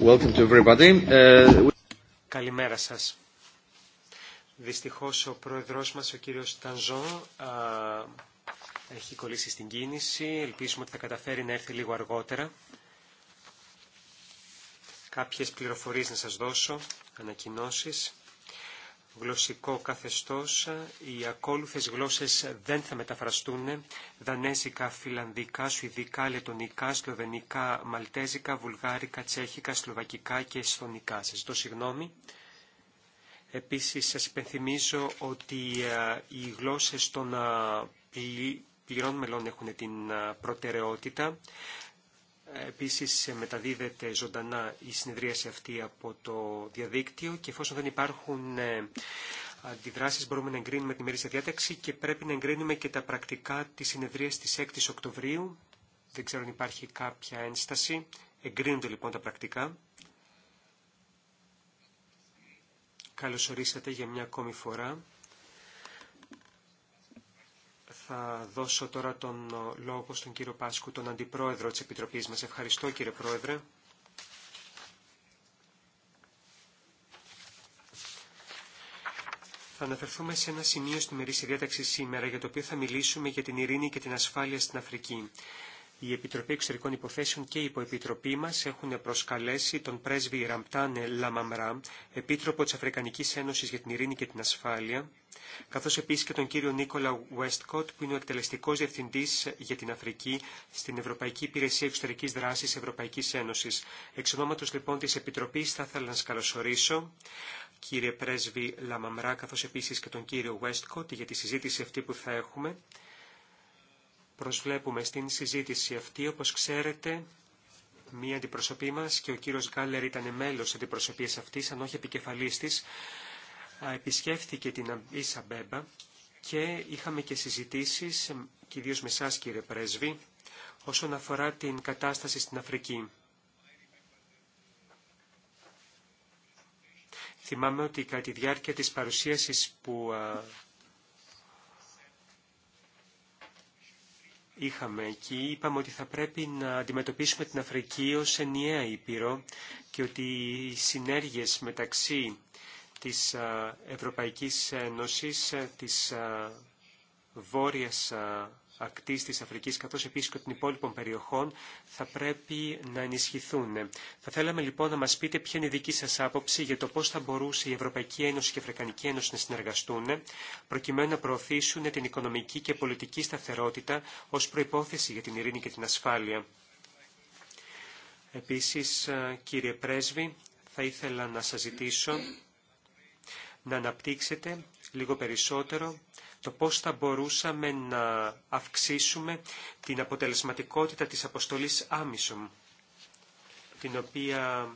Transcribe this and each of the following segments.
Uh, Καλημέρα σας. Δυστυχώς ο πρόεδρός μας, ο κύριος Τάνζο έχει κολλήσει στην κίνηση. Ελπίζουμε ότι θα καταφέρει να έρθει λίγο αργότερα. Κάποιες πληροφορίες να σας δώσω, ανακοινώσεις γλωσσικό καθεστώς. Οι ακόλουθες γλώσσες δεν θα μεταφραστούν. Δανέζικα, φιλανδικά, σουηδικά, λετονικά, σλοβενικά, μαλτέζικα, βουλγάρικα, τσέχικα, σλοβακικά και εσθονικά. Σα ζητώ συγγνώμη. Επίσης σας υπενθυμίζω ότι ε, οι γλώσσες των ε, πληρών μελών έχουν την ε, προτεραιότητα. Επίσης μεταδίδεται ζωντανά η συνεδρίαση αυτή από το διαδίκτυο και εφόσον δεν υπάρχουν ε, αντιδράσεις μπορούμε να εγκρίνουμε τη μερίσια διάταξη και πρέπει να εγκρίνουμε και τα πρακτικά της συνεδρίας της 6ης Οκτωβρίου. Δεν ξέρω αν υπάρχει κάποια ένσταση. Εγκρίνονται λοιπόν τα πρακτικά. Καλώς ορίσατε για μια ακόμη φορά. Θα δώσω τώρα τον ε, λόγο στον κύριο Πάσκου, τον Αντιπρόεδρο της Επιτροπής μας. Ευχαριστώ κύριε Πρόεδρε. Θα αναφερθούμε σε ένα σημείο στη μερίστη διάταξη σήμερα για το οποίο θα μιλήσουμε για την ειρήνη και την ασφάλεια στην Αφρική η Επιτροπή Εξωτερικών Υποθέσεων και η Υποεπιτροπή μας έχουν προσκαλέσει τον πρέσβη Ραμπτάνε Λαμαμρά, Επίτροπο της Αφρικανικής Ένωσης για την Ειρήνη και την Ασφάλεια, καθώς επίσης και τον κύριο Νίκολα Βέστκοτ, που είναι ο εκτελεστικός διευθυντής για την Αφρική στην Ευρωπαϊκή Υπηρεσία Εξωτερικής Δράσης Ευρωπαϊκής Ένωσης. Εξ ονόματος λοιπόν της Επιτροπής θα ήθελα να σας καλωσορίσω κύριε πρέσβη Λαμαμρά, καθώς επίσης και τον κύριο Βέστκοτ για τη συζήτηση αυτή που θα έχουμε. Προσβλέπουμε στην συζήτηση αυτή, όπως ξέρετε, μία αντιπροσωπή μας και ο κύριος Γκάλερ ήταν μέλος αντιπροσωπής αυτής, αν όχι επικεφαλής της, επισκέφθηκε την Ίσα και είχαμε και συζητήσεις, κυρίως με εσάς κύριε Πρέσβη, όσον αφορά την κατάσταση στην Αφρική. Θυμάμαι ότι κατά τη διάρκεια της παρουσίασης που είχαμε εκεί είπαμε ότι θα πρέπει να αντιμετωπίσουμε την Αφρική ως ενιαία ήπειρο και ότι οι συνέργειες μεταξύ της Ευρωπαϊκής Ένωσης, της Βόρειας ακτής της Αφρικής καθώς επίσης και των υπόλοιπων περιοχών θα πρέπει να ενισχυθούν. Θα θέλαμε λοιπόν να μας πείτε ποια είναι η δική σας άποψη για το πώς θα μπορούσε η Ευρωπαϊκή Ένωση και η Αφρικανική Ένωση να συνεργαστούν προκειμένου να προωθήσουν την οικονομική και πολιτική σταθερότητα ως προϋπόθεση για την ειρήνη και την ασφάλεια. Επίσης, κύριε Πρέσβη, θα ήθελα να σας ζητήσω να αναπτύξετε λίγο περισσότερο το πώς θα μπορούσαμε να αυξήσουμε την αποτελεσματικότητα της αποστολής Άμισομ, την οποία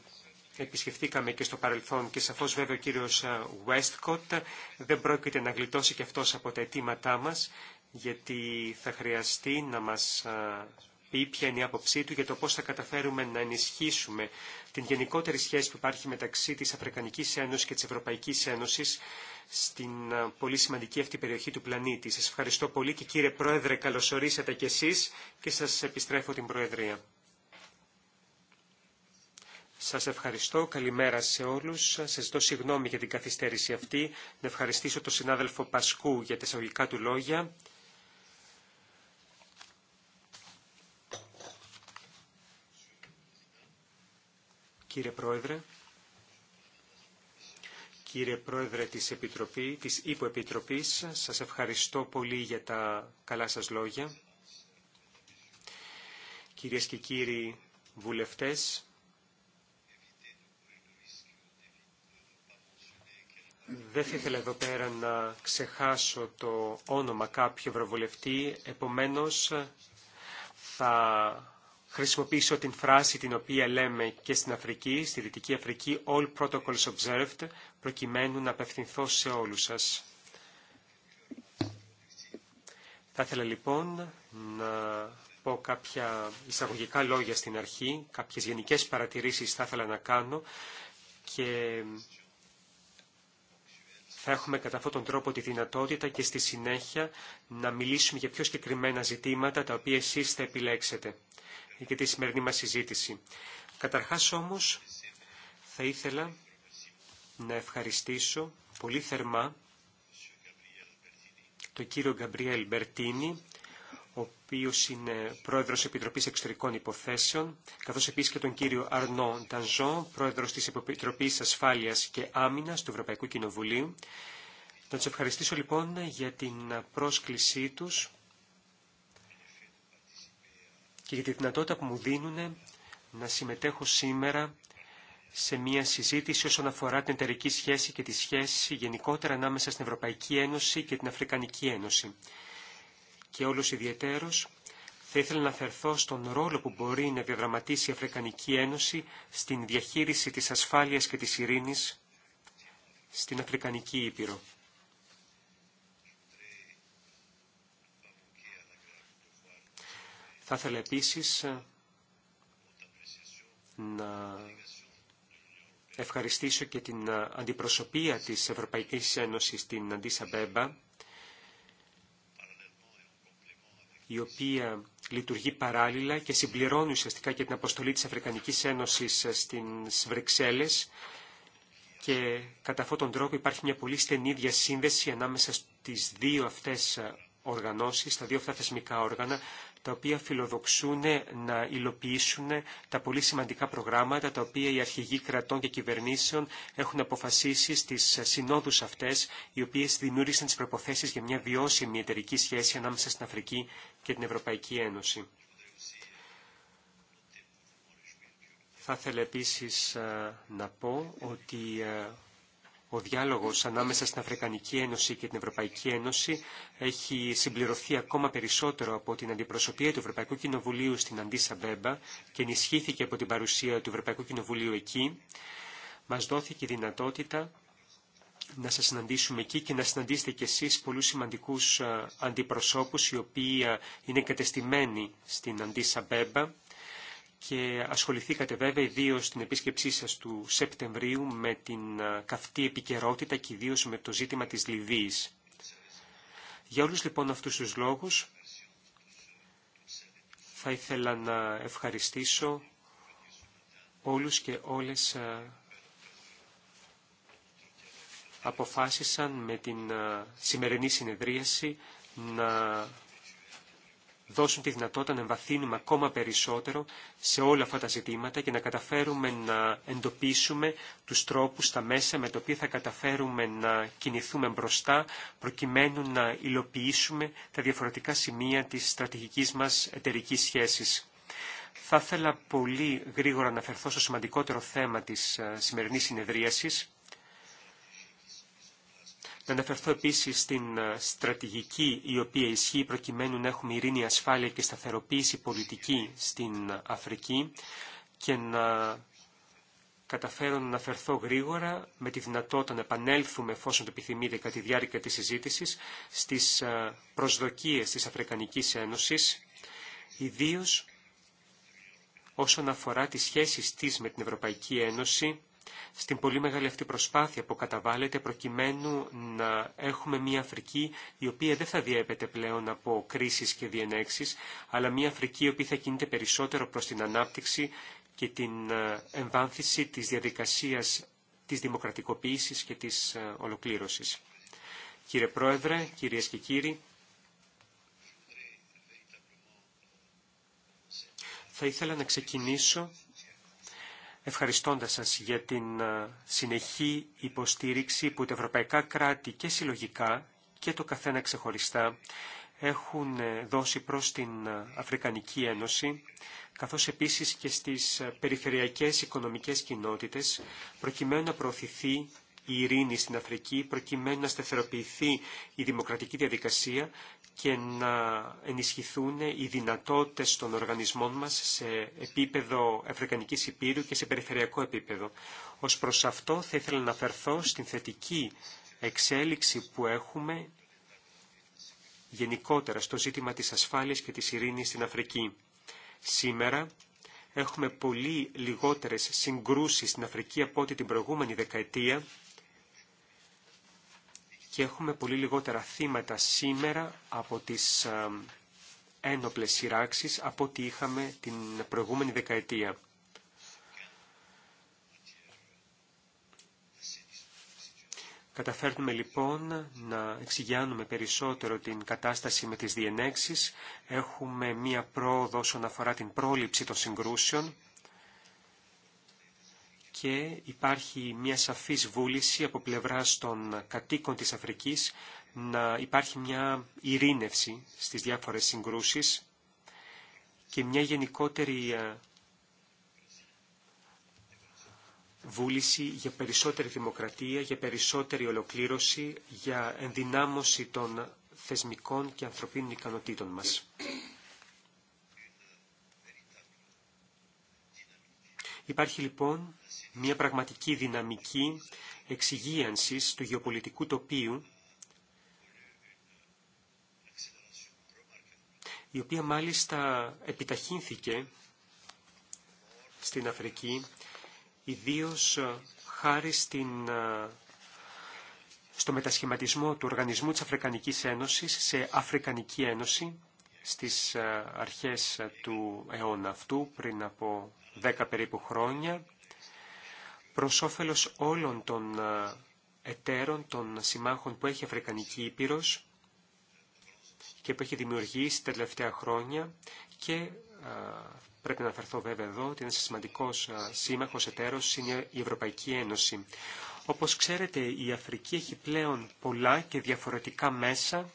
επισκεφτήκαμε και στο παρελθόν και σαφώς βέβαια ο κύριος ε, Westcott ε, δεν πρόκειται να γλιτώσει και αυτός από τα αιτήματά μας, γιατί θα χρειαστεί να μας ε, πει ποια είναι η άποψή του για το πώς θα καταφέρουμε να ενισχύσουμε την γενικότερη σχέση που υπάρχει μεταξύ της Αφρικανικής Ένωσης και της Ευρωπαϊκής Ένωσης στην πολύ σημαντική αυτή περιοχή του πλανήτη. Σας ευχαριστώ πολύ και κύριε Πρόεδρε καλωσορίσατε κι εσείς και σας επιστρέφω την Προεδρία. Σας ευχαριστώ. Καλημέρα σε όλους. Σας ζητώ συγγνώμη για την καθυστέρηση αυτή. Να ευχαριστήσω τον συνάδελφο Πασκού για τα εισαγωγικά του λόγια. Κύριε Πρόεδρε, κύριε Πρόεδρε της, Επιτροπή, της Υποεπιτροπής, σας ευχαριστώ πολύ για τα καλά σας λόγια. Κυρίες και κύριοι βουλευτές, δεν θα ήθελα εδώ πέρα να ξεχάσω το όνομα κάποιου ευρωβουλευτή, επομένως θα χρησιμοποιήσω την φράση την οποία λέμε και στην Αφρική, στη Δυτική Αφρική, all protocols observed, προκειμένου να απευθυνθώ σε όλους σας. Θα ήθελα λοιπόν να πω κάποια εισαγωγικά λόγια στην αρχή, κάποιες γενικές παρατηρήσεις θα ήθελα να κάνω και θα έχουμε κατά αυτόν τον τρόπο τη δυνατότητα και στη συνέχεια να μιλήσουμε για πιο συγκεκριμένα ζητήματα τα οποία εσείς θα επιλέξετε για τη σημερινή μας συζήτηση. Καταρχάς όμως θα ήθελα να ευχαριστήσω πολύ θερμά τον κύριο Γκαμπριέλ Μπερτίνη, ο οποίος είναι πρόεδρος Επιτροπής Εξωτερικών Υποθέσεων, καθώς επίσης και τον κύριο Αρνό Ντανζό, πρόεδρος της Επιτροπής Ασφάλειας και Άμυνας του Ευρωπαϊκού Κοινοβουλίου. Να τους ευχαριστήσω λοιπόν για την πρόσκλησή τους και για τη δυνατότητα που μου δίνουν να συμμετέχω σήμερα σε μια συζήτηση όσον αφορά την εταιρική σχέση και τη σχέση γενικότερα ανάμεσα στην Ευρωπαϊκή Ένωση και την Αφρικανική Ένωση. Και όλος ιδιαιτέρως θα ήθελα να αφαιρθώ στον ρόλο που μπορεί να διαδραματίσει η Αφρικανική Ένωση στην διαχείριση της ασφάλειας και της ειρήνης στην Αφρικανική Ήπειρο. Θα ήθελα επίσης ε, να ευχαριστήσω και την ε, αντιπροσωπεία της Ευρωπαϊκής Ένωσης την Αντίσα Μπέμπα, η οποία λειτουργεί παράλληλα και συμπληρώνει ουσιαστικά και την αποστολή της Αφρικανικής Ένωσης ε, στις Βρυξέλλες και κατά αυτόν τον τρόπο υπάρχει μια πολύ στενή διασύνδεση ανάμεσα στις δύο αυτές οργανώσεις, στα δύο αυτά θεσμικά όργανα, τα οποία φιλοδοξούν να υλοποιήσουν τα πολύ σημαντικά προγράμματα τα οποία οι αρχηγοί κρατών και κυβερνήσεων έχουν αποφασίσει στις συνόδους αυτές, οι οποίες δημιούργησαν τις προποθέσεις για μια βιώσιμη εταιρική σχέση ανάμεσα στην Αφρική και την Ευρωπαϊκή Ένωση. Θα ήθελα επίσης ε, να πω ότι ε, ο διάλογος ανάμεσα στην Αφρικανική Ένωση και την Ευρωπαϊκή Ένωση έχει συμπληρωθεί ακόμα περισσότερο από την αντιπροσωπεία του Ευρωπαϊκού Κοινοβουλίου στην Αντίσα Μπέμπα και ενισχύθηκε από την παρουσία του Ευρωπαϊκού Κοινοβουλίου εκεί. Μας δόθηκε η δυνατότητα να σας συναντήσουμε εκεί και να συναντήσετε κι εσείς πολλούς σημαντικούς ε, αντιπροσώπους οι οποίοι ε, είναι κατεστημένοι στην Αντίσα Μπέμπα και ασχοληθήκατε βέβαια ιδίω στην επίσκεψή σας του Σεπτεμβρίου με την καυτή επικαιρότητα και ιδίω με το ζήτημα της Λιβύης. Για όλους λοιπόν αυτούς τους λόγους θα ήθελα να ευχαριστήσω όλους και όλες αποφάσισαν με την σημερινή συνεδρίαση να δώσουν τη δυνατότητα να εμβαθύνουμε ακόμα περισσότερο σε όλα αυτά τα ζητήματα και να καταφέρουμε να εντοπίσουμε τους τρόπους, τα μέσα με τα οποία θα καταφέρουμε να κινηθούμε μπροστά προκειμένου να υλοποιήσουμε τα διαφορετικά σημεία της στρατηγικής μας εταιρικής σχέσης. Θα ήθελα πολύ γρήγορα να φερθώ στο σημαντικότερο θέμα της ε, σημερινής συνεδρίασης, να αναφερθώ επίση στην ε, στρατηγική η οποία ισχύει προκειμένου να έχουμε ειρήνη, ασφάλεια και σταθεροποίηση πολιτική στην ε, Αφρική και να καταφέρω να αναφερθώ γρήγορα με τη δυνατότητα να επανέλθουμε εφόσον το επιθυμείτε κατά τη διάρκεια της συζήτησης στις ε, προσδοκίες της Αφρικανικής Ένωσης ιδίως όσον αφορά τις σχέσεις της με την Ευρωπαϊκή Ένωση στην πολύ μεγάλη αυτή προσπάθεια που καταβάλλεται προκειμένου να έχουμε μια Αφρική η οποία δεν θα διέπεται πλέον από κρίσεις και διενέξεις, αλλά μια Αφρική η οποία θα κινείται περισσότερο προς την ανάπτυξη και την ε, εμβάνθηση της διαδικασίας της δημοκρατικοποίησης και της ε, ολοκλήρωσης. Κύριε Πρόεδρε, κυρίες και κύριοι, θα ήθελα να ξεκινήσω ευχαριστώντας σας για την ε, συνεχή υποστήριξη που τα ευρωπαϊκά κράτη και συλλογικά και το καθένα ξεχωριστά έχουν ε, δώσει προς την ε, Αφρικανική Ένωση, καθώς επίσης και στις περιφερειακές οικονομικές κοινότητες, προκειμένου να προωθηθεί η ειρήνη στην Αφρική προκειμένου να σταθεροποιηθεί η δημοκρατική διαδικασία και να ενισχυθούν οι δυνατότητες των οργανισμών μας σε επίπεδο Αφρικανικής Υπήρου και σε περιφερειακό επίπεδο. Ως προς αυτό θα ήθελα να αναφερθώ στην θετική εξέλιξη που έχουμε γενικότερα στο ζήτημα της ασφάλειας και της ειρήνης στην Αφρική. Σήμερα έχουμε πολύ λιγότερες συγκρούσεις στην Αφρική από ό,τι την προηγούμενη δεκαετία και έχουμε πολύ λιγότερα θύματα σήμερα από τις ένοπλες σειράξεις από ό,τι είχαμε την προηγούμενη δεκαετία. Καταφέρνουμε λοιπόν να εξηγιάνουμε περισσότερο την κατάσταση με τις διενέξεις. Έχουμε μία πρόοδο όσον αφορά την πρόληψη των συγκρούσεων και υπάρχει μια σαφής βούληση από πλευράς των κατοίκων της Αφρικής να υπάρχει μια ειρήνευση στις διάφορες συγκρούσεις και μια γενικότερη ε, βούληση για περισσότερη δημοκρατία, για περισσότερη ολοκλήρωση, για ενδυνάμωση των θεσμικών και ανθρωπίνων ικανοτήτων μας. Υπάρχει λοιπόν μια πραγματική δυναμική εξυγίανσης του γεωπολιτικού τοπίου, η οποία μάλιστα επιταχύνθηκε στην Αφρική, ιδίως ε, χάρη στην, ε, στο μετασχηματισμό του Οργανισμού της Αφρικανικής Ένωσης σε Αφρικανική Ένωση στις ε, αρχές του αιώνα αυτού, πριν από δέκα περίπου χρόνια προς όφελος όλων των ε, εταίρων, των συμμάχων που έχει η Αφρικανική Ήπειρος και που έχει δημιουργήσει τα τελευταία χρόνια και ε, πρέπει να αναφερθώ βέβαια εδώ ότι ένας σημαντικός ε, σύμμαχος εταίρος είναι η Ευρωπαϊκή Ένωση. Όπως ξέρετε η Αφρική έχει πλέον πολλά και διαφορετικά μέσα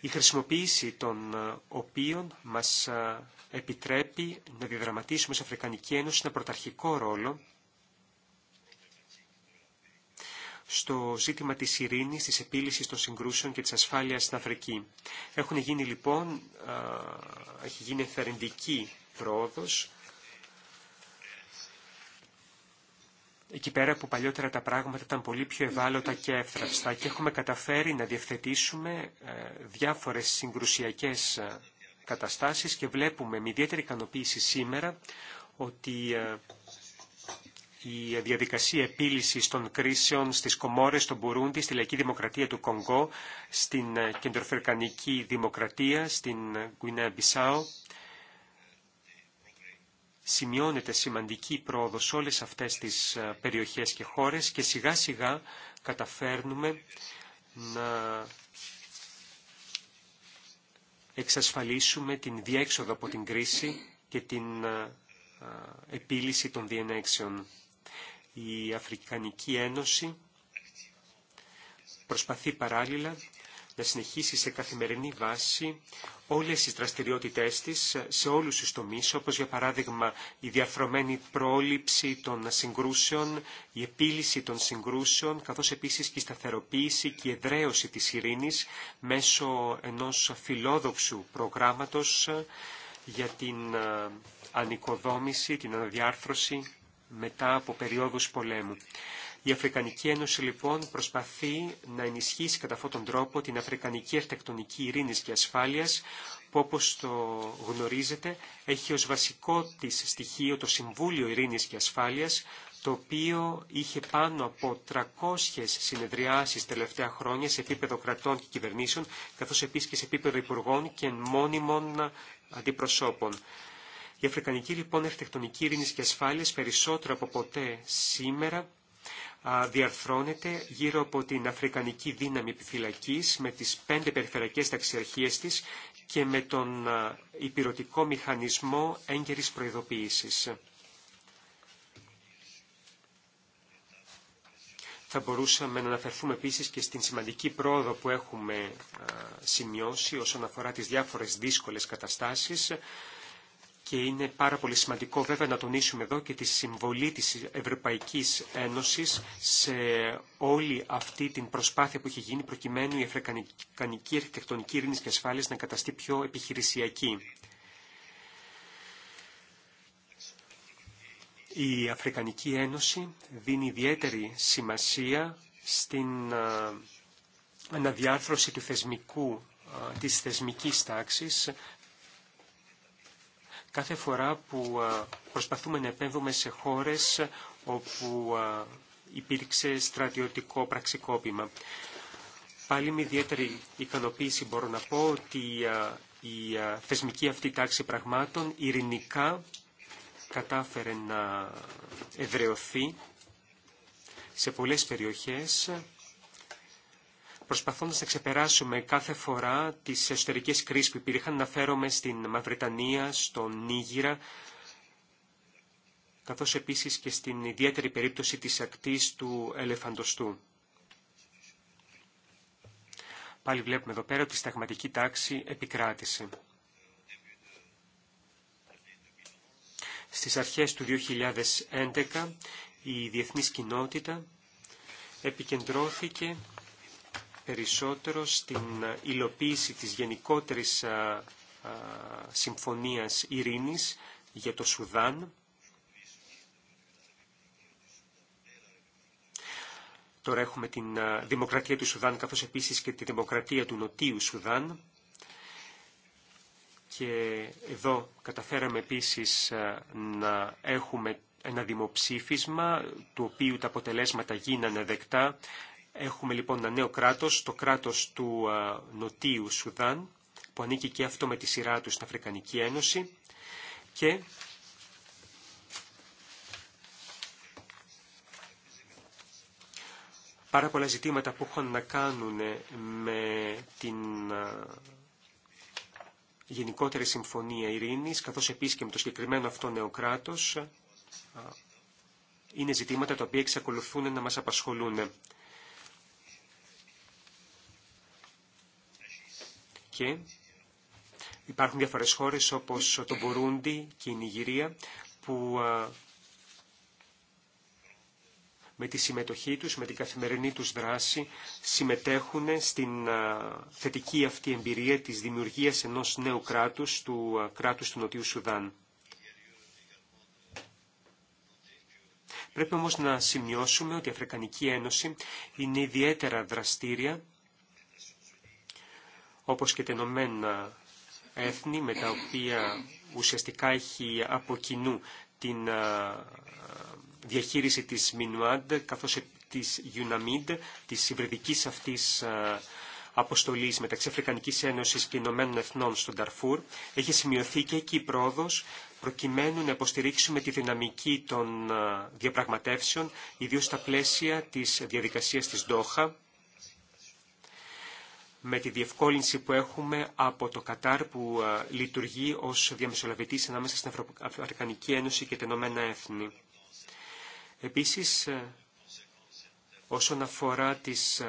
η χρησιμοποίηση των οποίων μας επιτρέπει να διαδραματίσουμε σε Αφρικανική Ένωση ένα πρωταρχικό ρόλο στο ζήτημα της ειρήνης, της επίλυσης των συγκρούσεων και της ασφάλειας στην Αφρική. Έχουν γίνει λοιπόν, έχει γίνει εθαρρυντική πρόοδος, εκεί πέρα που παλιότερα τα πράγματα ήταν πολύ πιο ευάλωτα και εύθραυστα και έχουμε καταφέρει να διευθετήσουμε ε, διάφορες συγκρουσιακές ε, καταστάσεις και βλέπουμε με ιδιαίτερη ικανοποίηση σήμερα ότι ε, η διαδικασία επίλυσης των κρίσεων στις Κομόρες, στον Μπουρούντι, στη Λαϊκή Δημοκρατία του Κονγκό, στην ε, Κεντροφερκανική Δημοκρατία, στην ε, Γκουινέα Μπισάο. Σημειώνεται σημαντική πρόοδο σε όλες αυτές τις ε, περιοχές και χώρες και σιγά σιγά καταφέρνουμε να εξασφαλίσουμε την διέξοδο από την κρίση και την επίλυση των διενέξεων. Η Αφρικανική Ένωση προσπαθεί παράλληλα να συνεχίσει σε καθημερινή βάση όλες τις δραστηριότητές της σε όλους τους τομείς, όπως για παράδειγμα η διαφρομένη πρόληψη των συγκρούσεων, η επίλυση των συγκρούσεων, καθώς επίσης και η σταθεροποίηση και η εδραίωση της ειρήνης μέσω ενός φιλόδοξου προγράμματος για την ανοικοδόμηση, την αναδιάρθρωση μετά από περιόδους πολέμου. Η Αφρικανική Ένωση λοιπόν προσπαθεί να ενισχύσει κατά αυτόν τον τρόπο την Αφρικανική Αρχιτεκτονική Ειρήνης και Ασφάλειας που όπως το γνωρίζετε έχει ως βασικό της στοιχείο το Συμβούλιο Ειρήνης και Ασφάλειας το οποίο είχε πάνω από 300 συνεδριάσεις τελευταία χρόνια σε επίπεδο κρατών και κυβερνήσεων καθώς επίσης και σε επίπεδο υπουργών και μόνιμων αντιπροσώπων. Η Αφρικανική λοιπόν αρχιτεκτονική ειρήνη και ασφάλεια περισσότερο από ποτέ σήμερα διαρθρώνεται γύρω από την Αφρικανική δύναμη επιφυλακή με τις πέντε περιφερειακές ταξιαρχίες της και με τον υπηρετικό μηχανισμό έγκαιρης προειδοποίησης. Θα μπορούσαμε να αναφερθούμε επίσης και στην σημαντική πρόοδο που έχουμε σημειώσει όσον αφορά τις διάφορες δύσκολες καταστάσεις και είναι πάρα πολύ σημαντικό βέβαια να τονίσουμε εδώ και τη συμβολή της Ευρωπαϊκής Ένωσης σε όλη αυτή την προσπάθεια που έχει γίνει προκειμένου η αφρικανική αρχιτεκτονική ειρήνης και ασφάλειας να καταστεί πιο επιχειρησιακή. Η Αφρικανική Ένωση δίνει ιδιαίτερη σημασία στην αναδιάρθρωση του θεσμικού της θεσμικής τάξης κάθε φορά που ε, προσπαθούμε να επέμβουμε σε χώρες όπου ε, υπήρξε στρατιωτικό πραξικόπημα. Πάλι με ιδιαίτερη ικανοποίηση μπορώ να πω ότι ε, η θεσμική αυτή τάξη πραγμάτων ειρηνικά κατάφερε να εδραιωθεί σε πολλές περιοχές προσπαθώντας να ξεπεράσουμε κάθε φορά τις εσωτερικές κρίσεις που υπήρχαν. Αναφέρομαι στην Μαυρετανία, στον Νίγηρα, καθώς επίσης και στην ιδιαίτερη περίπτωση της ακτής του Ελεφαντοστού. Πάλι βλέπουμε εδώ πέρα ότι η σταγματική τάξη επικράτησε. Στις αρχές του 2011 η διεθνής κοινότητα επικεντρώθηκε περισσότερο στην ε, υλοποίηση της γενικότερης ε, ε, συμφωνίας ειρήνης για το Σουδάν. Τώρα έχουμε την δημοκρατία του Σουδάν καθώς επίσης και τη δημοκρατία του Νοτίου Σουδάν. Και εδώ καταφέραμε επίσης να έχουμε ένα δημοψήφισμα, του οποίου τα αποτελέσματα γίνανε δεκτά. Έχουμε λοιπόν ένα νέο κράτος, το κράτος του ε, Νοτίου Σουδάν, που ανήκει και αυτό με τη σειρά του στην Αφρικανική Ένωση και πάρα πολλά ζητήματα που έχουν να κάνουν ε, με την ε, γενικότερη συμφωνία ειρήνης, καθώς επίσης και με το συγκεκριμένο αυτό νέο κράτος, είναι ζητήματα τα οποία εξακολουθούν να μας απασχολούν. Υπάρχουν διάφορες χώρες όπως το Μπορούντι και η Νιγηρία που με τη συμμετοχή τους, με την καθημερινή τους δράση, συμμετέχουν στην θετική αυτή εμπειρία της δημιουργίας ενός νέου κράτους, του κράτους του Νοτιού Σουδάν. Πρέπει όμως να σημειώσουμε ότι η Αφρικανική Ένωση είναι ιδιαίτερα δραστήρια όπως και τα Ηνωμένα Έθνη, με τα οποία ουσιαστικά έχει από κοινού την διαχείριση της Μινουάντ, καθώς της Ιουναμίντ, της υβριδικής αυτής αποστολής μεταξύ Αφρικανικής Ένωσης και Ηνωμένων Εθνών στον Ταρφούρ, έχει σημειωθεί και εκεί η πρόοδος προκειμένου να υποστηρίξουμε τη δυναμική των διαπραγματεύσεων, ιδίως στα πλαίσια της διαδικασίας της Ντόχα, με τη διευκόλυνση που έχουμε από το Κατάρ που ε, λειτουργεί ως διαμεσολαβητής ανάμεσα στην Αφρικανική Ένωση και την Ηνωμένα Έθνη. Επίσης, ε, όσον αφορά τις ε,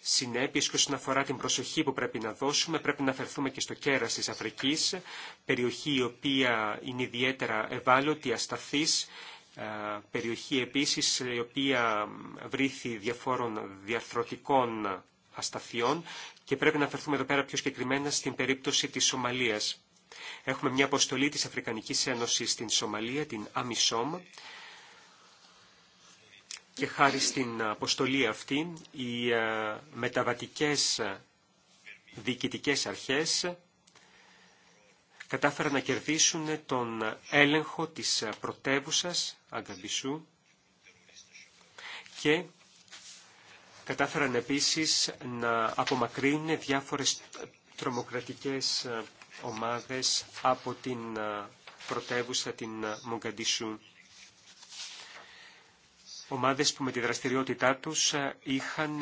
συνέπειες και όσον αφορά την προσοχή που πρέπει να δώσουμε, πρέπει να αφαιρθούμε και στο κέρας της Αφρικής, περιοχή η οποία είναι ιδιαίτερα ευάλωτη, ασταθής, περιοχή επίσης η οποία βρίθει διαφόρων διαρθρωτικών ασταθειών και πρέπει να αφαιρθούμε εδώ πέρα πιο συγκεκριμένα στην περίπτωση της Σομαλίας. Έχουμε μια αποστολή της Αφρικανικής Ένωσης στην Σομαλία, την Αμισόμ, και χάρη στην αποστολή αυτή οι ε, μεταβατικές διοικητικές αρχές κατάφεραν να κερδίσουν τον έλεγχο της πρωτεύουσας Αγκαμπισού και Κατάφεραν επίσης να απομακρύνουν διάφορες τρομοκρατικές ε, ομάδες από την ε, πρωτεύουσα την ε, Μογκαντισού. Ομάδες που με τη δραστηριότητά τους είχαν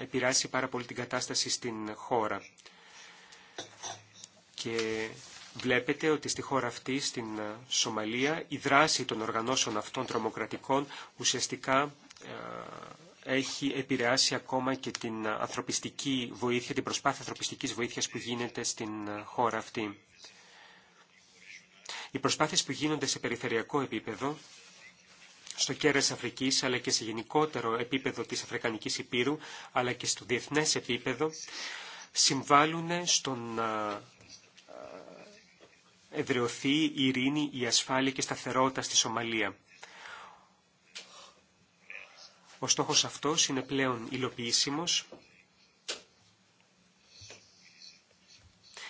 επηρεάσει πάρα πολύ την κατάσταση στην χώρα. Και βλέπετε ότι στη χώρα αυτή, στην Σομαλία, η δράση των οργανώσεων αυτών τρομοκρατικών ουσιαστικά έχει επηρεάσει ακόμα και την ανθρωπιστική βοήθεια, την προσπάθεια ανθρωπιστικής βοήθειας που γίνεται στην χώρα αυτή. Οι προσπάθειες που γίνονται σε περιφερειακό επίπεδο, στο κέρας Αφρικής, αλλά και σε γενικότερο επίπεδο της Αφρικανικής Υπήρου, αλλά και στο διεθνές επίπεδο, συμβάλλουν στο να ε, εδραιωθεί η ειρήνη, η ασφάλεια και σταθερότητα στη Σομαλία. Ο στόχος αυτός είναι πλέον υλοποιήσιμος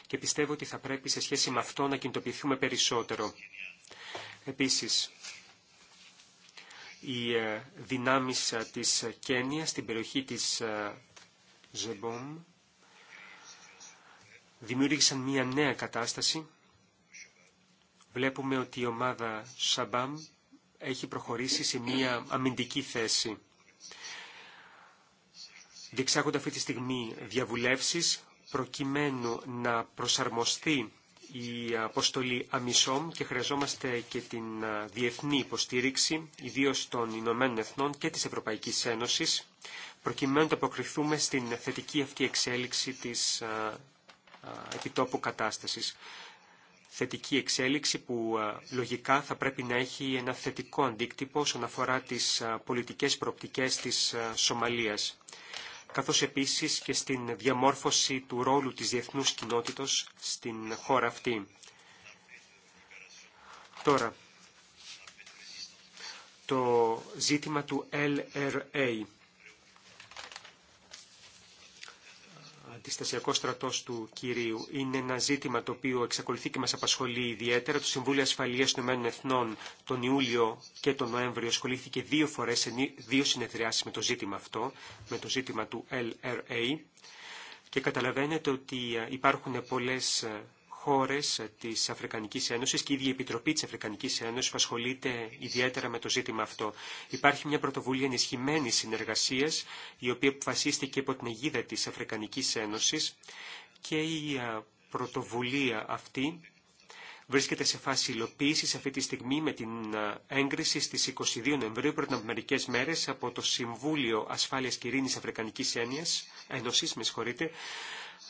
και πιστεύω ότι θα πρέπει σε σχέση με αυτό να κινητοποιηθούμε περισσότερο. Επίσης, οι ε, δυνάμεις ε, της Κένια στην περιοχή της ε, Ζεμπόμ δημιούργησαν μια νέα κατάσταση. Βλέπουμε ότι η ομάδα Σαμπάμ έχει προχωρήσει σε μια αμυντική θέση. Διεξάγονται αυτή τη στιγμή διαβουλεύσεις προκειμένου να προσαρμοστεί η αποστολή Αμισόμ και χρειαζόμαστε και την διεθνή υποστήριξη, ιδίως των Ηνωμένων Εθνών και της Ευρωπαϊκής Ένωσης, προκειμένου να αποκριθούμε στην θετική αυτή εξέλιξη της επιτόπου κατάστασης. Θετική εξέλιξη που λογικά θα πρέπει να έχει ένα θετικό αντίκτυπο όσον αφορά τις πολιτικές προοπτικές της Σομαλίας καθώς επίσης και στην διαμόρφωση του ρόλου της διεθνούς κοινότητος στην χώρα αυτή. Τώρα, το ζήτημα του LRA αντιστασιακό στρατό του κυρίου είναι ένα ζήτημα το οποίο εξακολουθεί και μας απασχολεί ιδιαίτερα. Το Συμβούλιο Ασφαλείας των Ηνωμένων Εθνών τον Ιούλιο και τον Νοέμβριο ασχολήθηκε δύο φορές δύο συνεδριάσεις με το ζήτημα αυτό, με το ζήτημα του LRA. Και καταλαβαίνετε ότι ε, υπάρχουν πολλές ε, χώρες της Αφρικανικής Ένωσης και η ίδια η Επιτροπή της Αφρικανικής Ένωσης που ασχολείται ιδιαίτερα με το ζήτημα αυτό. Υπάρχει μια πρωτοβουλία ενισχυμένης συνεργασίας, η οποία αποφασίστηκε υπό την αιγίδα της Αφρικανικής Ένωσης και η πρωτοβουλία αυτή βρίσκεται σε φάση υλοποίηση αυτή τη στιγμή με την έγκριση στι 22 Νοεμβρίου πριν από μερικέ μέρε από το Συμβούλιο Ασφάλεια και Ειρήνη Αφρικανική Ένωση, με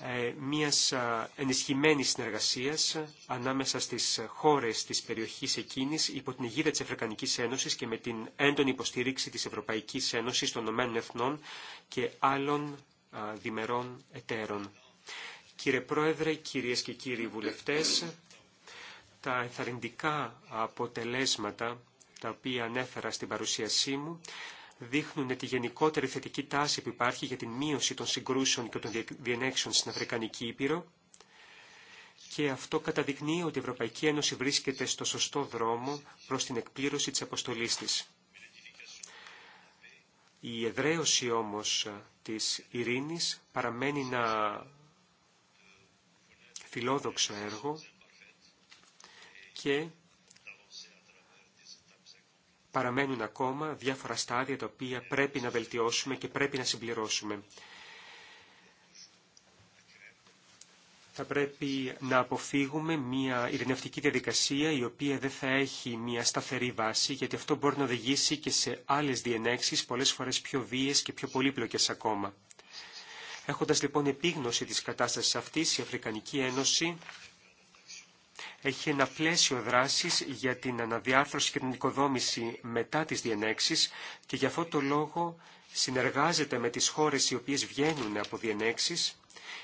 ε, μιας ε, ενισχυμένης συνεργασίας ανάμεσα στις χώρες της περιοχής εκείνης υπό την αιγύδα της Αφρικανικής Ένωσης και με την έντονη υποστήριξη της Ευρωπαϊκής Ένωσης των Ηνωμένων Εθνών και άλλων ε, διμερών εταίρων. Κύριε Πρόεδρε, κυρίες και κύριοι βουλευτές, τα ενθαρρυντικά αποτελέσματα τα οποία ανέφερα στην παρουσίασή μου δείχνουν τη γενικότερη θετική τάση που υπάρχει για την μείωση των συγκρούσεων και των διενέξεων στην Αφρικανική Ήπειρο και αυτό καταδεικνύει ότι η Ευρωπαϊκή Ένωση βρίσκεται στο σωστό δρόμο προς την εκπλήρωση της αποστολής της. Η εδραίωση όμως ε, της ειρήνης παραμένει ένα φιλόδοξο έργο και παραμένουν ακόμα διάφορα στάδια τα οποία πρέπει να βελτιώσουμε και πρέπει να συμπληρώσουμε. θα πρέπει να αποφύγουμε μια ειρηνευτική διαδικασία η οποία δεν θα έχει μια σταθερή βάση γιατί αυτό μπορεί να οδηγήσει και σε άλλες διενέξεις πολλές φορές πιο βίες και πιο πολύπλοκες ακόμα. Έχοντας λοιπόν επίγνωση της κατάστασης αυτής η Αφρικανική Ένωση έχει ένα πλαίσιο δράσης για την αναδιάρθρωση και την οικοδόμηση μετά τις διενέξεις και για αυτό το λόγο συνεργάζεται με τις χώρες οι οποίες βγαίνουν από διενέξεις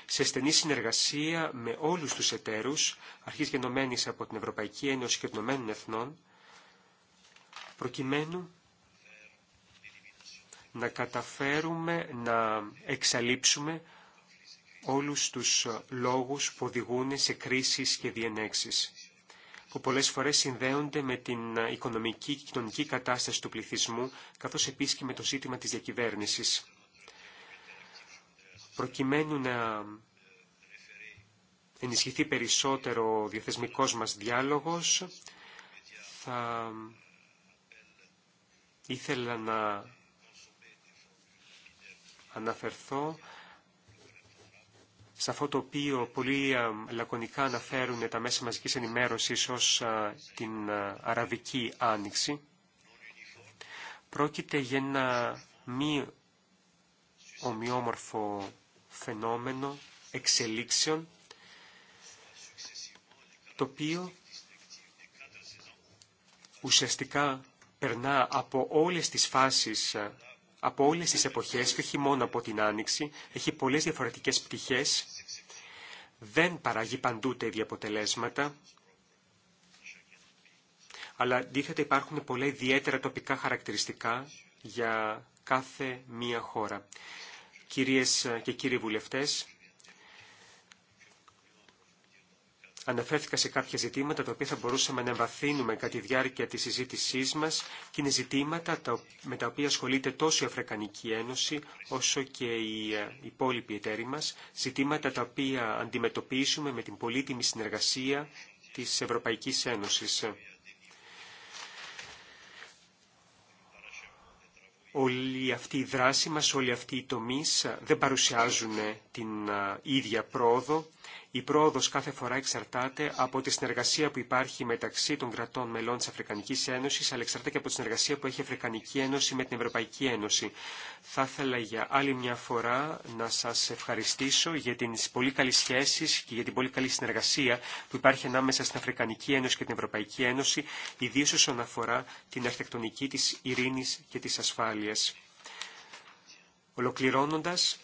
σε στενή συνεργασία με όλους τους εταίρους, αρχής γενομένης από την Ευρωπαϊκή Ένωση και των Ηνωμένων Εθνών, προκειμένου να καταφέρουμε να εξαλείψουμε όλους τους ε, λόγους που οδηγούν σε κρίσεις και διενέξεις, που πολλές φορές συνδέονται με την ε, οικονομική και κοινωνική κατάσταση του πληθυσμού, καθώς επίσης και με το ζήτημα της διακυβέρνησης. Προκειμένου να ενισχυθεί περισσότερο ο διαθεσμικός μας διάλογος, θα ήθελα να αναφερθώ σε αυτό το οποίο πολύ λακωνικά αναφέρουν τα μέσα μαζικής ενημέρωσης ως την Αραβική Άνοιξη. Πρόκειται για ένα μη ομοιόμορφο φαινόμενο εξελίξεων, το οποίο ουσιαστικά περνά από όλες τις φάσεις από όλες τις εποχές και όχι μόνο από την Άνοιξη, έχει πολλές διαφορετικές πτυχές, δεν παράγει παντού τα ίδια αποτελέσματα, αλλά αντίθετα υπάρχουν πολλά ιδιαίτερα τοπικά χαρακτηριστικά για κάθε μία χώρα. Κυρίες και κύριοι βουλευτές, Αναφέρθηκα σε κάποια ζητήματα τα οποία θα μπορούσαμε να εμβαθύνουμε κατά τη διάρκεια της συζήτησής μας και είναι ζητήματα με τα οποία ασχολείται τόσο η Αφρικανική Ένωση όσο και οι ε, υπόλοιποι εταίροι μας, ζητήματα τα οποία αντιμετωπίσουμε με την πολύτιμη συνεργασία της Ευρωπαϊκής Ένωσης. όλη αυτή η δράση μας, όλοι αυτοί οι τομείς δεν παρουσιάζουν την ε, ίδια πρόοδο. Η πρόοδος κάθε φορά εξαρτάται από τη συνεργασία που υπάρχει μεταξύ των κρατών μελών της Αφρικανικής Ένωσης, αλλά εξαρτάται και από τη συνεργασία που έχει η Αφρικανική Ένωση με την Ευρωπαϊκή Ένωση. Θα ήθελα για άλλη μια φορά να σας ευχαριστήσω για τι πολύ καλές σχέσεις και για την πολύ καλή συνεργασία που υπάρχει ανάμεσα στην Αφρικανική Ένωση και την Ευρωπαϊκή Ένωση, ιδίως όσον αφορά την αρχιτεκτονική της ειρήνης και της ασφάλειας. Ολοκληρώνοντας,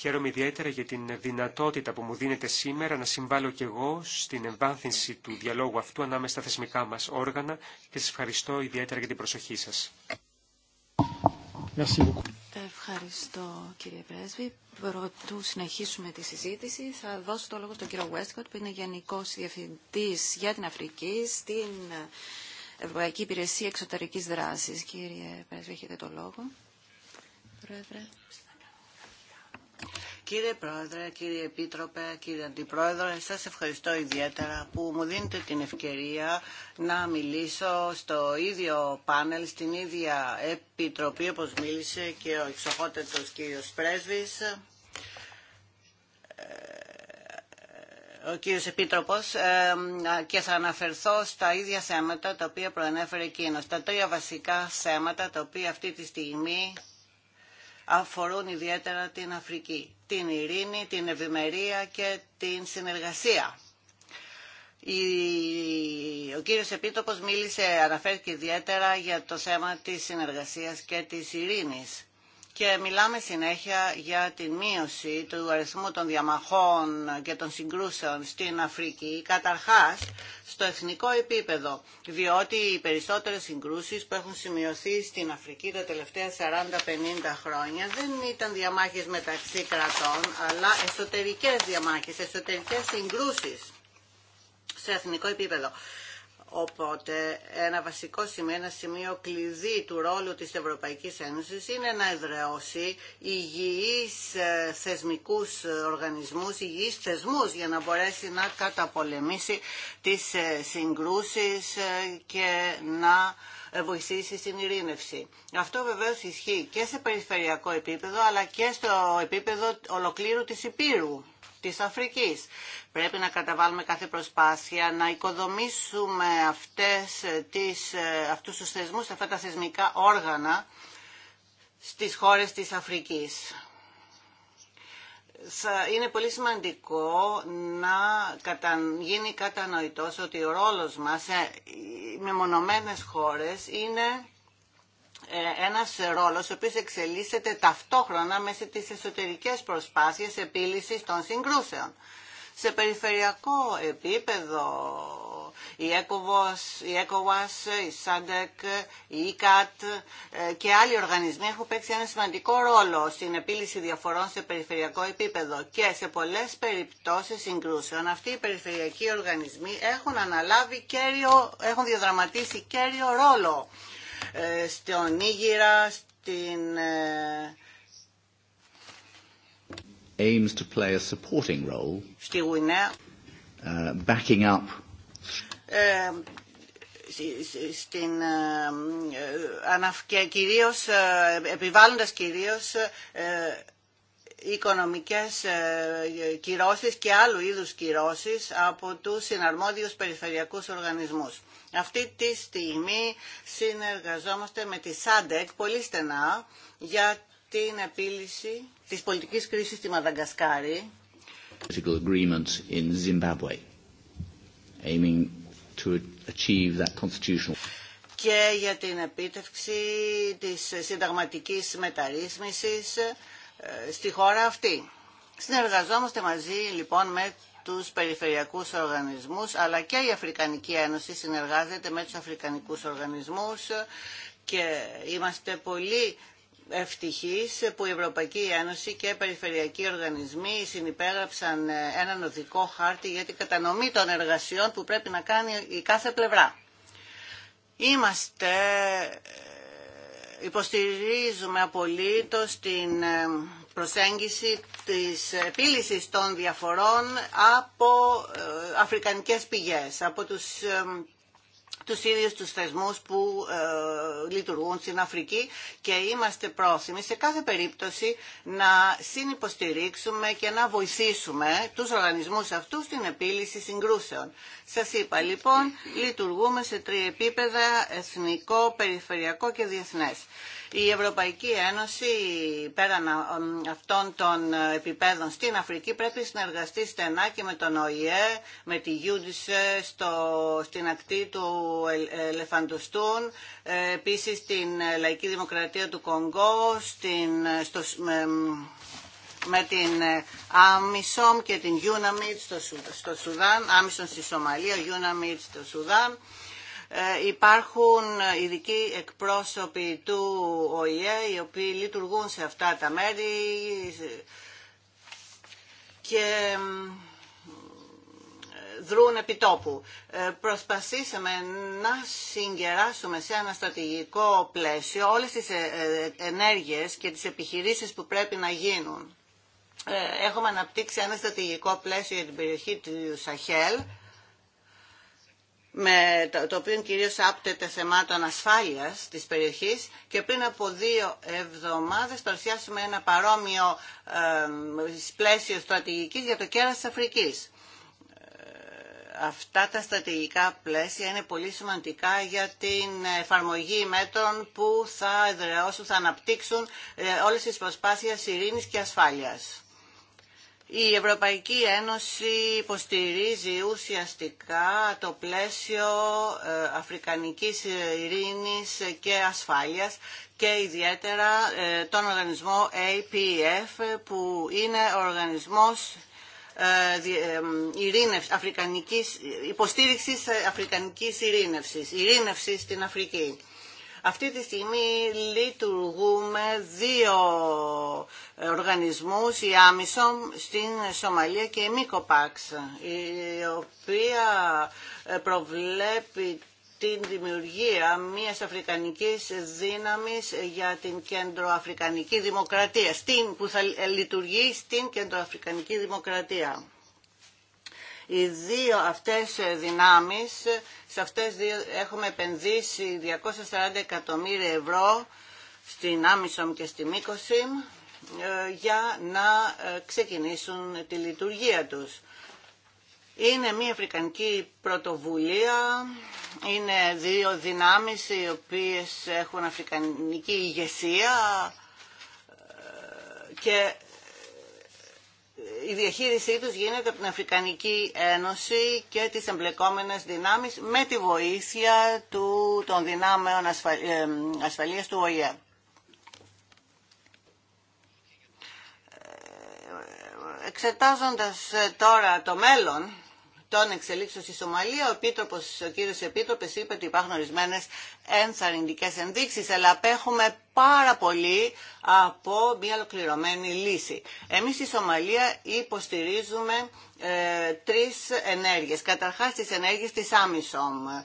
Χαίρομαι ιδιαίτερα για την δυνατότητα που μου δίνεται σήμερα να συμβάλλω κι εγώ στην εμβάθυνση του διαλόγου αυτού ανάμεσα στα θεσμικά μας όργανα και σας ευχαριστώ ιδιαίτερα για την προσοχή σας. Ευχαριστώ κύριε Πρέσβη. Προτού συνεχίσουμε τη συζήτηση, θα δώσω το λόγο στον κύριο Westcott, που είναι Γενικός Διευθυντής για την Αφρική στην Ευρωπαϊκή Υπηρεσία Εξωτερικής Δράσης. Κύριε Πρέσβη, έχετε το λόγο. Πρόεδρε, Κύριε Πρόεδρε, κύριε Επίτροπε, κύριε Αντιπρόεδρε, σας ευχαριστώ ιδιαίτερα που μου δίνετε την ευκαιρία να μιλήσω στο ίδιο πάνελ, στην ίδια επιτροπή όπως μίλησε και ο εξοχότερος κύριος Πρέσβης. Ε, ο κύριος Επίτροπος ε, και θα αναφερθώ στα ίδια θέματα τα οποία προενέφερε εκείνος. Τα τρία βασικά θέματα τα οποία αυτή τη στιγμή αφορούν ιδιαίτερα την Αφρική, την ειρήνη, την ευημερία και την συνεργασία. Ο κύριος επίτοπος μίλησε, αναφέρθηκε ιδιαίτερα για το θέμα της συνεργασίας και της ειρήνης και μιλάμε συνέχεια για τη μείωση του αριθμού των διαμαχών και των συγκρούσεων στην Αφρική, καταρχάς στο εθνικό επίπεδο, διότι οι περισσότερες συγκρούσεις που έχουν σημειωθεί στην Αφρική τα τελευταία 40-50 χρόνια δεν ήταν διαμάχες μεταξύ κρατών, αλλά εσωτερικές διαμάχες, εσωτερικές συγκρούσεις σε εθνικό επίπεδο. Οπότε ένα βασικό σημείο, ένα σημείο κλειδί του ρόλου της Ευρωπαϊκής Ένωσης είναι να εδραιώσει υγιείς ε, θεσμικούς οργανισμούς, υγιείς θεσμούς για να μπορέσει να καταπολεμήσει τις ε, συγκρούσεις ε, και να βοηθήσει στην ειρήνευση. Αυτό βεβαίω ισχύει και σε περιφερειακό επίπεδο αλλά και στο επίπεδο ολοκλήρου της Υπήρου της Αφρικής. Πρέπει να καταβάλουμε κάθε προσπάθεια να οικοδομήσουμε αυτές τις, αυτούς τους θεσμούς, αυτά τα θεσμικά όργανα στις χώρες της Αφρικής. Είναι πολύ σημαντικό να γίνει κατανοητός ότι ο ρόλος μας σε μεμονωμένες χώρες είναι ε, ένας ρόλος ο οποίος εξελίσσεται ταυτόχρονα μέσα στις εσωτερικές προσπάθειες επίλυσης των συγκρούσεων. Σε περιφερειακό επίπεδο η ΕΚΟΒΟΣ, η ΕΚΟΒΑΣ, η ΣΑΝΤΕΚ, η ΙΚΑΤ ε, και άλλοι οργανισμοί έχουν παίξει ένα σημαντικό ρόλο στην επίλυση διαφορών σε περιφερειακό επίπεδο και σε πολλές περιπτώσεις συγκρούσεων αυτοί οι περιφερειακοί οργανισμοί έχουν αναλάβει έχουν διαδραματίσει κέριο ρόλο ε, στον Ήγυρα, στην... Ε, Aims to play a supporting role. Στη Γουινέα. Uh, backing up. Ε, στην, ε, και κυρίως, επιβάλλοντας κυρίως ε, οικονομικές ε, κυρώσεις και άλλου είδους κυρώσεις από τους συναρμόδιους περιφερειακούς οργανισμούς. Αυτή τη στιγμή συνεργαζόμαστε με τη ΣΑΝΤΕΚ πολύ στενά για την επίλυση της πολιτικής κρίσης στη Μαδαγκασκάρη. και για την επίτευξη της συνταγματικής μεταρρύθμισης ε, στη χώρα αυτή. Συνεργαζόμαστε μαζί λοιπόν με τους περιφερειακούς οργανισμούς, αλλά και η Αφρικανική Ένωση συνεργάζεται με τους αφρικανικούς οργανισμούς και είμαστε πολύ ευτυχείς που η Ευρωπαϊκή Ένωση και οι περιφερειακοί οργανισμοί συνυπέγραψαν ε, έναν οδικό χάρτη για την κατανομή των εργασιών που πρέπει να κάνει η κάθε πλευρά. Είμαστε Υποστηρίζουμε απολύτως την ε, προσέγγιση της επίλυσης των διαφορών από ε, αφρικανικές πηγές, από τους ε, τους ίδιους τους θεσμούς που ε, λειτουργούν στην Αφρική και είμαστε πρόθυμοι σε κάθε περίπτωση να συνυποστηρίξουμε και να βοηθήσουμε τους οργανισμούς αυτούς στην επίλυση συγκρούσεων. Σας είπα λοιπόν, λειτουργούμε σε τρία επίπεδα, εθνικό, περιφερειακό και διεθνές. Η Ευρωπαϊκή Ένωση πέραν αυτών των ε, επιπέδων στην Αφρική πρέπει να συνεργαστεί στενά και με τον ΟΗΕ, με τη στο στην ακτή του Ελεφαντοστούν, ε, επίσης στην ε, Λαϊκή Δημοκρατία του Κονγκό, στο, με, την Άμισομ και την Γιούναμιτ στο, Σουδάν, Άμισομ στη Σομαλία, Γιούναμιτ στο Σουδάν ε, υπάρχουν ειδικοί εκπρόσωποι του ΟΗΕ οι οποίοι λειτουργούν σε αυτά τα μέρη και δρούν επιτόπου. Ε, προσπαθήσαμε να συγκεράσουμε σε ένα στρατηγικό πλαίσιο όλες τις ε, ενέργειες και τις επιχειρήσεις που πρέπει να γίνουν. Έχουμε αναπτύξει ένα στρατηγικό πλαίσιο για την περιοχή του Σαχέλ, με το, οποίο κυρίως άπτεται θεμάτων ασφάλειας της περιοχής και πριν από δύο εβδομάδες παρουσιάσουμε ένα παρόμοιο ε, πλαίσιο στρατηγικής για το κέρας της Αφρικής. Ε, αυτά τα στρατηγικά πλαίσια είναι πολύ σημαντικά για την εφαρμογή μέτρων που θα εδραιώσουν, θα αναπτύξουν ε, όλες τις προσπάθειες ειρήνης και ασφάλειας. Η Ευρωπαϊκή Ένωση υποστηρίζει ουσιαστικά το πλαίσιο ε, αφρικανικής ειρήνης και ασφάλειας και ιδιαίτερα ε, τον οργανισμό APF που είναι ο οργανισμός ε, ειρήνευση, αφρικανικής, υποστήριξης αφρικανικής ειρήνευσης, ειρήνευσης στην Αφρική. Αυτή τη στιγμή λειτουργούμε δύο οργανισμούς, η Άμισομ στην Σομαλία και η Μίκοπαξ, η οποία ε, προβλέπει την δημιουργία μιας αφρικανικής δύναμης για την κεντροαφρικανική δημοκρατία, στην, που θα λειτουργεί στην κεντροαφρικανική δημοκρατία. Οι δύο αυτές δυνάμεις, σε αυτές δύο έχουμε επενδύσει 240 εκατομμύρια ευρώ στην Άμισομ και στη Μήκοσιμ ε, για να ε, ξεκινήσουν τη λειτουργία τους. Είναι μια Αφρικανική πρωτοβουλία, είναι δύο δυνάμεις οι οποίες έχουν Αφρικανική ηγεσία ε, και η διαχείρισή τους γίνεται από την Αφρικανική Ένωση και τις εμπλεκόμενες δυνάμεις με τη βοήθεια του, των δυνάμεων ε, ασφαλείας του ΟΗΕ. Ε, εξετάζοντας ε, τώρα το μέλλον, των εξελίξεων στη Σομαλία, ο, Επίτροπος, ο κύριος Επίτροπε είπε ότι υπάρχουν ορισμένε ενθαρρυντικές ενδείξεις, αλλά απέχουμε πάρα πολύ από μια ολοκληρωμένη λύση. Εμείς στη Σομαλία υποστηρίζουμε ε, τρεις ενέργειες. Καταρχάς τις ενέργειες της Άμισομ. Ε,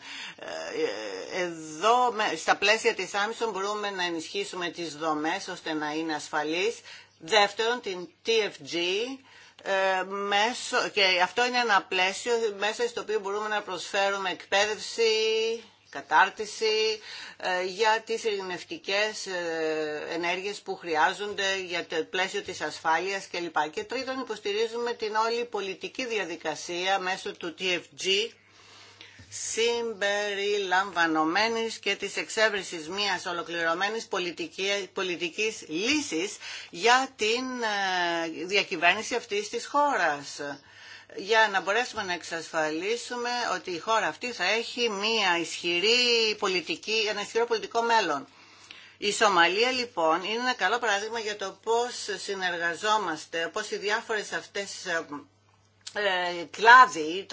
εδώ στα πλαίσια της Άμισομ μπορούμε να ενισχύσουμε τις δομές ώστε να είναι ασφαλείς. Δεύτερον, την TFG, ε, μέσω, και αυτό είναι ένα πλαίσιο μέσα στο οποίο μπορούμε να προσφέρουμε εκπαίδευση, κατάρτιση ε, για τις ειρηνευτικές ε, ενέργειες που χρειάζονται για το πλαίσιο της ασφάλειας κλπ. Και τρίτον υποστηρίζουμε την όλη πολιτική διαδικασία μέσω του TFG συμπεριλαμβανομένης και της εξέβρισης μιας ολοκληρωμένης πολιτικής, πολιτικής λύσης για την ε, διακυβέρνηση αυτής της χώρας για να μπορέσουμε να εξασφαλίσουμε ότι η χώρα αυτή θα έχει μια ισχυρή πολιτική, ένα ισχυρό πολιτικό μέλλον. Η Σομαλία λοιπόν είναι ένα καλό παράδειγμα για το πώς συνεργαζόμαστε, πώς οι διάφορες αυτές ε, ε, κλάδοι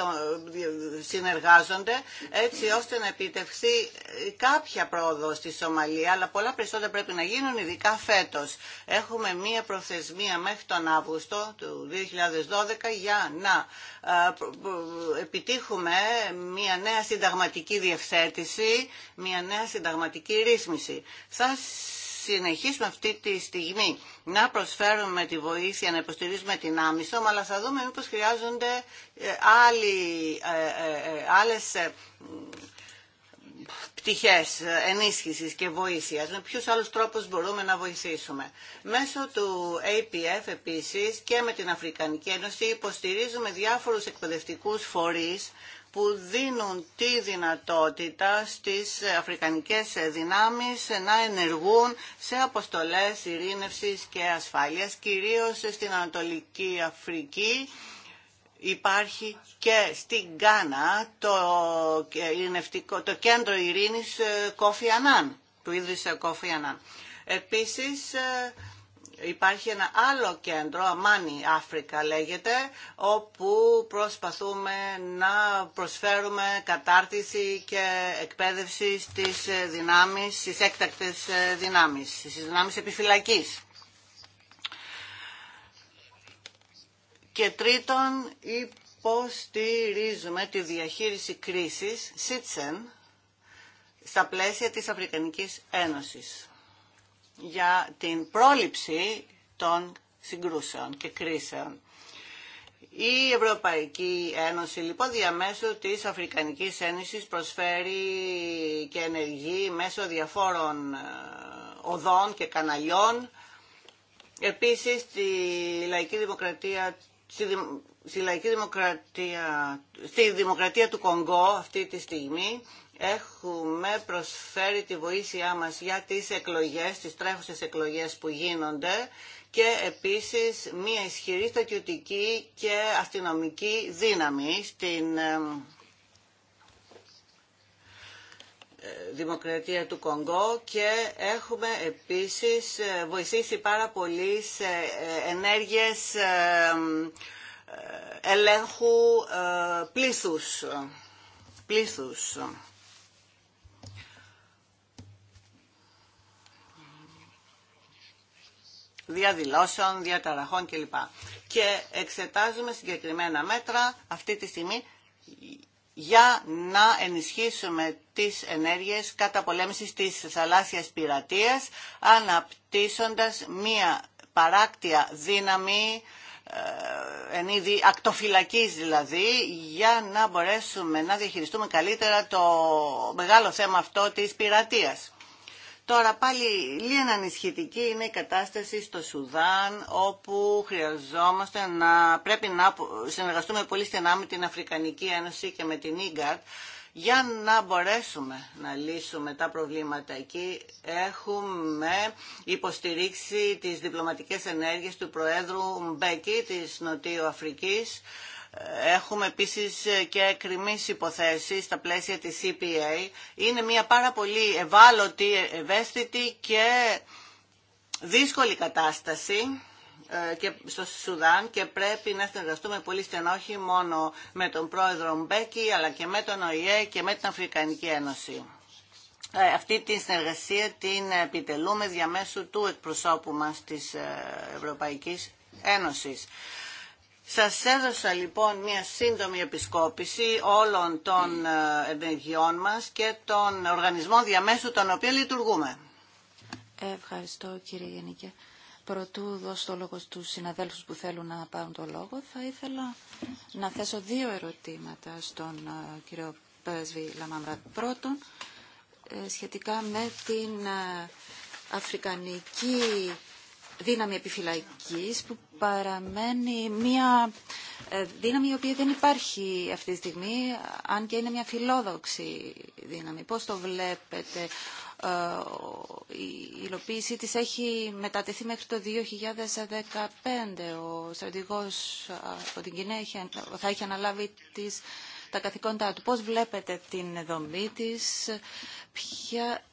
συνεργάζονται έτσι ώστε να επιτευχθεί κάποια πρόοδο στη Σομαλία αλλά πολλά περισσότερα πρέπει να γίνουν ειδικά φέτος. Έχουμε μία προθεσμία μέχρι τον Αύγουστο του 2012 για να ε, επιτύχουμε μία νέα συνταγματική διευθέτηση, μία νέα συνταγματική ρύθμιση. Σας συνεχίσουμε αυτή τη στιγμή να προσφέρουμε τη βοήθεια, να υποστηρίζουμε την άμυσο, αλλά θα δούμε μήπως χρειάζονται ε, άλλοι, ε, ε, άλλες πτυχές ενίσχυσης και βοήθειας, με ποιους άλλους τρόπους μπορούμε να βοηθήσουμε. Μέσω του APF επίσης και με την Αφρικανική Ένωση υποστηρίζουμε διάφορους εκπαιδευτικούς φορείς που δίνουν τη δυνατότητα στις αφρικανικές δυνάμεις να ενεργούν σε αποστολές ειρήνευσης και ασφάλειας, κυρίως στην Ανατολική Αφρική. Υπάρχει και στην Γκάνα το, το κέντρο ειρήνης ε, Κόφιανάν, του ίδρυσε Κόφιανάν. Επίσης, ε, υπάρχει ένα άλλο κέντρο, Αμάνι Αφρικα λέγεται, όπου προσπαθούμε να προσφέρουμε κατάρτιση και εκπαίδευση στις ε, δυνάμεις, στις έκτακτες ε, δυνάμεις, στις δυνάμεις επιφυλακής. Και τρίτον, υποστηρίζουμε τη διαχείριση κρίσης, ΣΥΤΣΕΝ, στα πλαίσια της Αφρικανικής Ένωσης για την πρόληψη των συγκρούσεων και κρίσεων. Η Ευρωπαϊκή Ένωση λοιπόν διαμέσου της Αφρικανικής Ένωσης προσφέρει και ενεργεί μέσω διαφόρων ε, οδών και καναλιών. Επίσης στη Λαϊκή Δημοκρατία Δημοκρατία, στη Δημοκρατία του Κονγκό αυτή τη στιγμή έχουμε προσφέρει τη βοήθειά μας για τις εκλογές, τις τρέχουσες εκλογές που γίνονται και επίσης μια ισχυρή στατιωτική και αστυνομική δύναμη στην ε, ε, Δημοκρατία του Κονγκό και έχουμε επίσης ε, βοηθήσει πάρα πολύ σε ενέργειες ελέγχου πλήθους. πλήθους. διαδηλώσεων, διαταραχών κλπ. Και εξετάζουμε συγκεκριμένα μέτρα αυτή τη στιγμή για να ενισχύσουμε τις ενέργειες κατά πολέμησης της θαλάσσιας πειρατείας, αναπτύσσοντας μία παράκτια δύναμη, ε, εν είδη ακτοφυλακής δηλαδή, για να μπορέσουμε να διαχειριστούμε καλύτερα το μεγάλο θέμα αυτό της πειρατείας. Τώρα πάλι λίγο ανισχυτική είναι η κατάσταση στο Σουδάν όπου χρειαζόμαστε να πρέπει να συνεργαστούμε πολύ στενά με την Αφρικανική Ένωση και με την Ίγκαρτ για να μπορέσουμε να λύσουμε τα προβλήματα εκεί έχουμε υποστηρίξει τις διπλωματικές ενέργειες του Προέδρου Μπέκη της Νοτιού Αφρικής Έχουμε επίσης και κρυμείς υποθέσεις στα πλαίσια της CPA. Είναι μια πάρα πολύ ευάλωτη, ευαίσθητη και δύσκολη κατάσταση ε, και στο Σουδάν και πρέπει να συνεργαστούμε πολύ στενά όχι μόνο με τον πρόεδρο Μπέκη αλλά και με τον ΟΗΕ και με την Αφρικανική Ένωση. Ε, αυτή τη συνεργασία την επιτελούμε διαμέσου του εκπροσώπου μας της ε, Ευρωπαϊκής Ένωσης. Σας έδωσα λοιπόν μια σύντομη επισκόπηση όλων των ε, ενεργειών μας και των οργανισμών διαμέσου των οποίων λειτουργούμε. Ε, ευχαριστώ κύριε Γενικέ. Προτού δώσω το λόγο στους συναδέλφους που θέλουν να πάρουν το λόγο, θα ήθελα να θέσω δύο ερωτήματα στον ε, κύριο Πέσβη Λαμάμρα. Πρώτον, σχετικά με την αφρικανική δύναμη επιφυλακής που παραμένει μια ε, δύναμη η οποία δεν υπάρχει αυτή τη στιγμή, αν και είναι μια φιλόδοξη δύναμη. Πώς το βλέπετε, ε, η υλοποίησή της έχει μετατεθεί μέχρι το 2015. Ο στρατηγός ε, από την Κινέα θα έχει αναλάβει τις τα καθηκόντά του. Πώς βλέπετε την δομή της, ποια,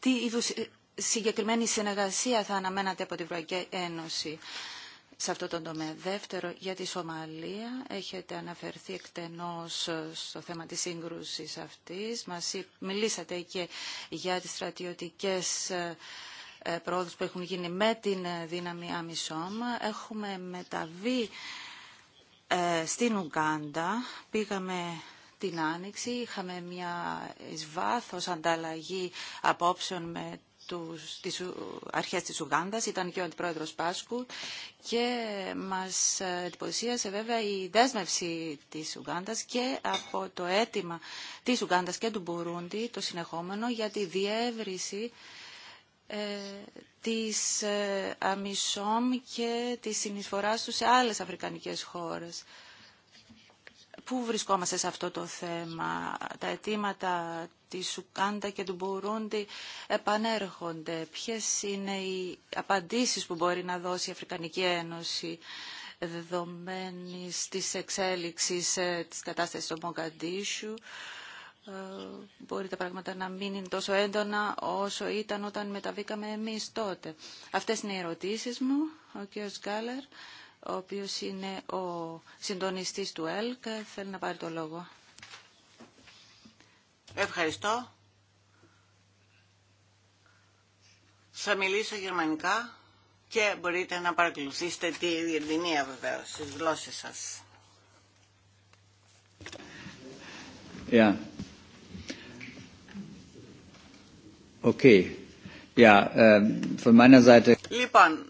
τι είδους συγκεκριμένη συνεργασία θα αναμένατε από την Ευρωπαϊκή Ένωση σε αυτό το τομέα. Δεύτερο, για τη Σομαλία έχετε αναφερθεί εκτενώς στο θέμα της σύγκρουσης αυτής. Μας μιλήσατε και για τις στρατιωτικές ε, πρόοδους που έχουν γίνει με την ε, δύναμη Αμισόμ. Έχουμε μεταβεί ε, στην Ουγκάντα. Πήγαμε την Άνοιξη. Είχαμε μια εις ανταλλαγή απόψεων με τους, τις αρχές της Ουγγάντας, ήταν και ο αντιπρόεδρος Πάσκου και μας ε, εντυπωσίασε βέβαια η δέσμευση της Ουγγάντας και από το αίτημα της Ουγγάντας και του Μπουρούντι, το συνεχόμενο, για τη διεύρυνση ε, της ε, Αμισόμ και της συνεισφοράς του σε άλλες αφρικανικές χώρες πού βρισκόμαστε σε αυτό το θέμα. Τα αιτήματα τη Ουκάντα και του Μπουρούντι επανέρχονται. Ποιες είναι οι απαντήσεις που μπορεί να δώσει η Αφρικανική Ένωση δεδομένης της εξέλιξης ε, της κατάστασης του Μογκαντήσου ε, μπορεί τα πράγματα να μην είναι τόσο έντονα όσο ήταν όταν μεταβήκαμε εμείς τότε. Αυτές είναι οι ερωτήσεις μου, ο κ. Γκάλερ ο οποίος είναι ο συντονιστής του ΕΛΚ. Θέλει να πάρει το λόγο. Ευχαριστώ. Θα μιλήσω γερμανικά και μπορείτε να παρακολουθήσετε τη διερμηνία βεβαίω στις γλώσσε σα. Yeah. Okay. Yeah, um, Λοιπόν,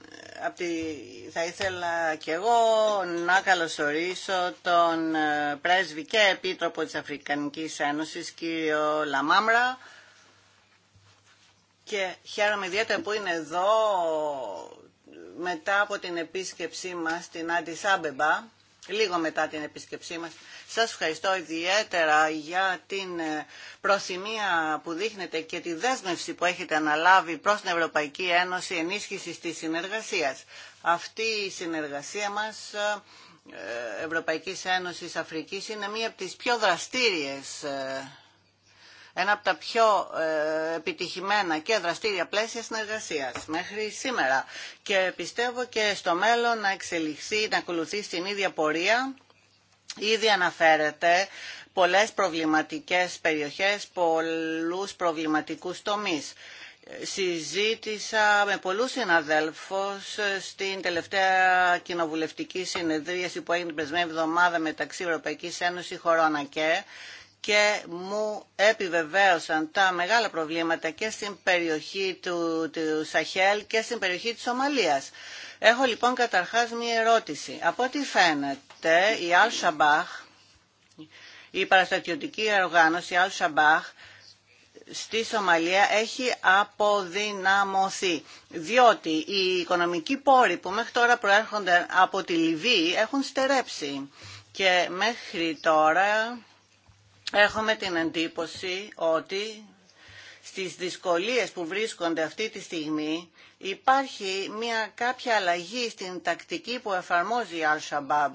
θα ήθελα και εγώ να καλωσορίσω τον ε, πρέσβη και επίτροπο της Αφρικανικής Ένωσης, κύριο Λαμάμρα. Και χαίρομαι ιδιαίτερα που είναι εδώ μετά από την επίσκεψή μας στην Αντισάμπεμπα, λίγο μετά την επίσκεψή μας σας ευχαριστώ ιδιαίτερα για την ε, προθυμία που δείχνετε και τη δέσμευση που έχετε αναλάβει προς την Ευρωπαϊκή Ένωση ενίσχυσης της συνεργασίας. Αυτή η συνεργασία μας ε, ε, Ευρωπαϊκής Ένωσης Αφρικής είναι μία από τις πιο δραστήριες ένα από τα πιο επιτυχημένα και δραστήρια πλαίσια συνεργασίας μέχρι σήμερα. Και πιστεύω και στο μέλλον να εξελιχθεί, να ακολουθεί στην ίδια πορεία Ήδη αναφέρεται πολλές προβληματικές περιοχές, πολλούς προβληματικούς τομείς. Συζήτησα με πολλούς συναδέλφους στην τελευταία κοινοβουλευτική συνεδρίαση που έγινε την περσμένη εβδομάδα μεταξύ Ευρωπαϊκής Ένωσης χωρών και και μου επιβεβαίωσαν τα μεγάλα προβλήματα και στην περιοχή του, Σαχέλ και στην περιοχή της Σομαλίας. Έχω λοιπόν καταρχάς μία ερώτηση. Από ό,τι φαίνεται η Αλ Σαμπάχ, η παραστατιωτική οργάνωση Αλ Σαμπάχ στη Σομαλία έχει αποδυναμωθεί διότι οι οικονομικοί πόροι που μέχρι τώρα προέρχονται από τη Λιβύη έχουν στερέψει και μέχρι τώρα Έχουμε την εντύπωση ότι στις δυσκολίες που βρίσκονται αυτή τη στιγμή υπάρχει μια κάποια αλλαγή στην τακτική που εφαρμόζει η Al-Shabaab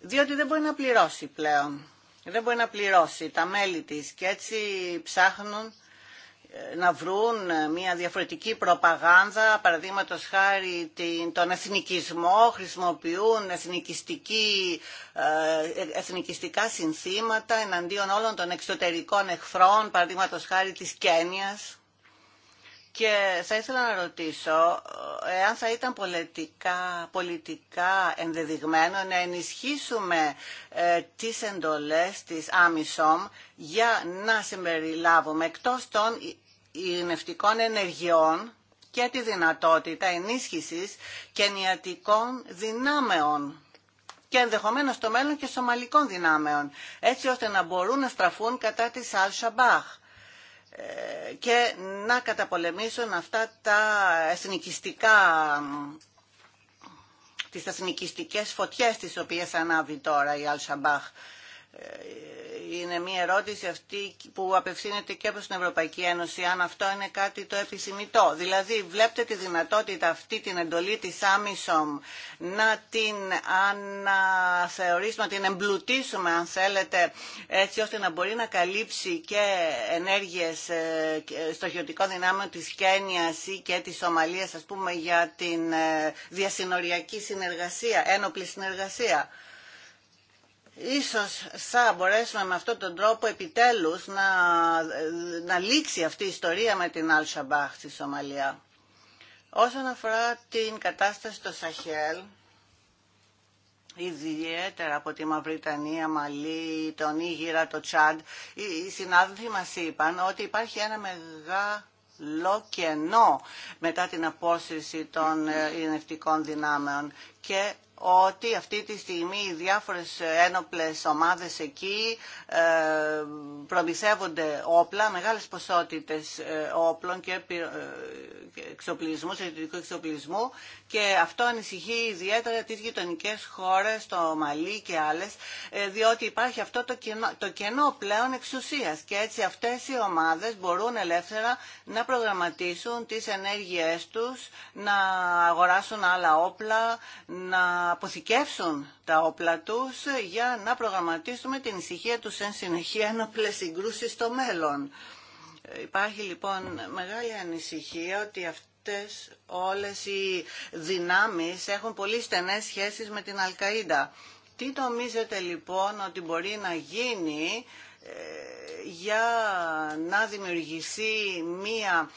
διότι δεν μπορεί να πληρώσει πλέον. Δεν μπορεί να πληρώσει τα μέλη της και έτσι ψάχνουν να βρουν ε, μια διαφορετική προπαγάνδα, παραδείγματο χάρη τον εθνικισμό, χρησιμοποιούν εθνικιστική, ε, εθνικιστικά συνθήματα εναντίον όλων των εξωτερικών εχθρών, παραδείγματο χάρη της Κένιας. Και θα ήθελα να ρωτήσω, ε, εάν θα ήταν πολιτικά, πολιτικά ενδεδειγμένο να ενισχύσουμε τις εντολές της Άμισομ για να συμπεριλάβουμε εκτός των ειρηνευτικών ενεργειών και τη δυνατότητα ενίσχυσης και δυνάμεων και ενδεχομένως στο μέλλον και σομαλικών δυνάμεων, έτσι ώστε να μπορούν να στραφούν κατά της αλ ε, και να καταπολεμήσουν αυτά τα εθνικιστικά τις εθνικιστικές φωτιές τις οποίες ανάβει τώρα η αλ ε, είναι μια ερώτηση αυτή που απευθύνεται και προς την Ευρωπαϊκή Ένωση αν αυτό είναι κάτι το επισημητό. Δηλαδή βλέπετε τη δυνατότητα αυτή την εντολή της Άμισομ να την αναθεωρήσουμε, να την εμπλουτίσουμε αν θέλετε έτσι ώστε να μπορεί να καλύψει και ενέργειες ε, στοχειωτικών δυνάμιο της Κένιας ή και της Σομαλίας ας πούμε για την ε, διασυνοριακή συνεργασία, ένοπλη συνεργασία. Ίσως θα μπορέσουμε με αυτόν τον τρόπο επιτέλους να, να λήξει αυτή η ιστορία με την Αλ-Σαμπάχ στη Σομαλία. Όσον αφορά την κατάσταση στο Σαχέλ, ιδιαίτερα από τη Μαυριτανία, Μαλή, τον Ήγηρα, το Τσάντ, οι συνάδελφοι μας είπαν ότι υπάρχει ένα μεγάλο κενό μετά την απόσυρση των ε, ειρηνευτικών δυνάμεων και ότι αυτή τη στιγμή οι διάφορες ένοπλες ομάδες εκεί ε, προμηθεύονται όπλα, μεγάλες ποσότητες ε, όπλων ε, και εξοπλισμού, στρατιωτικού εξοπλισμού και αυτό ανησυχεί ιδιαίτερα τις γειτονικές χώρες, το Μαλί και άλλες, διότι υπάρχει αυτό το κενό, το κενό πλέον εξουσίας και έτσι αυτές οι ομάδες μπορούν ελεύθερα να προγραμματίσουν τις ενέργειές τους, να αγοράσουν άλλα όπλα, να αποθηκεύσουν τα όπλα τους για να προγραμματίσουμε την ησυχία τους εν συνεχεία ένοπλες συγκρούσεις στο μέλλον. Υπάρχει λοιπόν μεγάλη ανησυχία ότι αυτές όλες οι δυνάμεις έχουν πολύ στενές σχέσεις με την Αλκαΐντα. Τι νομίζετε λοιπόν ότι μπορεί να γίνει για να δημιουργηθεί μία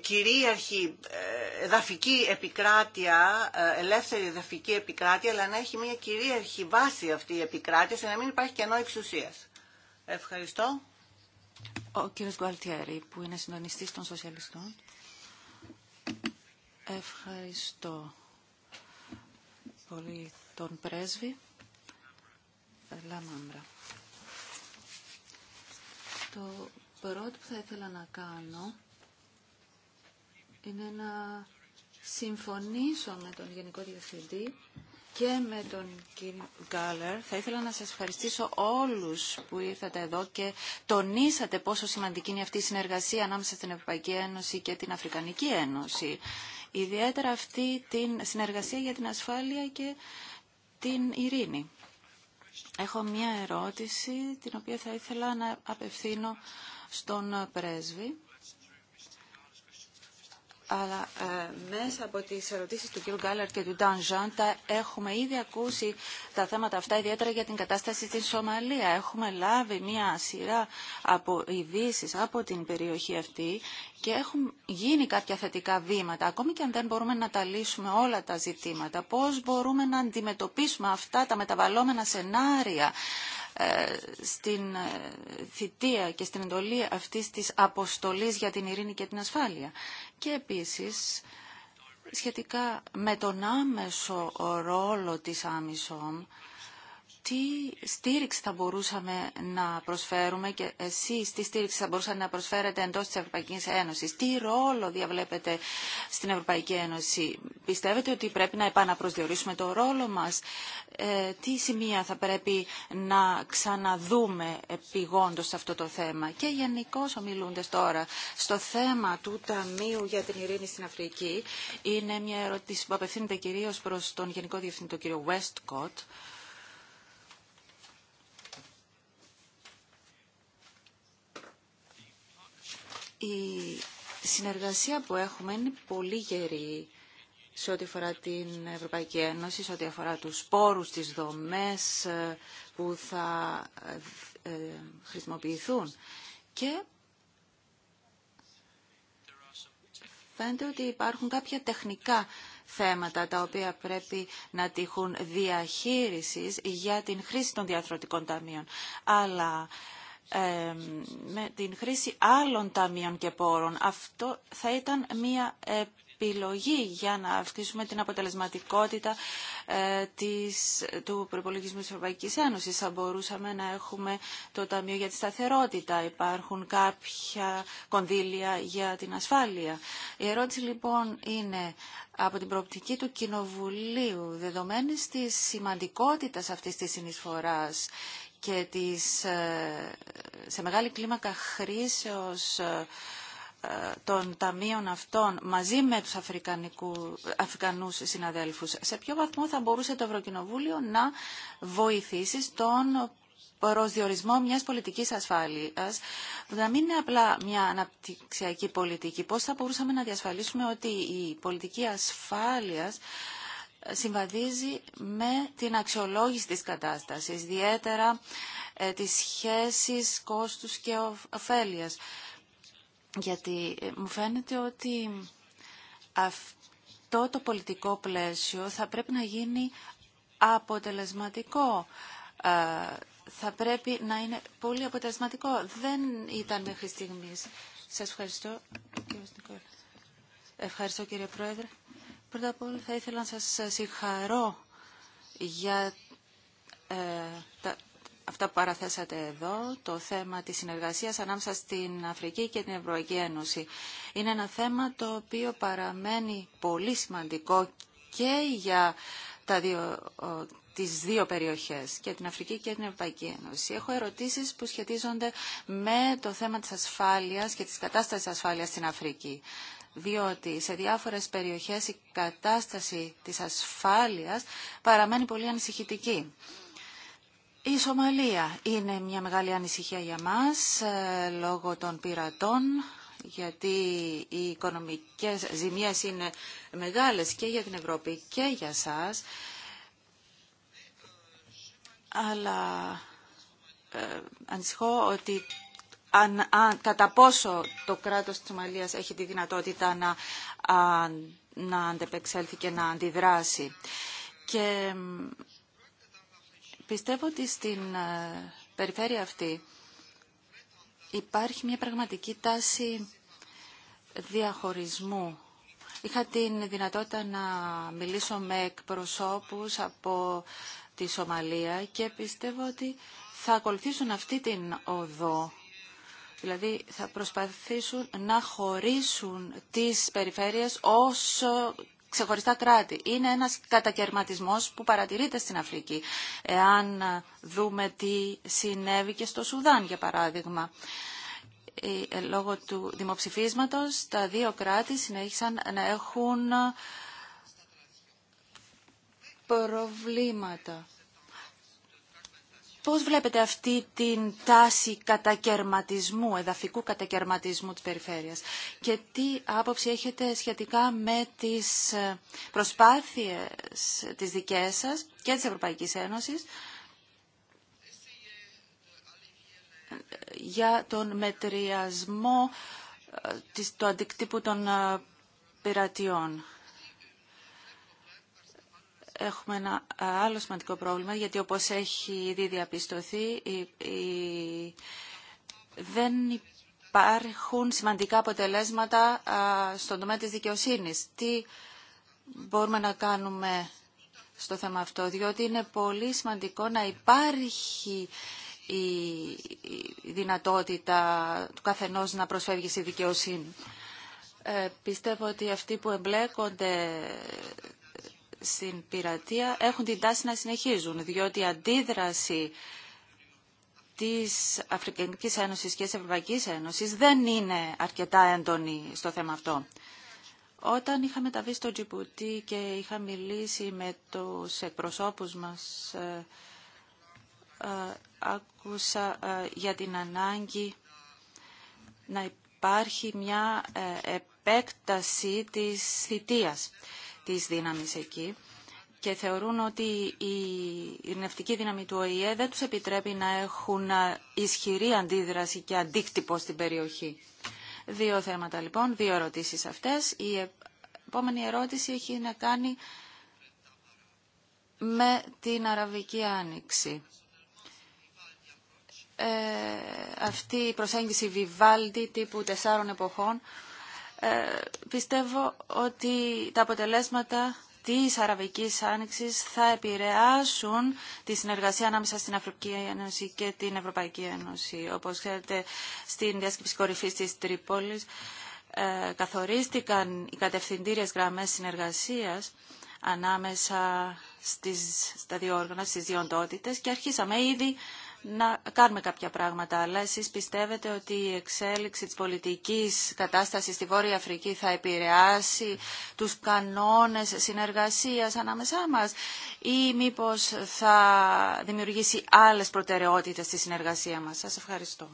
κυρίαρχη ε, εδαφική επικράτεια, ε, ελεύθερη εδαφική επικράτεια, αλλά να έχει μία κυρίαρχη βάση αυτή η επικράτεια, σε να μην υπάρχει κενό εξουσίας. Ευχαριστώ. Ο κύριος Γκουαλτιέρη, που είναι συντονιστής των Σοσιαλιστών. Ευχαριστώ πολύ τον πρέσβη Λαμάμπρα. Το πρώτο που θα ήθελα να κάνω είναι να συμφωνήσω με τον Γενικό Διευθυντή και με τον κύριο Γκάλερ. Θα ήθελα να σας ευχαριστήσω όλους που ήρθατε εδώ και τονίσατε πόσο σημαντική είναι αυτή η συνεργασία ανάμεσα στην Ευρωπαϊκή Ένωση και την Αφρικανική Ένωση. Ιδιαίτερα αυτή την συνεργασία για την ασφάλεια και την ειρήνη. Έχω μία ερώτηση την οποία θα ήθελα να απευθύνω στον πρέσβη αλλά ε, μέσα από τις ερωτήσεις του κ. Γκάλερ και του Νταν έχουμε ήδη ακούσει τα θέματα αυτά, ιδιαίτερα για την κατάσταση στην Σομαλία. Έχουμε λάβει μια σειρά από ειδήσει από την περιοχή αυτή και έχουν γίνει κάποια θετικά βήματα, ακόμη και αν δεν μπορούμε να τα λύσουμε όλα τα ζητήματα. Πώς μπορούμε να αντιμετωπίσουμε αυτά τα μεταβαλλόμενα σενάρια ε, στην ε, θητεία και στην εντολή αυτής της αποστολής για την ειρήνη και την ασφάλεια και επίσης σχετικά με τον άμεσο ρόλο της Άμισομ τι στήριξη θα μπορούσαμε να προσφέρουμε και εσείς τι στήριξη θα μπορούσατε να προσφέρετε εντός της Ευρωπαϊκής Ένωσης. Τι ρόλο διαβλέπετε στην Ευρωπαϊκή Ένωση. Πιστεύετε ότι πρέπει να επαναπροσδιορίσουμε το ρόλο μας. Ε, τι σημεία θα πρέπει να ξαναδούμε επιγόντως σε αυτό το θέμα. Και γενικώ ομιλούντες τώρα στο θέμα του Ταμείου για την Ειρήνη στην Αφρική. Είναι μια ερώτηση που απευθύνεται κυρίως προς τον Γενικό Διευθυντή, τον κύριο Westcott Η συνεργασία που έχουμε είναι πολύ γερή σε ό,τι αφορά την Ευρωπαϊκή Ένωση, σε ό,τι αφορά τους πόρους, τις δομές ε, που θα ε, ε, χρησιμοποιηθούν. Και φαίνεται ότι υπάρχουν κάποια τεχνικά θέματα τα οποία πρέπει να τύχουν διαχείρισης για την χρήση των διαθροτικών ταμείων. Αλλά ε, με την χρήση άλλων ταμείων και πόρων. Αυτό θα ήταν μία επιλογή για να αυξήσουμε την αποτελεσματικότητα ε, της, του προπολογισμού της Ευρωπαϊκής Ένωσης. Θα μπορούσαμε να έχουμε το Ταμείο για τη Σταθερότητα. Υπάρχουν κάποια κονδύλια για την ασφάλεια. Η ερώτηση λοιπόν είναι από την προοπτική του Κοινοβουλίου, δεδομένης της σημαντικότητας αυτής της συνεισφοράς και της, ε, σε μεγάλη κλίμακα χρήσεως ε, των ταμείων αυτών μαζί με τους Αφρικανούς συναδέλφους. Σε ποιο βαθμό θα μπορούσε το Ευρωκοινοβούλιο να βοηθήσει στον προσδιορισμό μιας πολιτικής ασφάλειας, που να μην είναι απλά μια αναπτυξιακή πολιτική. Πώς θα μπορούσαμε να διασφαλίσουμε ότι η πολιτική ασφάλειας συμβαδίζει με την αξιολόγηση της κατάστασης, ιδιαίτερα της ε, τις σχέσεις κόστους και ωφέλειας. Γιατί ε, μου φαίνεται ότι αυτό το πολιτικό πλαίσιο θα πρέπει να γίνει αποτελεσματικό. Ε, θα πρέπει να είναι πολύ αποτελεσματικό. Δεν ήταν μέχρι στιγμής. Σας ευχαριστώ. Ευχαριστώ κύριε Πρόεδρε. Πρώτα απ' όλα θα ήθελα να σας συγχαρώ για ε, αυτά που παραθέσατε εδώ, το θέμα της συνεργασίας ανάμεσα στην Αφρική και την Ευρωπαϊκή Ένωση. Είναι ένα θέμα το οποίο παραμένει πολύ σημαντικό και για τα δύο, τις δύο περιοχές, και την Αφρική και την Ευρωπαϊκή Ένωση. Έχω ερωτήσεις που σχετίζονται με το θέμα της ασφάλειας και της κατάστασης ασφάλειας στην Αφρική διότι σε διάφορες περιοχές η κατάσταση της ασφάλειας παραμένει πολύ ανησυχητική. Η Σομαλία είναι μια μεγάλη ανησυχία για μας ε, λόγω των πειρατών, γιατί οι οικονομικές ζημίες είναι μεγάλες και για την Ευρώπη και για σας. Αλλά ε, ανησυχώ ότι αν, κατά πόσο το κράτος της Σομαλίας έχει τη δυνατότητα να, να αντεπεξέλθει και να αντιδράσει. Και πιστεύω ότι στην ε, περιφέρεια αυτή υπάρχει μια πραγματική τάση διαχωρισμού. Είχα την δυνατότητα να μιλήσω με εκπροσώπους από τη Σομαλία και πιστεύω ότι θα ακολουθήσουν αυτή την οδό Δηλαδή θα προσπαθήσουν να χωρίσουν τις περιφέρειες ως ε, ξεχωριστά κράτη. Είναι ένας κατακαιρματισμός που παρατηρείται στην Αφρική. Εάν ε, δούμε τι συνέβη και στο Σουδάν, για παράδειγμα. Ε, λόγω του δημοψηφίσματος, τα δύο κράτη συνέχισαν να έχουν προβλήματα. Πώς βλέπετε αυτή την τάση κατακαιρματισμού, εδαφικού κατακαιρματισμού της περιφέρειας και τι άποψη έχετε σχετικά με τις ε, προσπάθειες της δικές σας και της Ευρωπαϊκής Ένωσης για τον μετριασμό ε, του αντικτύπου των ε, πειρατιών έχουμε ένα ε, άλλο σημαντικό πρόβλημα, γιατί όπως έχει ήδη διαπιστωθεί, δεν υπάρχουν σημαντικά αποτελέσματα στον τομέα της δικαιοσύνης. Τι μπορούμε να κάνουμε στο θέμα αυτό, διότι είναι πολύ σημαντικό να υπάρχει η δυνατότητα του καθενός να προσφεύγει στη δικαιοσύνη. Ε, πιστεύω ότι αυτοί που εμπλέκονται στην πειρατεία έχουν την τάση να συνεχίζουν, διότι η αντίδραση της Αφρικανικής Ένωσης και της Ευρωπαϊκής Ένωσης δεν είναι αρκετά έντονη στο θέμα αυτό. Όταν είχα μεταβεί στο Τζιπουτί και είχα μιλήσει με τους εκπροσώπους μας, ε, ε, άκουσα ε, για την ανάγκη να υπάρχει μια επέκταση της θητείας της δύναμης εκεί και θεωρούν ότι η ειρηνευτική δύναμη του ΟΗΕ δεν τους επιτρέπει να έχουν ισχυρή αντίδραση και αντίκτυπο στην περιοχή. Δύο θέματα λοιπόν, δύο ερωτήσεις αυτές. Η επόμενη ερώτηση έχει να κάνει με την Αραβική Άνοιξη. Ε, αυτή η προσέγγιση βιβάλτη τύπου τεσσάρων εποχών ε, πιστεύω ότι τα αποτελέσματα της Αραβικής Άνοιξης θα επηρεάσουν τη συνεργασία ανάμεσα στην Αφρική Ένωση και την Ευρωπαϊκή Ένωση. Όπως ξέρετε, στην διάσκεψη κορυφής της Τρίπολης ε, καθορίστηκαν οι κατευθυντήριες γραμμές συνεργασίας ανάμεσα στις, στα δύο όργανα, στις δύο και αρχίσαμε ήδη να κάνουμε κάποια πράγματα. Αλλά εσείς πιστεύετε ότι η εξέλιξη της πολιτικής κατάστασης στη Βόρεια Αφρική θα επηρεάσει τους κανόνες συνεργασίας ανάμεσά μας ή μήπως θα δημιουργήσει άλλες προτεραιότητες στη συνεργασία μας. Σας ευχαριστώ.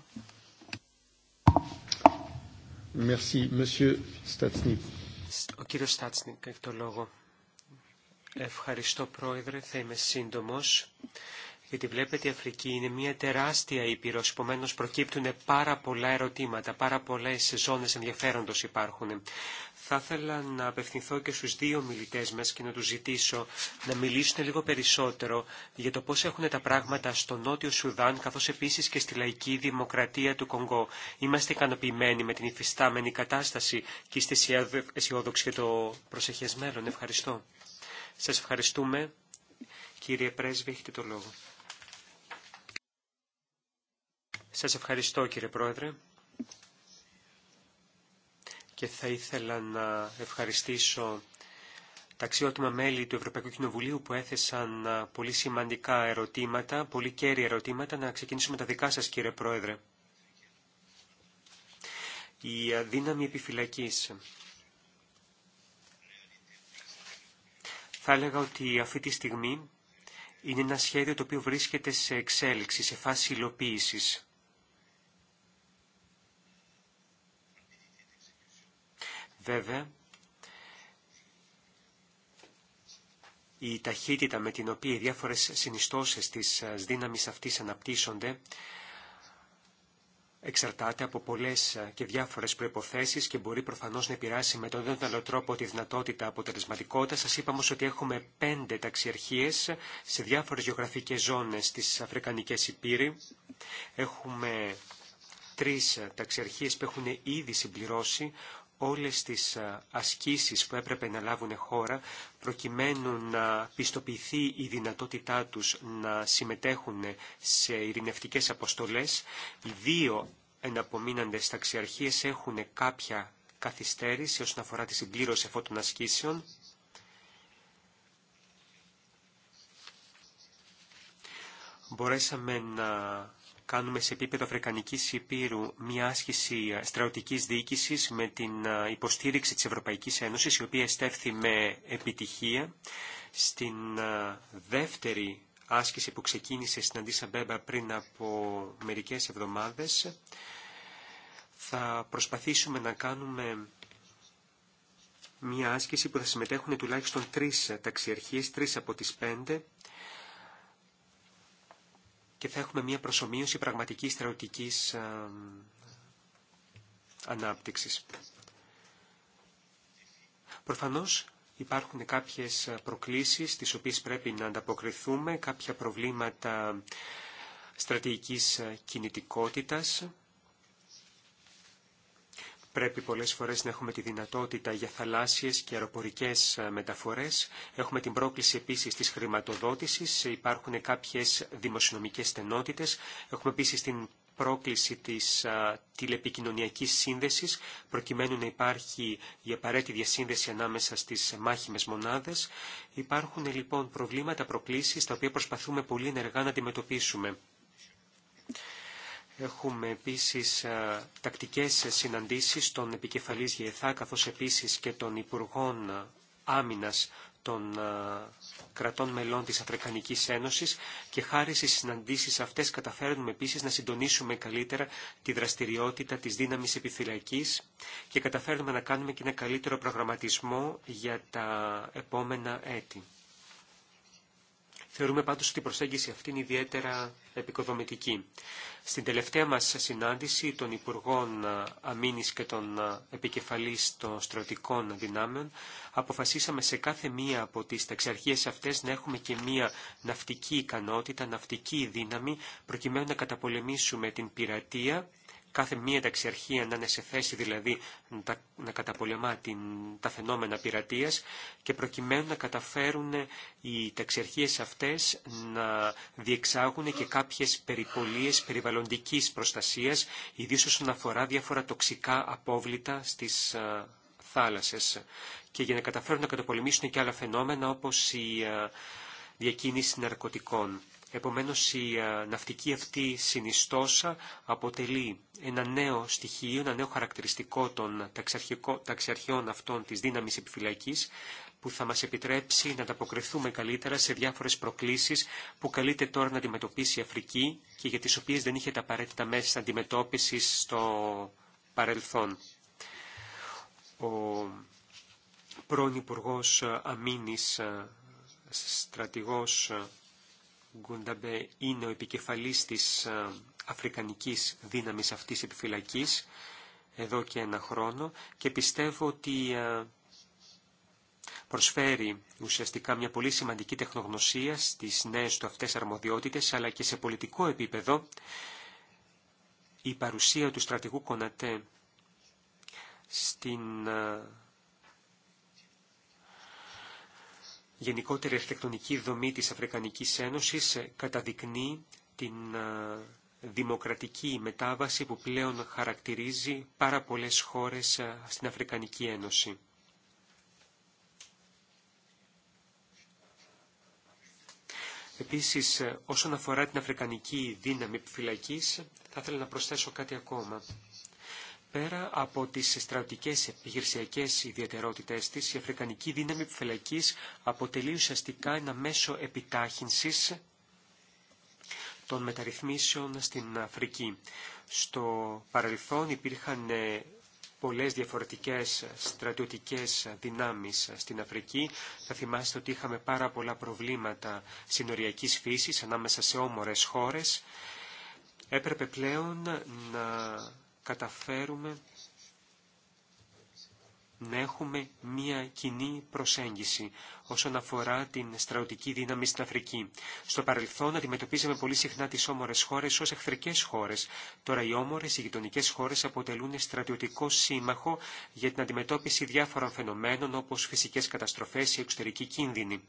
Merci, Monsieur Στάτσνικ Ευχαριστώ, Πρόεδρε. Θα είμαι σύντομος γιατί βλέπετε η Αφρική είναι μια τεράστια ήπειρο, επομένω προκύπτουν πάρα πολλά ερωτήματα, πάρα πολλές ζώνε ενδιαφέροντο υπάρχουν. Θα ήθελα να απευθυνθώ και στου δύο μιλητέ μα και να του ζητήσω να μιλήσουν λίγο περισσότερο για το πώ έχουν τα πράγματα στο Νότιο Σουδάν καθώ επίση και στη λαϊκή δημοκρατία του Κονγκό. Είμαστε ικανοποιημένοι με την υφιστάμενη κατάσταση και είστε αισιόδοξοι για το προσεχέ μέλλον. Ευχαριστώ. Σα ευχαριστούμε. Κύριε Πρέσβη, έχετε το λόγο. Σας ευχαριστώ κύριε Πρόεδρε και θα ήθελα να ευχαριστήσω τα αξιότιμα μέλη του Ευρωπαϊκού Κοινοβουλίου που έθεσαν πολύ σημαντικά ερωτήματα, πολύ κέρια ερωτήματα. Να ξεκινήσουμε τα δικά σας κύριε Πρόεδρε. Η δύναμη επιφυλακής. Θα έλεγα ότι αυτή τη στιγμή είναι ένα σχέδιο το οποίο βρίσκεται σε εξέλιξη, σε φάση υλοποίησης. βέβαια η ταχύτητα με την οποία οι διάφορες συνιστώσεις της ε, δύναμης αυτής αναπτύσσονται εξαρτάται από πολλές ε, και διάφορες προϋποθέσεις και μπορεί προφανώς να επηρεάσει με τον έναν τρόπο τη δυνατότητα αποτελεσματικότητα. Σας είπαμε ότι έχουμε πέντε ταξιαρχίες σε διάφορες γεωγραφικές ζώνες της Αφρικανικής Υπήρη. Έχουμε τρεις ε, ταξιαρχίες που έχουν ήδη συμπληρώσει όλες τις ασκήσεις που έπρεπε να λάβουν χώρα προκειμένου να πιστοποιηθεί η δυνατότητά τους να συμμετέχουν σε ειρηνευτικές αποστολές. Οι δύο εναπομείναντες ταξιαρχίες έχουν κάποια καθυστέρηση όσον αφορά τη συμπλήρωση αυτών των ασκήσεων. Μπορέσαμε να κάνουμε σε επίπεδο Αφρικανικής Υπήρου μια άσκηση στρατιωτικής διοίκησης με την υποστήριξη της Ευρωπαϊκής Ένωσης, η οποία στέφθη με επιτυχία στην δεύτερη άσκηση που ξεκίνησε στην Αντίσα Μπέμπα πριν από μερικές εβδομάδες. Θα προσπαθήσουμε να κάνουμε μια άσκηση που θα συμμετέχουν τουλάχιστον τρεις ταξιαρχίες, τρεις από τις πέντε, και θα έχουμε μια προσωμείωση πραγματικής στρατιωτικής ανάπτυξης. Προφανώς υπάρχουν κάποιες προκλήσεις τις οποίες πρέπει να ανταποκριθούμε, κάποια προβλήματα στρατηγικής κινητικότητας πρέπει πολλές φορές να έχουμε τη δυνατότητα για θαλάσσιες και αεροπορικές ε, μεταφορές. Έχουμε την πρόκληση επίσης της χρηματοδότησης, υπάρχουν κάποιες δημοσιονομικές στενότητες. Έχουμε επίσης την πρόκληση της ε, τηλεπικοινωνιακής σύνδεσης, προκειμένου να υπάρχει η απαραίτητη διασύνδεση ανάμεσα στις μάχημες μονάδες. Υπάρχουν λοιπόν προβλήματα, προκλήσεις, τα οποία προσπαθούμε πολύ ενεργά να αντιμετωπίσουμε. Έχουμε επίσης ε, τακτικές συναντήσεις των επικεφαλής ΓΕΘΑ καθώς επίσης και των Υπουργών Άμυνας των ε, κρατών μελών της Αφρικανικής Ένωσης και χάρη στις συναντήσεις αυτές καταφέρνουμε επίσης να συντονίσουμε καλύτερα τη δραστηριότητα της δύναμης επιφυλακής και καταφέρνουμε να κάνουμε και ένα καλύτερο προγραμματισμό για τα επόμενα έτη. Θεωρούμε πάντως ότι η προσέγγιση αυτή είναι ιδιαίτερα επικοδομητική. Στην τελευταία μας συνάντηση των Υπουργών Αμήνης και των Επικεφαλής των Στρατικών Δυνάμεων αποφασίσαμε σε κάθε μία από τις ταξιαρχίες αυτές να έχουμε και μία ναυτική ικανότητα, ναυτική δύναμη προκειμένου να καταπολεμήσουμε την πειρατεία κάθε μία ταξιαρχία να είναι σε θέση δηλαδή να καταπολεμά την, τα φαινόμενα πειρατείας και προκειμένου να καταφέρουν οι ταξιαρχίες αυτές να διεξάγουν και κάποιες περιπολίες περιβαλλοντικής προστασίας, ιδίως όσον αφορά διάφορα τοξικά απόβλητα στις α, θάλασσες και για να καταφέρουν να καταπολεμήσουν και άλλα φαινόμενα όπως η διακίνηση ναρκωτικών. Επομένως η ε, ναυτική αυτή συνιστόσα αποτελεί ένα νέο στοιχείο, ένα νέο χαρακτηριστικό των ταξιαρχιών αυτών της δύναμης επιφυλακής που θα μας επιτρέψει να ανταποκριθούμε καλύτερα σε διάφορες προκλήσεις που καλείται τώρα να αντιμετωπίσει η Αφρική και για τις οποίες δεν είχε τα απαραίτητα μέσα αντιμετώπισης στο παρελθόν. Ο πρώην Υπουργός Αμήνης, ε, στρατηγός ε, Γκούνταμπε είναι ο επικεφαλής της ε, αφρικανικής δύναμης αυτής επιφυλακής εδώ και ένα χρόνο και πιστεύω ότι ε, προσφέρει ουσιαστικά μια πολύ σημαντική τεχνογνωσία στις νέες του αυτές αρμοδιότητες αλλά και σε πολιτικό επίπεδο η παρουσία του στρατηγού Κονατέ στην ε, γενικότερη αρχιτεκτονική δομή της Αφρικανικής Ένωσης ε, καταδεικνύει την ε, δημοκρατική μετάβαση που πλέον χαρακτηρίζει πάρα πολλές χώρες ε, στην Αφρικανική Ένωση. Επίσης, όσον αφορά την Αφρικανική δύναμη επιφυλακής, θα ήθελα να προσθέσω κάτι ακόμα. Πέρα από τις στρατιωτικές επιχειρησιακές ιδιαιτερότητές της, η Αφρικανική δύναμη επιφυλακής αποτελεί ουσιαστικά ένα μέσο επιτάχυνσης των μεταρρυθμίσεων στην Αφρική. Στο παρελθόν υπήρχαν ε, πολλές διαφορετικές στρατιωτικές δυνάμεις στην Αφρική. Θα θυμάστε ότι είχαμε πάρα πολλά προβλήματα συνοριακής φύσης ανάμεσα σε όμορες χώρες. Έπρεπε πλέον να καταφέρουμε να έχουμε μία κοινή προσέγγιση όσον αφορά την στρατιωτική δύναμη στην Αφρική. Στο παρελθόν αντιμετωπίζαμε πολύ συχνά τις όμορες χώρες ως εχθρικές χώρες. Τώρα οι όμορες, οι γειτονικέ χώρες αποτελούν στρατιωτικό σύμμαχο για την αντιμετώπιση διάφορων φαινομένων όπως φυσικές καταστροφές ή εξωτερική κίνδυνη.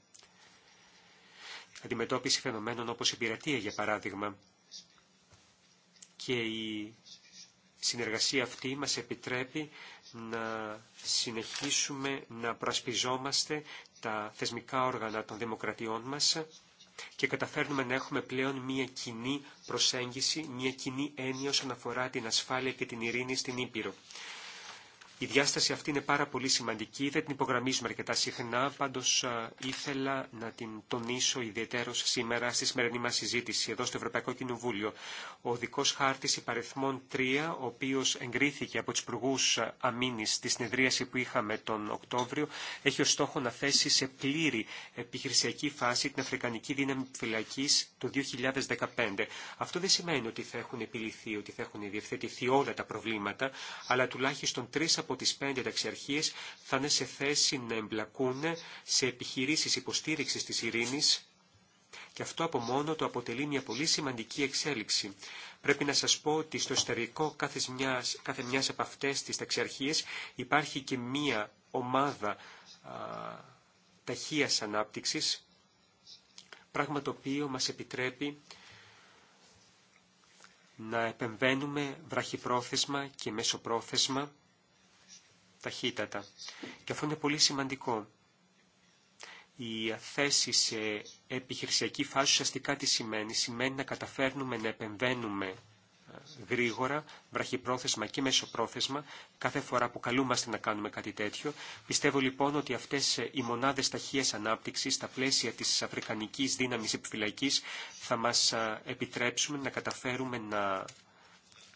Αντιμετώπιση φαινομένων όπως η πειρατεία για παράδειγμα. Και η η συνεργασία αυτή μας επιτρέπει να συνεχίσουμε να προασπιζόμαστε τα θεσμικά όργανα των δημοκρατιών μας και καταφέρνουμε να έχουμε πλέον μια κοινή προσέγγιση, μια κοινή έννοια όσον αφορά την ασφάλεια και την ειρήνη στην Ήπειρο. Η διάσταση αυτή είναι πάρα πολύ σημαντική, δεν την υπογραμμίζουμε αρκετά συχνά, πάντως ήθελα να την τονίσω ιδιαίτερως σήμερα στη σημερινή μας συζήτηση εδώ στο Ευρωπαϊκό Κοινοβούλιο. Ο δικός χάρτης υπαριθμών 3, ο οποίος εγκρίθηκε από τους υπουργού αμήνης στη συνεδρίαση που είχαμε τον Οκτώβριο, έχει ως στόχο να θέσει σε πλήρη επιχειρησιακή φάση την Αφρικανική Δύναμη Φυλακή το 2015. Αυτό δεν σημαίνει ότι θα έχουν επιληθεί, ότι θα έχουν διευθετηθεί όλα τα προβλήματα, αλλά τουλάχιστον τρει από τις πέντε ταξιαρχίες θα είναι σε θέση να εμπλακούν σε επιχειρήσεις υποστήριξης της ειρήνης και αυτό από μόνο το αποτελεί μια πολύ σημαντική εξέλιξη. Πρέπει να σας πω ότι στο εσωτερικό κάθε μιας, κάθε μιας από αυτές τις ταξιαρχίες υπάρχει και μια ομάδα α, ταχείας ανάπτυξης, πράγμα το οποίο μας επιτρέπει να επεμβαίνουμε βραχυπρόθεσμα και μεσοπρόθεσμα ταχύτατα. Και αυτό είναι πολύ σημαντικό. Η θέση σε επιχειρησιακή φάση ουσιαστικά τι σημαίνει. Σημαίνει να καταφέρνουμε να επεμβαίνουμε ε, γρήγορα, βραχυπρόθεσμα και μεσοπρόθεσμα, κάθε φορά που καλούμαστε να κάνουμε κάτι τέτοιο. Πιστεύω λοιπόν ότι αυτές ε, οι μονάδες ταχείας ανάπτυξης στα πλαίσια της αφρικανικής δύναμης επιφυλακής θα μας ε, επιτρέψουν να καταφέρουμε να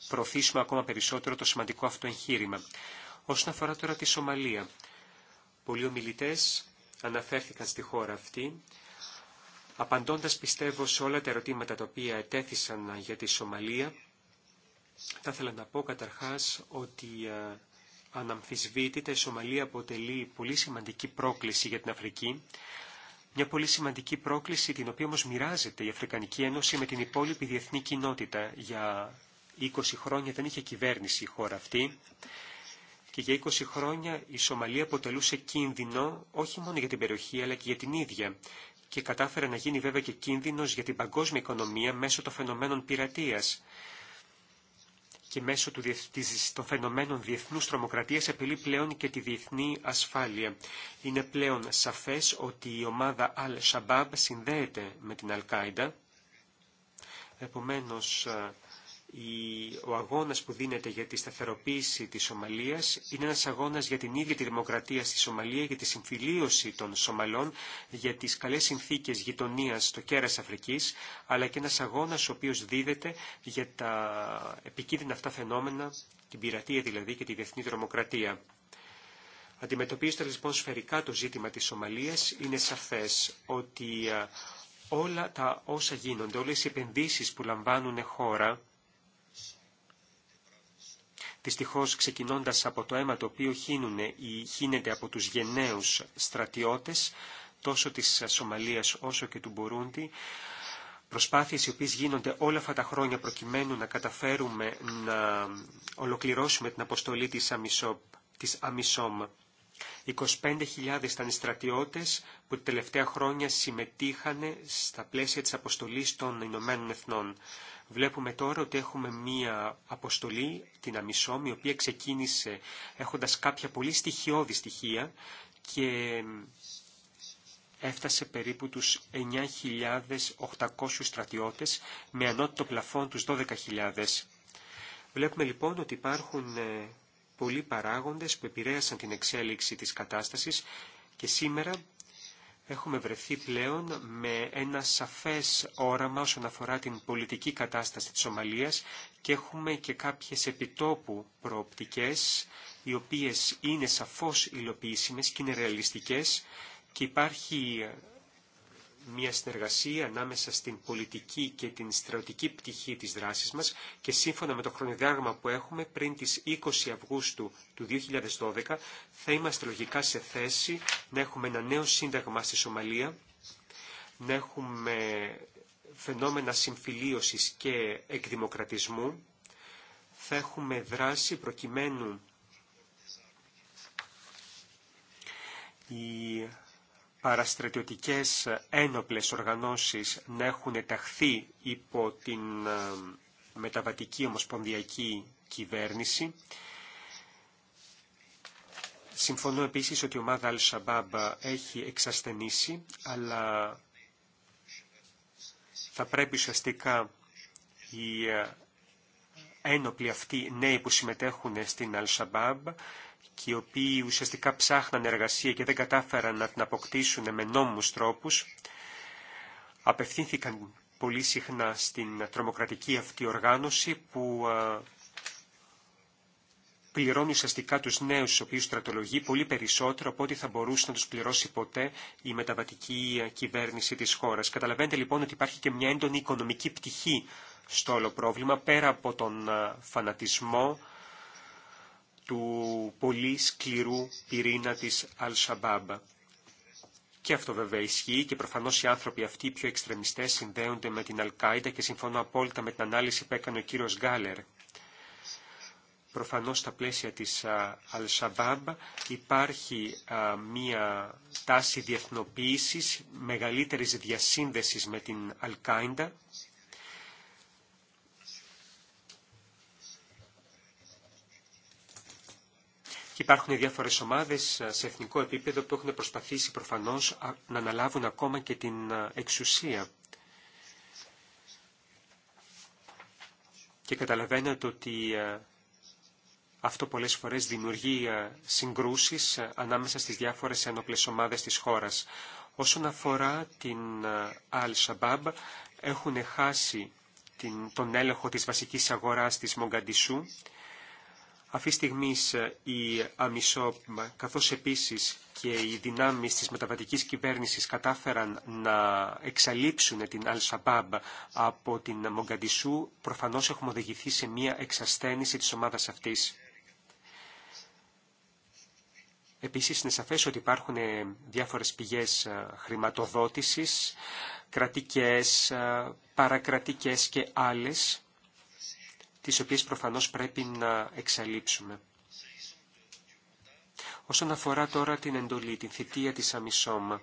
προωθήσουμε ακόμα περισσότερο το σημαντικό αυτό εγχείρημα. Όσον αφορά τώρα τη Σομαλία, πολλοί ομιλητέ αναφέρθηκαν στη χώρα αυτή, απαντώντας πιστεύω σε όλα τα ερωτήματα τα οποία ετέθησαν για τη Σομαλία, θα ήθελα να πω καταρχάς ότι ε, αναμφισβήτητα η Σομαλία αποτελεί πολύ σημαντική πρόκληση για την Αφρική, μια πολύ σημαντική πρόκληση την οποία όμως μοιράζεται η Αφρικανική Ένωση με την υπόλοιπη διεθνή κοινότητα. Για 20 χρόνια δεν είχε κυβέρνηση η χώρα αυτή και για 20 χρόνια η Σομαλία αποτελούσε κίνδυνο όχι μόνο για την περιοχή αλλά και για την ίδια και κατάφερε να γίνει βέβαια και κίνδυνος για την παγκόσμια οικονομία μέσω των φαινομένων πειρατείας και μέσω του, των φαινομένων διεθνούς τρομοκρατίας απειλεί πλέον και τη διεθνή ασφάλεια. Είναι πλέον σαφές ότι η ομάδα Al-Shabaab συνδέεται με την Al-Qaeda. Επομένως, ε, ο αγώνας που δίνεται για τη σταθεροποίηση της Σομαλίας είναι ένας αγώνας για την ίδια τη δημοκρατία στη Σομαλία, για τη συμφιλίωση των Σομαλών, για τις καλές συνθήκες γειτονίας στο κέρας Αφρικής, αλλά και ένας αγώνας ο οποίος δίδεται για τα επικίνδυνα αυτά φαινόμενα, την πειρατεία δηλαδή και τη διεθνή τρομοκρατία. Αντιμετωπίζοντας λοιπόν σφαιρικά το ζήτημα της Σομαλίας, είναι σαφές ότι ε, όλα τα όσα γίνονται, όλες οι επενδύσεις που λαμβάνουν χώρα, δυστυχώς ξεκινώντας από το αίμα το οποίο χύνουνε ή χύνεται από τους γενναίους στρατιώτες, τόσο της Σομαλίας όσο και του Μπουρούντι, προσπάθειες οι οποίες γίνονται όλα αυτά τα χρόνια προκειμένου να καταφέρουμε να ολοκληρώσουμε την αποστολή της, της Αμισόμ. 25.000 ήταν οι στρατιώτες που τα τελευταία χρόνια συμμετείχαν στα πλαίσια της αποστολής των Ηνωμένων Εθνών. Βλέπουμε τώρα ότι έχουμε μία αποστολή, την Αμισόμη, η οποία ξεκίνησε έχοντας κάποια πολύ στοιχειώδη στοιχεία και έφτασε περίπου τους 9.800 στρατιώτες με ανώτιτο πλαφόν τους 12.000. Βλέπουμε λοιπόν ότι υπάρχουν ε, πολλοί παράγοντες που επηρέασαν την εξέλιξη της κατάστασης και σήμερα έχουμε βρεθεί πλέον με ένα σαφές όραμα όσον αφορά την πολιτική κατάσταση της Σομαλίας και έχουμε και κάποιες επιτόπου προοπτικές οι οποίες είναι σαφώς υλοποιήσιμες και είναι ρεαλιστικές και υπάρχει μια συνεργασία ανάμεσα στην πολιτική και την στρατιωτική πτυχή της δράσης μας και σύμφωνα με το χρονοδιάγραμμα που έχουμε πριν τις 20 Αυγούστου του 2012 θα είμαστε λογικά σε θέση να έχουμε ένα νέο σύνταγμα στη Σομαλία, να έχουμε φαινόμενα συμφιλίωσης και εκδημοκρατισμού, θα έχουμε δράση προκειμένου η παραστρατιωτικές ε, ένοπλες οργανώσεις να έχουν ταχθεί υπό την ε, μεταβατική ομοσπονδιακή κυβέρνηση. Συμφωνώ επίσης ότι η ομάδα Al-Shabaab έχει εξασθενήσει, αλλά θα πρέπει ουσιαστικά οι ε, ένοπλοι αυτοί νέοι που συμμετέχουν στην Al-Shabaab και οι οποίοι ουσιαστικά ψάχναν εργασία και δεν κατάφεραν να την αποκτήσουν με νόμους τρόπους, απευθύνθηκαν πολύ συχνά στην τρομοκρατική αυτή οργάνωση που πληρώνει ουσιαστικά τους νέους στους οποίους στρατολογεί πολύ περισσότερο από ό,τι θα μπορούσε να τους πληρώσει ποτέ η μεταβατική κυβέρνηση της χώρας. Καταλαβαίνετε λοιπόν ότι υπάρχει και μια έντονη οικονομική πτυχή στο όλο πρόβλημα, πέρα από τον φανατισμό, του πολύ σκληρού πυρήνα της αλ shabaab Και αυτό βέβαια ισχύει και προφανώς οι άνθρωποι αυτοί, οι πιο εξτρεμιστές, συνδέονται με την Αλκάιντα και συμφωνώ απόλυτα με την ανάλυση που έκανε ο κύριο Γκάλερ. Προφανώς στα πλαίσια της Αλ-Σαμπάμπ υπάρχει μία τάση διεθνοποίηση μεγαλύτερης διασύνδεσης με την Αλκάιντα Υπάρχουν διάφορε ομάδε ε, σε εθνικό επίπεδο που έχουν προσπαθήσει προφανώ να αναλάβουν ακόμα και την ε, εξουσία. Και καταλαβαίνετε ότι ε, αυτό πολλές φορές δημιουργεί συγκρούσεις ανάμεσα στις διάφορες ένοπλες ομάδες της χώρας. Όσον αφορά την Al-Shabaab, έχουν χάσει τον έλεγχο της βασικής αγοράς της Μογκαντισού αυτή τη στιγμή ε, η Αμισόπιμα, καθώς επίσης και οι δυνάμεις της μεταβατικής κυβέρνησης κατάφεραν να εξαλείψουν την Αλ-Σαμπάμπ από την Μογκαντισού, προφανώς έχουμε οδηγηθεί σε μια εξασθένηση της ομάδας αυτής. Επίσης είναι σαφές ότι υπάρχουν ε, διάφορες πηγές ε, χρηματοδότησης, κρατικές, παρακρατικές και άλλες, τις οποίες προφανώς πρέπει να εξαλείψουμε. Όσον αφορά τώρα την εντολή, την θητεία της Αμισόμα,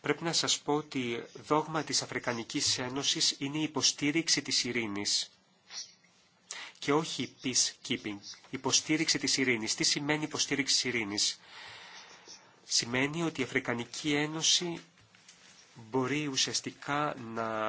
πρέπει να σας πω ότι δόγμα της Αφρικανικής Ένωσης είναι η υποστήριξη της ειρήνης και όχι peacekeeping, υποστήριξη της ειρήνης. Τι σημαίνει υποστήριξη της ειρήνης. Σημαίνει ότι η Αφρικανική Ένωση μπορεί ουσιαστικά να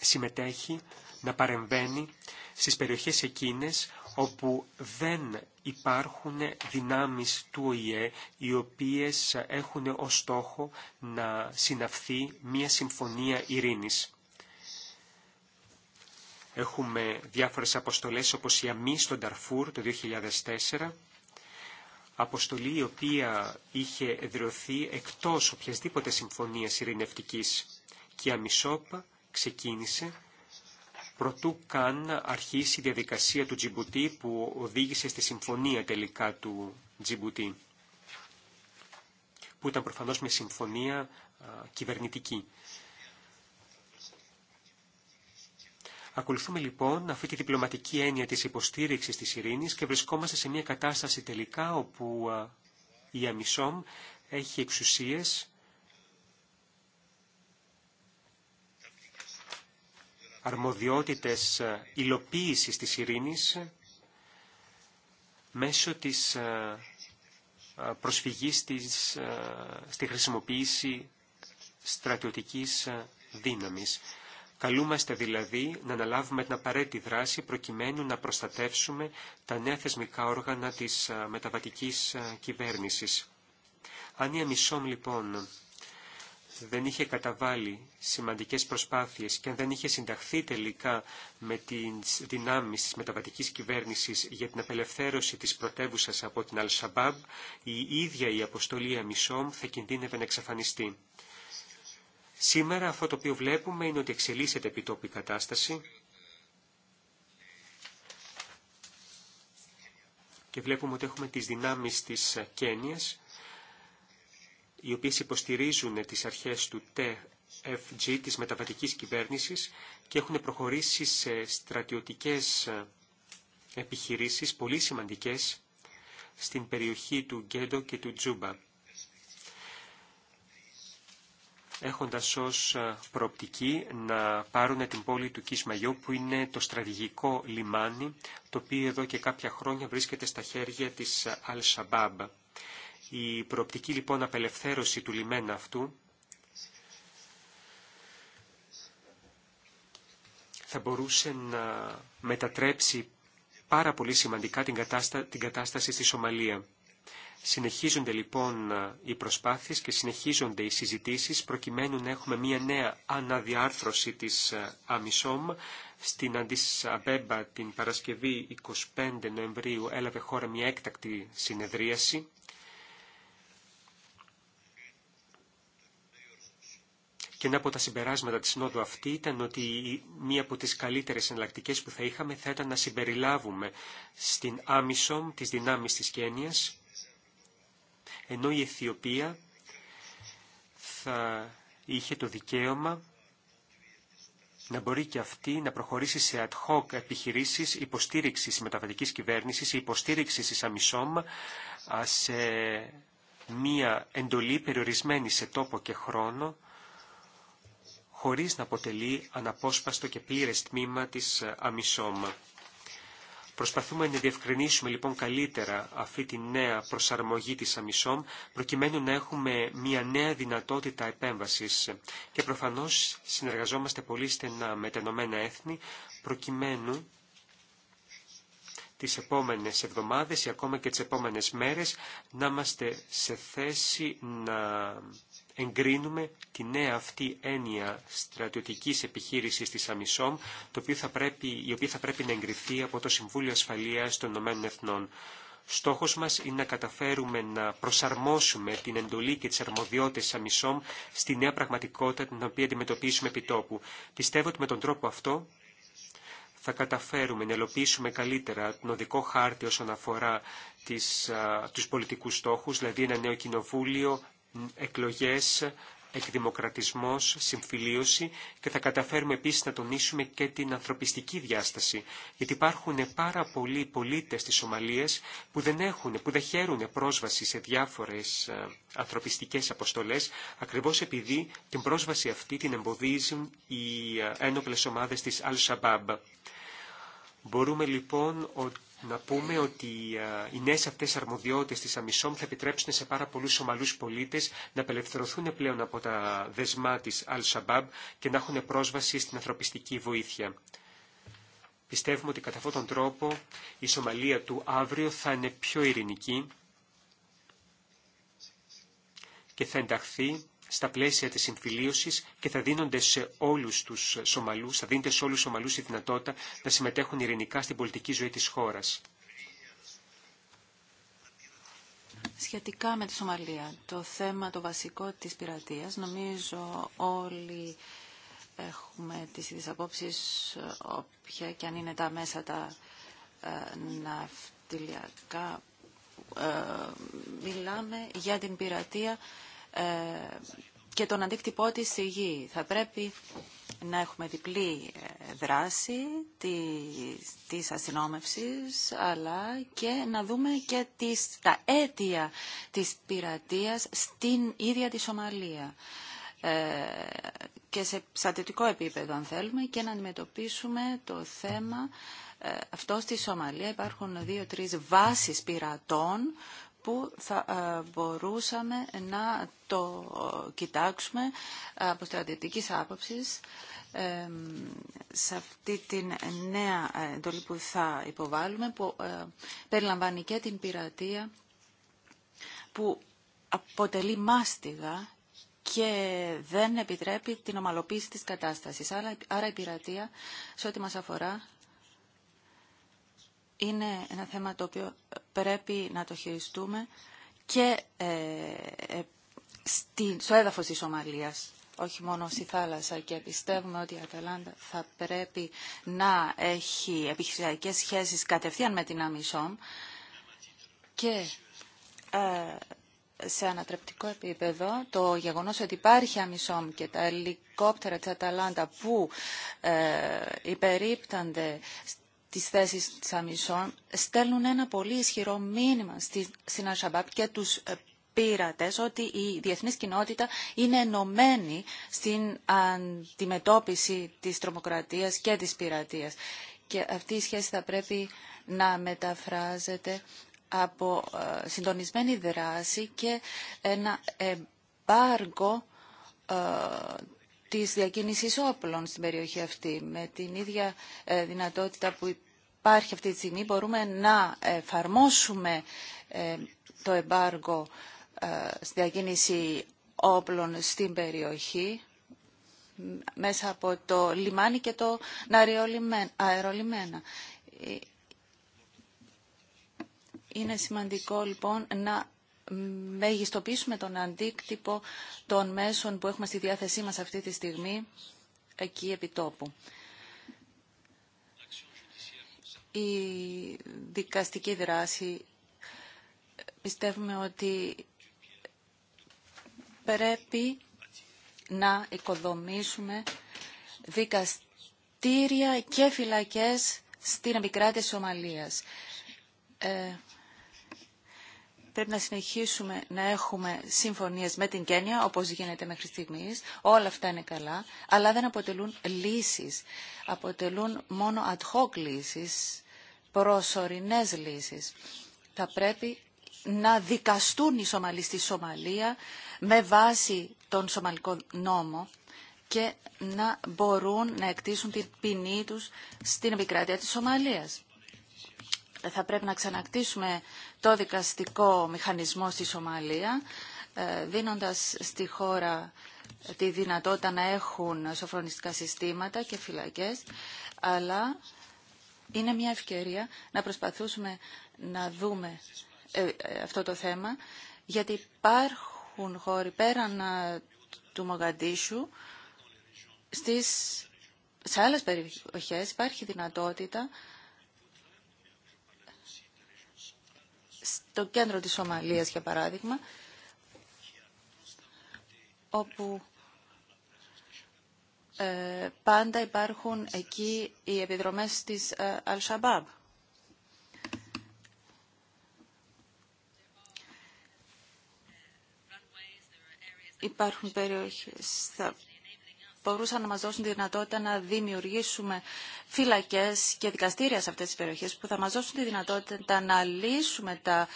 συμμετέχει, να παρεμβαίνει στις περιοχές εκείνες όπου δεν υπάρχουν δυνάμεις του ΟΗΕ οι οποίες έχουν ως στόχο να συναυθεί μια συμφωνία ειρήνης. Έχουμε διάφορες αποστολές όπως η ΑΜΗ στον Ταρφούρ το 2004, αποστολή η οποία είχε εδραιωθεί εκτός οποιασδήποτε συμφωνίας ειρηνευτικής και η ΑΜΙΣΟΠ ξεκίνησε προτού καν αρχίσει η διαδικασία του Τζιμπουτί που οδήγησε στη συμφωνία τελικά του Τζιμπουτί που ήταν προφανώς μια συμφωνία κυβερνητική. Ακολουθούμε λοιπόν αυτή τη διπλωματική έννοια της υποστήριξης της ειρήνης και βρισκόμαστε σε μια κατάσταση τελικά όπου η Αμισόμ έχει εξουσίες αρμοδιότητες ε, υλοποίησης της ειρήνης μέσω της ε, ε, προσφυγής της, στη χρησιμοποίηση στρατιωτικής δύναμης. Καλούμαστε δηλαδή να αναλάβουμε την απαραίτητη δράση προκειμένου να προστατεύσουμε τα νέα θεσμικά όργανα της μεταβατικής κυβέρνησης. Αν η λοιπόν δεν είχε καταβάλει σημαντικές προσπάθειες και αν δεν είχε συνταχθεί τελικά με τις δυνάμεις της μεταβατικής κυβέρνησης για την απελευθέρωση της πρωτεύουσας από την Αλ-Σαμπάμπ, η ίδια η αποστολή Αμισόμ θα κινδύνευε να εξαφανιστεί. Σήμερα αυτό το οποίο βλέπουμε είναι ότι εξελίσσεται επιτόπι κατάσταση και βλέπουμε ότι έχουμε τις δυνάμεις της Κένιας οι οποίες υποστηρίζουν τις αρχές του TFG, της μεταβατικής κυβέρνησης, και έχουν προχωρήσει σε στρατιωτικές ε, επιχειρήσεις πολύ σημαντικές στην περιοχή του Γκέντο και του Τζούμπα, έχοντας ως ε, προοπτική να πάρουν την πόλη του Κισμαγιό, που είναι το στρατηγικό λιμάνι, το οποίο εδώ και κάποια χρόνια βρίσκεται στα χέρια της ε, Αλ-Σαμπάμπ. Η προοπτική λοιπόν απελευθέρωση του λιμένα αυτού θα μπορούσε να μετατρέψει πάρα πολύ σημαντικά την, κατάστα την κατάσταση στη Σομαλία. Συνεχίζονται λοιπόν οι προσπάθειες και συνεχίζονται οι συζητήσεις προκειμένου να έχουμε μια νέα αναδιάρθρωση της ε, Αμισόμ. Στην Αντισαμπέμπα την Παρασκευή 25 Νοεμβρίου έλαβε χώρα μια έκτακτη συνεδρίαση Και ένα από τα συμπεράσματα της συνόδου αυτή ήταν ότι μία από τις καλύτερες εναλλακτικέ που θα είχαμε θα ήταν να συμπεριλάβουμε στην Άμισομ τις δυνάμεις της Κένιας, ενώ η Αιθιοπία θα είχε το δικαίωμα να μπορεί και αυτή να προχωρήσει σε ad hoc επιχειρήσεις υποστήριξης μεταβατικής κυβέρνησης, υποστήριξης της Αμισόμ σε μία εντολή περιορισμένη σε τόπο και χρόνο, χωρίς να αποτελεί αναπόσπαστο και πλήρες τμήμα της ε, αμισόμα. Προσπαθούμε να διευκρινίσουμε λοιπόν καλύτερα αυτή τη νέα προσαρμογή της αμισόμ, προκειμένου να έχουμε μια νέα δυνατότητα επέμβασης. Και προφανώς συνεργαζόμαστε πολύ στενά με τα Ενωμένα Έθνη, προκειμένου τις επόμενες εβδομάδες ή ακόμα και τις επόμενες μέρες να είμαστε σε θέση να εγκρίνουμε τη νέα αυτή έννοια στρατιωτικής επιχείρησης της Αμισόμ, η οποία θα πρέπει να εγκριθεί από το Συμβούλιο Ασφαλείας των Ηνωμένων Εθνών. Στόχος μας είναι να καταφέρουμε να προσαρμόσουμε την εντολή και τις αρμοδιότητες της Αμισόμ στη νέα πραγματικότητα την οποία αντιμετωπίσουμε επιτόπου. Πιστεύω ότι με τον τρόπο αυτό θα καταφέρουμε να ελοπίσουμε καλύτερα τον οδικό χάρτη όσον αφορά τις, α, τους πολιτικούς στόχους, δηλαδή ένα νέο κοινοβούλιο εκλογές, εκδημοκρατισμός, συμφιλίωση και θα καταφέρουμε επίσης να τονίσουμε και την ανθρωπιστική διάσταση. Γιατί υπάρχουν πάρα πολλοί πολίτες της Σομαλίας που δεν έχουν, που δεν χαίρουν πρόσβαση σε διάφορες ε, ανθρωπιστικές αποστολές, ακριβώς επειδή την πρόσβαση αυτή την εμποδίζουν οι ε, ένοπλες ομάδες της Al-Shabaab. Μπορούμε λοιπόν ότι να πούμε ότι οι νέες αυτές αρμοδιότητες της Αμισόμ θα επιτρέψουν σε πάρα πολλούς Σομαλούς πολίτες να απελευθερωθούν πλέον από τα δεσμά της Al-Shabaab και να έχουν πρόσβαση στην ανθρωπιστική βοήθεια. Πιστεύουμε ότι κατά αυτόν τον τρόπο η Σομαλία του αύριο θα είναι πιο ειρηνική και θα ενταχθεί στα πλαίσια της συμφιλίωσης και θα δίνονται σε όλους τους Σομαλούς, θα δίνεται σε όλους τους Σομαλούς η δυνατότητα να συμμετέχουν ειρηνικά στην πολιτική ζωή της χώρας. Σχετικά με τη Σομαλία, το θέμα το βασικό της πειρατείας, νομίζω όλοι έχουμε τις ίδιες απόψεις, όποια και αν είναι τα μέσα τα ε, ναυτιλιακά. Ε, μιλάμε για την πειρατεία ε, και τον αντίκτυπό της στη γη. Θα πρέπει να έχουμε διπλή ε, δράση της, της αστυνόμευσης, αλλά και να δούμε και τις, τα αίτια της πειρατείας στην ίδια τη Σομαλία. Ε, και σε στατιωτικό επίπεδο, αν θέλουμε, και να αντιμετωπίσουμε το θέμα αυτό στη Σομαλία. Υπάρχουν δύο-τρεις βάσεις πειρατών που θα ε, μπορούσαμε να το κοιτάξουμε από στρατιωτικής άποψης σε αυτή την νέα εντολή που θα υποβάλουμε που ε, περιλαμβάνει και την πειρατεία που αποτελεί μάστιγα και δεν επιτρέπει την ομαλοποίηση της κατάστασης. Άρα η πειρατεία, σε ό,τι μας αφορά, είναι ένα θέμα το οποίο πρέπει να το χειριστούμε και ε, ε, στο έδαφος της Σομαλίας όχι μόνο στη θάλασσα και πιστεύουμε ότι η Αταλάντα θα πρέπει να έχει επιχειρησιακές σχέσεις κατευθείαν με την Αμισόμ και ε, σε ανατρεπτικό επίπεδο το γεγονός ότι υπάρχει αμισόμ και τα ελικόπτερα της Αταλάντα που ε, υπερίπτανται τις θέσεις της Αμισόν στέλνουν ένα πολύ ισχυρό μήνυμα στην Αρσαμπάπ και τους ε, πείρατες ότι η διεθνής κοινότητα είναι ενωμένη στην αντιμετώπιση της τρομοκρατίας και της πειρατείας. Και αυτή η σχέση θα πρέπει να μεταφράζεται από ε, συντονισμένη δράση και ένα εμπάργο ε, της διακίνησης όπλων στην περιοχή αυτή. Με την ίδια ε, δυνατότητα που υπάρχει αυτή τη στιγμή μπορούμε να εφαρμόσουμε ε, το εμπάργο ε, στη διακίνηση όπλων στην περιοχή μέσα από το λιμάνι και το αερολιμένα. Είναι σημαντικό λοιπόν να μεγιστοποιήσουμε τον αντίκτυπο των μέσων που έχουμε στη διάθεσή μας αυτή τη στιγμή εκεί επί τόπου. Η δικαστική δράση πιστεύουμε ότι πρέπει να οικοδομήσουμε δικαστήρια και φυλακές στην επικράτηση της Σομαλίας. Ε, πρέπει να συνεχίσουμε να έχουμε συμφωνίες με την Κένια, όπως γίνεται μέχρι στιγμής. Όλα αυτά είναι καλά, αλλά δεν αποτελούν λύσεις. Αποτελούν μόνο ad hoc λύσεις, προσωρινές λύσεις. Θα πρέπει να δικαστούν οι Σομαλοί στη Σομαλία με βάση τον Σομαλικό νόμο και να μπορούν να εκτίσουν την ποινή τους στην επικράτεια της Σομαλίας θα πρέπει να ξανακτήσουμε το δικαστικό μηχανισμό στη Σομαλία, ε, δίνοντας στη χώρα τη δυνατότητα να έχουν σοφρονιστικά συστήματα και φυλακές, αλλά είναι μια ευκαιρία να προσπαθούσουμε να δούμε ε, ε, αυτό το θέμα, γιατί υπάρχουν χώροι πέραν του Μογαντήσου, στις, σε άλλες περιοχές υπάρχει δυνατότητα στο κέντρο της Σομαλίας, για παράδειγμα, όπου ε, πάντα υπάρχουν εκεί οι επιδρομές της ε, Al-Shabaab. Υπάρχουν περιοχές, θα μπορούσαν να μας δώσουν τη δυνατότητα να δημιουργήσουμε φυλακές και δικαστήρια σε αυτές τις περιοχές που θα μας δώσουν τη δυνατότητα να λύσουμε τα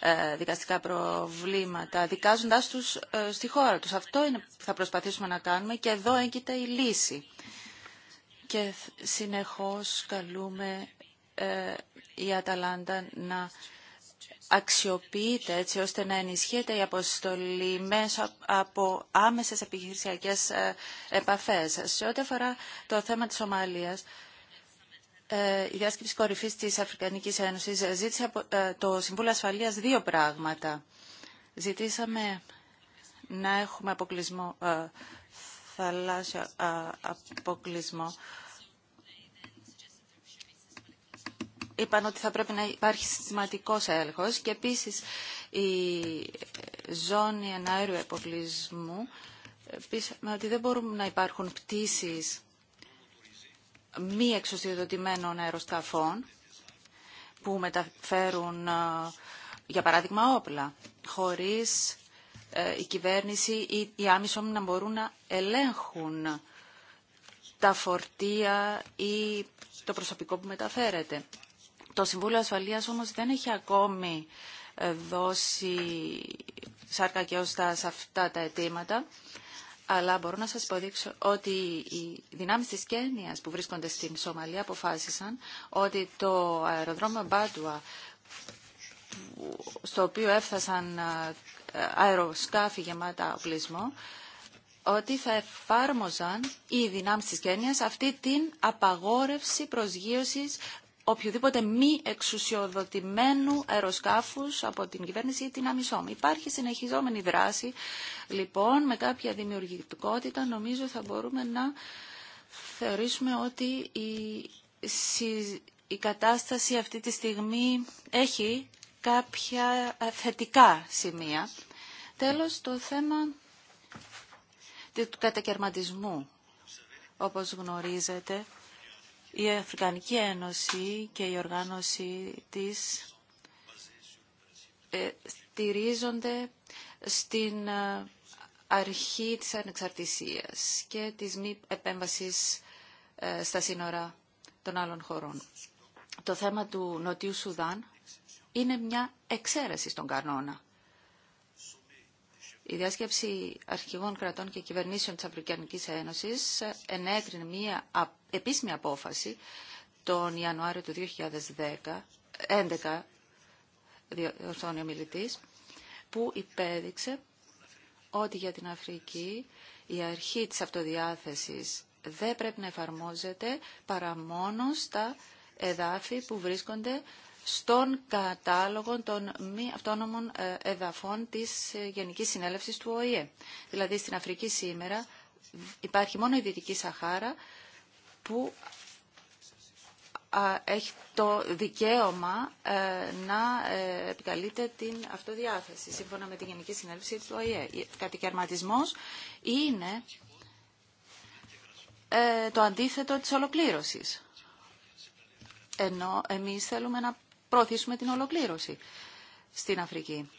ε, δικαστικά προβλήματα δικάζοντάς τους ε, στη χώρα τους. Αυτό είναι που θα προσπαθήσουμε να κάνουμε και εδώ έγκυται η λύση. Και συνεχώς καλούμε ε, η Αταλάντα να αξιοποιείται έτσι ώστε να ενισχύεται η αποστολή μέσω από άμεσες επιχειρησιακές ε, επαφές. Σε ό,τι αφορά το θέμα της Ομαλίας, ε, η διάσκεψη κορυφής της Αφρικανικής Ένωσης ζήτησε από ε, το Συμβούλιο Ασφαλείας δύο πράγματα. Ζητήσαμε να έχουμε αποκλεισμό, θαλάσσιο αποκλεισμό είπαν ότι θα πρέπει να υπάρχει συστηματικός έλεγχος και επίσης η ζώνη ενάερου εποπλισμού με ότι δεν μπορούν να υπάρχουν πτήσεις μη εξωστηριοδοτημένων αεροσκαφών που μεταφέρουν, ε, για παράδειγμα, όπλα, χωρίς ε, η κυβέρνηση ή οι άμυσοι να μπορούν να ελέγχουν τα φορτία ή το προσωπικό που μεταφέρεται. Το Συμβούλιο Ασφαλείας όμως δεν έχει ακόμη ε, δώσει σάρκα και ώστα σε αυτά τα αιτήματα. Αλλά μπορώ να σας υποδείξω ότι οι δυνάμεις της Κένιας που βρίσκονται στην Σομαλία αποφάσισαν ότι το αεροδρόμιο Μπάτουα στο οποίο έφτασαν ε, αεροσκάφη γεμάτα οπλισμό ότι θα εφάρμοζαν οι δυνάμεις της Κένιας αυτή την απαγόρευση προσγείωσης οποιοδήποτε μη εξουσιοδοτημένου αεροσκάφους από την κυβέρνηση ή την αμισόμη. Υπάρχει συνεχιζόμενη δράση, λοιπόν, με κάποια δημιουργητικότητα. Νομίζω θα μπορούμε να θεωρήσουμε ότι η, η κατάσταση αυτή τη στιγμή έχει κάποια ε, θετικά σημεία. Τέλος, το θέμα του κατακαιρματισμού, όπως γνωρίζετε η Αφρικανική Ένωση και η οργάνωση της ε, στηρίζονται στην ε, αρχή της ανεξαρτησίας και της μη επέμβασης ε, στα σύνορα των άλλων χωρών. Το θέμα του Νοτιού Σουδάν είναι μια εξαίρεση στον κανόνα. Η διάσκεψη αρχηγών κρατών και κυβερνήσεων της Αφρικανικής Ένωσης ε, ενέκρινε μία επίσημη απόφαση τον Ιανουάριο του 2010, 11, διορθώνει ο μιλητής, που υπέδειξε ότι για την Αφρική η αρχή της αυτοδιάθεσης δεν πρέπει να εφαρμόζεται παρά μόνο στα εδάφη που βρίσκονται στον κατάλογο των μη αυτόνομων ε, εδαφών της ε, Γενικής Συνέλευσης του ΟΗΕ. Δηλαδή στην Αφρική σήμερα υπάρχει μόνο η Δυτική Σαχάρα που έχει το δικαίωμα ε, να επικαλείται την αυτοδιάθεση σύμφωνα με τη Γενική Συνέλευση του ΟΗΕ. Κατοικιαρματισμός είναι το αντίθετο της ολοκλήρωσης. Ενώ εμείς θέλουμε να προωθήσουμε την ολοκλήρωση στην Αφρική.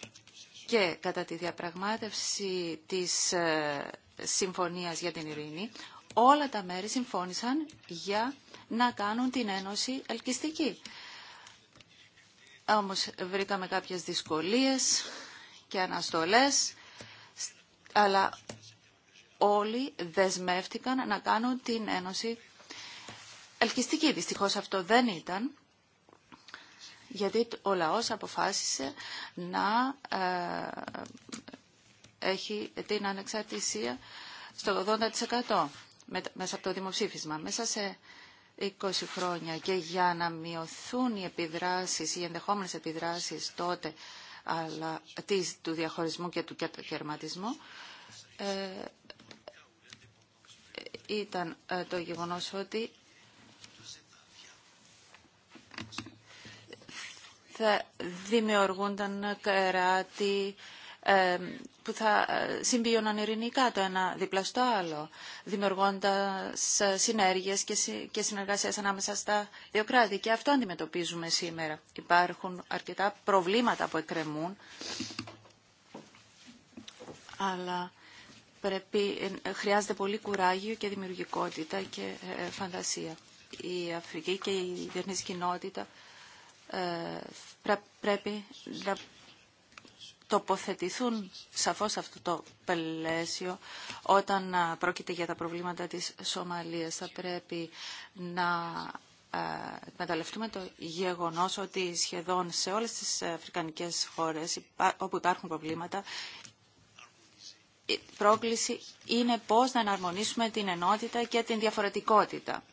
Και κατά τη διαπραγμάτευση της ε, Συμφωνίας για την Ειρήνη, όλα τα μέρη συμφώνησαν για να κάνουν την Ένωση ελκυστική. Όμως βρήκαμε κάποιες δυσκολίες και αναστολές, αλλά όλοι δεσμεύτηκαν να κάνουν την Ένωση ελκυστική. Δυστυχώς αυτό δεν ήταν γιατί ο λαός αποφάσισε να ε, έχει την ανεξαρτησία στο 80% μέσα από το δημοψήφισμα. Μέσα σε 20 χρόνια και για να μειωθούν οι επιδράσεις, οι ενδεχόμενες επιδράσεις τότε αλλά, της, του διαχωρισμού και του κερματισμού ε, ήταν ε, το γεγονός ότι θα δημιουργούνταν κράτη που θα ε, συμπίωναν ειρηνικά το ένα δίπλα στο άλλο, δημιουργώντας ε, συνέργειες και συνεργασίες ανάμεσα στα δύο κράτη. Και αυτό αντιμετωπίζουμε σήμερα. Υπάρχουν αρκετά προβλήματα που εκκρεμούν, αλλά πρέπει, ε, χρειάζεται πολύ κουράγιο και δημιουργικότητα και φαντασία. Η Αφρική και η διεθνής κοινότητα ε, πρέπει να τοποθετηθούν σαφώς αυτό το πελαίσιο όταν ε, πρόκειται για τα προβλήματα της Σομαλίας. Θα πρέπει να ε, εκμεταλλευτούμε το γεγονός ότι σχεδόν σε όλες τις αφρικανικές χώρες όπου υπάρχουν προβλήματα η πρόκληση είναι πώς να εναρμονίσουμε την ενότητα και την διαφορετικότητα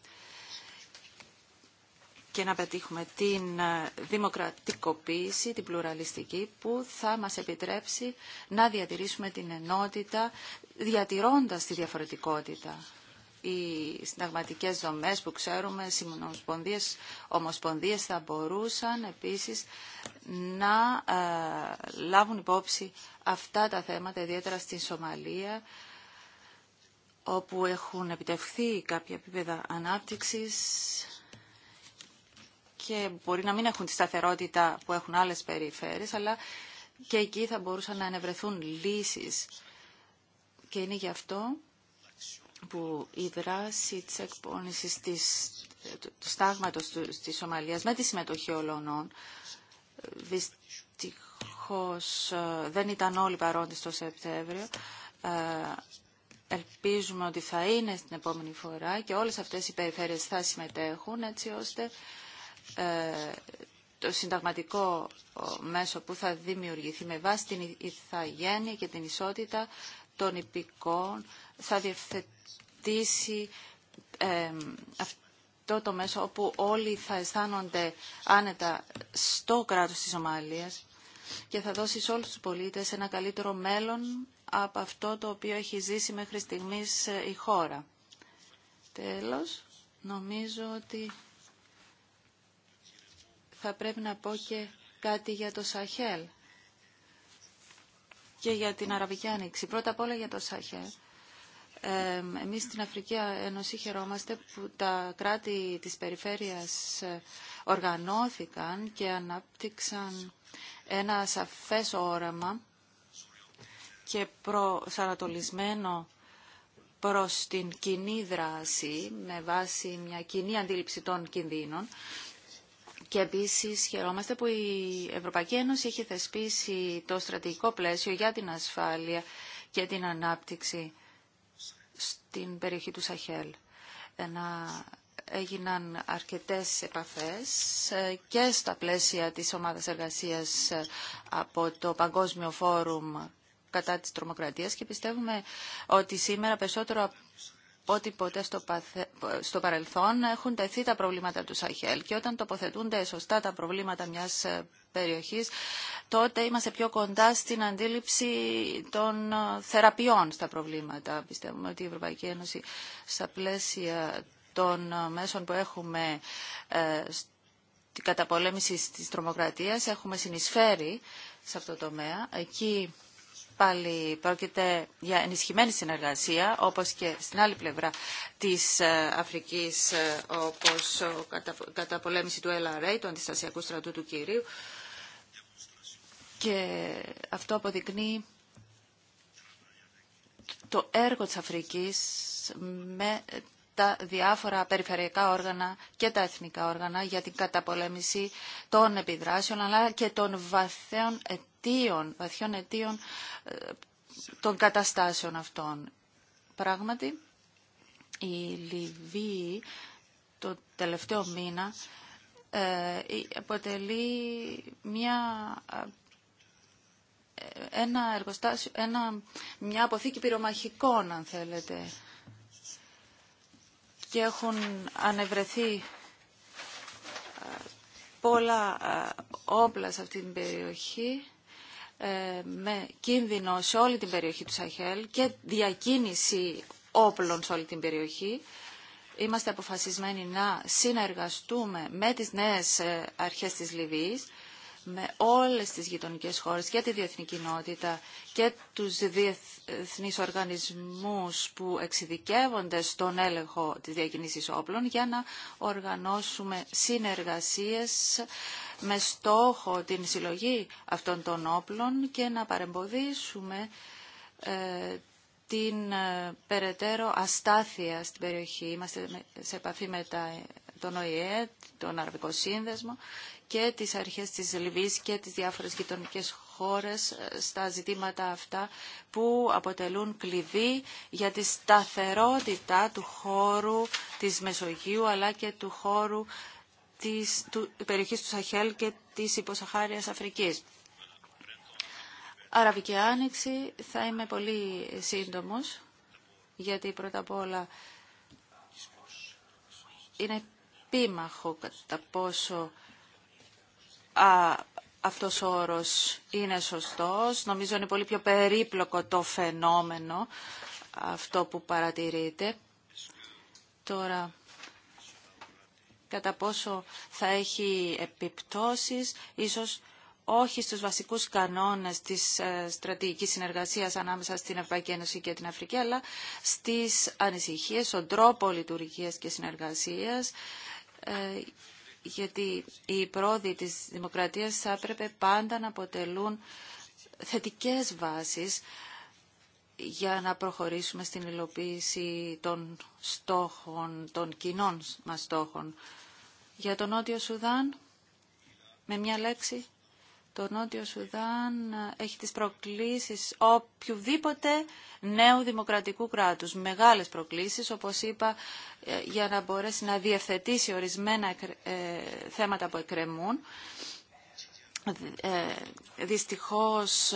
και να πετύχουμε την ε, δημοκρατικοποίηση, την πλουραλιστική, που θα μας επιτρέψει να διατηρήσουμε την ενότητα, διατηρώντας τη διαφορετικότητα. Οι συνταγματικές δομές που ξέρουμε, οι ομοσπονδίες θα μπορούσαν επίσης να ε, λάβουν υπόψη αυτά τα θέματα, ιδιαίτερα στη Σομαλία, όπου έχουν επιτευχθεί κάποια επίπεδα ανάπτυξης, και μπορεί να μην έχουν τη σταθερότητα που έχουν άλλες περιφέρειες, αλλά και εκεί θα μπορούσαν να ενευρεθούν λύσεις. Και είναι γι' αυτό που η δράση της εκπόνησης του στάγματος της Σομαλίας με τη συμμετοχή όλων ε, δυστυχώς ε, δεν ήταν όλοι παρόντες το Σεπτέμβριο ε, ελπίζουμε ότι θα είναι στην επόμενη φορά και όλες αυτές οι περιφέρειες θα συμμετέχουν έτσι ώστε ε, το συνταγματικό μέσο που θα δημιουργηθεί με βάση την ηθαγένεια και την ισότητα των υπηκών θα διευθετήσει αυτό το μέσο όπου όλοι θα αισθάνονται άνετα στο κράτος της Ομαλίας και θα δώσει σε όλους τους πολίτες ένα καλύτερο μέλλον από αυτό το οποίο έχει ζήσει μέχρι στιγμής ε, η χώρα. Τέλος, νομίζω ότι θα πρέπει να πω και κάτι για το Σαχέλ και για την Αραβική Άνοιξη. Πρώτα απ' όλα για το Σαχέλ. Εμείς στην Αφρική Ένωση χαιρόμαστε που τα κράτη της περιφέρειας ε, οργανώθηκαν και ανάπτυξαν ένα σαφές όραμα και προσανατολισμένο προς την κοινή δράση με βάση μια κοινή αντίληψη των κινδύνων και επίση χαιρόμαστε που η Ευρωπαϊκή Ένωση έχει θεσπίσει το στρατηγικό πλαίσιο για την ασφάλεια και την ανάπτυξη στην περιοχή του Σαχέλ. Ένα έγιναν αρκετές επαφές ε, και στα πλαίσια της ομάδας εργασίας ε, από το Παγκόσμιο Φόρουμ κατά της τρομοκρατίας και πιστεύουμε ότι σήμερα περισσότερο ότι ποτέ στο, παρελθόν έχουν τεθεί τα προβλήματα του Σαχέλ και όταν τοποθετούνται σωστά τα προβλήματα μιας ε, περιοχής, τότε είμαστε πιο κοντά στην αντίληψη των ε, θεραπείων στα προβλήματα. Πιστεύουμε ότι η Ευρωπαϊκή Ένωση στα πλαίσια των ε, μέσων που έχουμε την καταπολέμηση της τρομοκρατίας έχουμε συνεισφέρει σε αυτό το τομέα. Εκεί πάλι πρόκειται για ενισχυμένη συνεργασία, όπως και στην άλλη πλευρά της ε, Αφρικής, ε, όπως κατά πολέμηση του LRA, του Αντιστασιακού Στρατού του Κυρίου. Και αυτό αποδεικνύει το έργο της Αφρικής με τα διάφορα περιφερειακά όργανα και τα εθνικά όργανα για την καταπολέμηση των επιδράσεων αλλά και των βαθέων αιτίων, βαθιών αιτίων ε, των καταστάσεων αυτών. Πράγματι, η Λιβύη το τελευταίο μήνα ε, αποτελεί μια ε, ένα ένα, μια αποθήκη πυρομαχικών, αν θέλετε, και έχουν ανεβρεθεί ε, πολλά ε, όπλα σε αυτή την περιοχή ε, με κίνδυνο σε όλη την περιοχή του Σαχέλ και διακίνηση όπλων σε όλη την περιοχή. Είμαστε αποφασισμένοι να συνεργαστούμε με τις νέες αρχές της Λιβύης με όλες τις γειτονικές χώρες και τη διεθνή κοινότητα και τους διεθνείς οργανισμούς που εξειδικεύονται στον έλεγχο της διακινήσης όπλων για να οργανώσουμε συνεργασίες με στόχο την συλλογή αυτών των όπλων και να παρεμποδίσουμε ε, την ε, περαιτέρω αστάθεια στην περιοχή. Είμαστε σε επαφή με τα τον ΟΗΕ, τον Αραβικό Σύνδεσμο και τις αρχές της Λιβύης και τις διάφορες γειτονικές χώρες ε, στα ζητήματα αυτά που αποτελούν κλειδί για τη σταθερότητα του χώρου της Μεσογείου αλλά και του χώρου της του, περιοχής του Σαχέλ και της υποσαχάριας Αφρικής. Αραβική Άνοιξη θα είμαι πολύ σύντομος γιατί πρώτα απ' όλα είναι επίμαχο κατά πόσο α, αυτός ο όρος είναι σωστός. Νομίζω είναι πολύ πιο περίπλοκο το φαινόμενο αυτό που παρατηρείτε. Τώρα, κατά πόσο θα έχει επιπτώσεις, ίσως όχι στους βασικούς κανόνες της ε, στρατηγικής συνεργασίας ανάμεσα στην Ευρωπαϊκή Ένωση και την Αφρική, αλλά στις ανησυχίες, στον τρόπο λειτουργίας και συνεργασίας, ε, γιατί οι πρόοδοι της δημοκρατίας θα έπρεπε πάντα να αποτελούν θετικές βάσεις για να προχωρήσουμε στην υλοποίηση των στόχων, των κοινών μας στόχων. Για τον Νότιο Σουδάν, με μια λέξη, το Νότιο Σουδάν έχει τις προκλήσεις οποιοδήποτε νέου δημοκρατικού κράτους. Μεγάλες προκλήσεις, όπως είπα, ε, για να μπορέσει να διευθετήσει ορισμένα ε, θέματα που εκκρεμούν. Ε, δυστυχώς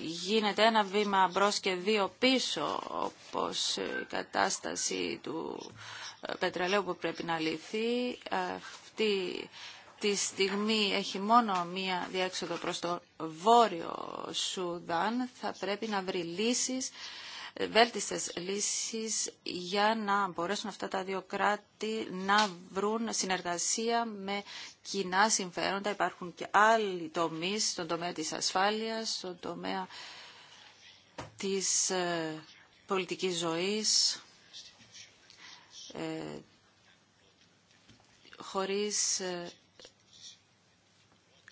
γίνεται ένα βήμα μπρος και δύο πίσω, όπως η κατάσταση του πετρελαίου που πρέπει να λυθεί. Αυτή τη στιγμή έχει μόνο μία διέξοδο προς το βόρειο Σουδάν, θα πρέπει να βρει λύσεις, βέλτιστες λύσεις για να μπορέσουν αυτά τα δύο κράτη να βρουν συνεργασία με κοινά συμφέροντα. Υπάρχουν και άλλοι τομείς στον τομέα της ασφάλειας, στον τομέα της ε, πολιτικής ζωής, ε, χωρίς ε,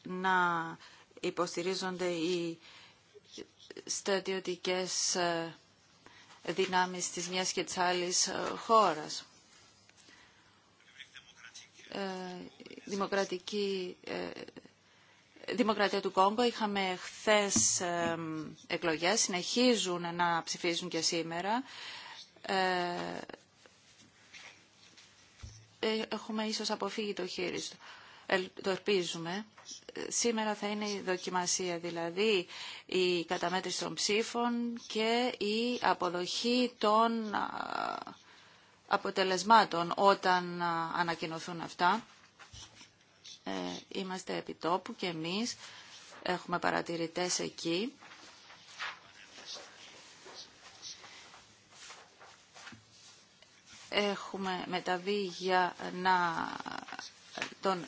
να υποστηρίζονται οι στρατιωτικές ε, δυνάμεις της μιας και της άλλης ε, χώρας. Ε, δημοκρατική Δημοκρατία του Κόγκο είχαμε χθες εκλογές, συνεχίζουν να ψηφίζουν και σήμερα. Έχουμε ίσως αποφύγει το χείριστο. Το ελπίζουμε σήμερα θα είναι η δοκιμασία, δηλαδή η καταμέτρηση των ψήφων και η αποδοχή των αποτελεσμάτων όταν ανακοινωθούν αυτά. Ε, είμαστε επιτόπου και εμείς έχουμε παρατηρητές εκεί. Έχουμε μεταβεί για να τον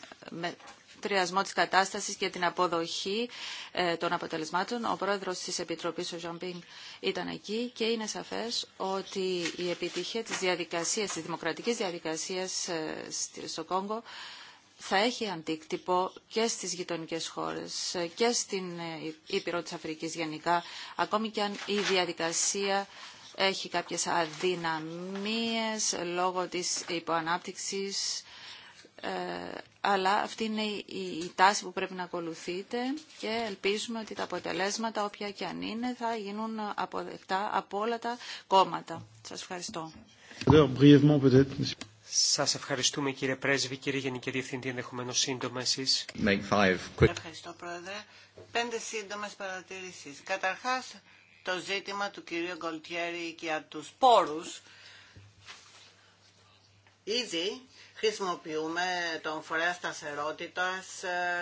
τριασμό της κατάστασης και την αποδοχή ε, των αποτελεσμάτων. Ο πρόεδρος της Επιτροπής, ο Ζαμπίν, ήταν εκεί και είναι σαφές ότι η επιτυχία της διαδικασίας, της δημοκρατικής διαδικασίας ε, στο Κόγκο θα έχει αντίκτυπο και στις γειτονικές χώρες ε, και στην Ήπειρο της Αφρικής γενικά, ακόμη και αν η διαδικασία έχει κάποιες αδυναμίες λόγω της υποανάπτυξης, αλλά αυτή είναι η τάση που πρέπει να ακολουθείτε και ελπίζουμε ότι τα αποτελέσματα, όποια και αν είναι, θα γίνουν αποδεκτά από όλα τα κόμματα. Σας ευχαριστώ. Σας ευχαριστούμε κύριε Πρέσβη, κύριε Γενική Διευθυντή, ενδεχομένως σύντομα εσείς. Ευχαριστώ Πρόεδρε. Πέντε σύντομε παρατηρήσεις. Καταρχάς, το ζήτημα του κυρίου Γκολτιέρη για τους πόρους. Ήδη χρησιμοποιούμε τον φορέα σταθερότητα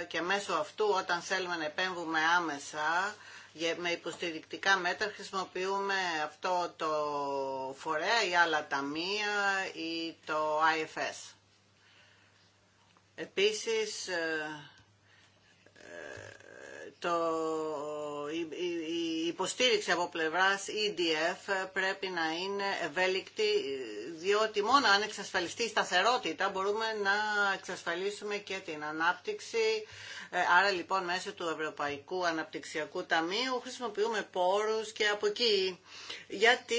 ε, και μέσω αυτού όταν θέλουμε να επέμβουμε άμεσα με υποστηρικτικά μέτρα χρησιμοποιούμε αυτό το φορέα ή άλλα ταμεία ή το IFS. Επίσης, ε, ε, το η υποστήριξη από πλευράς EDF πρέπει να είναι ευέλικτη, διότι μόνο αν εξασφαλιστεί η σταθερότητα μπορούμε να εξασφαλίσουμε και την ανάπτυξη. Ε, άρα λοιπόν μέσω του Ευρωπαϊκού Αναπτυξιακού Ταμείου χρησιμοποιούμε πόρους και από εκεί. Για τη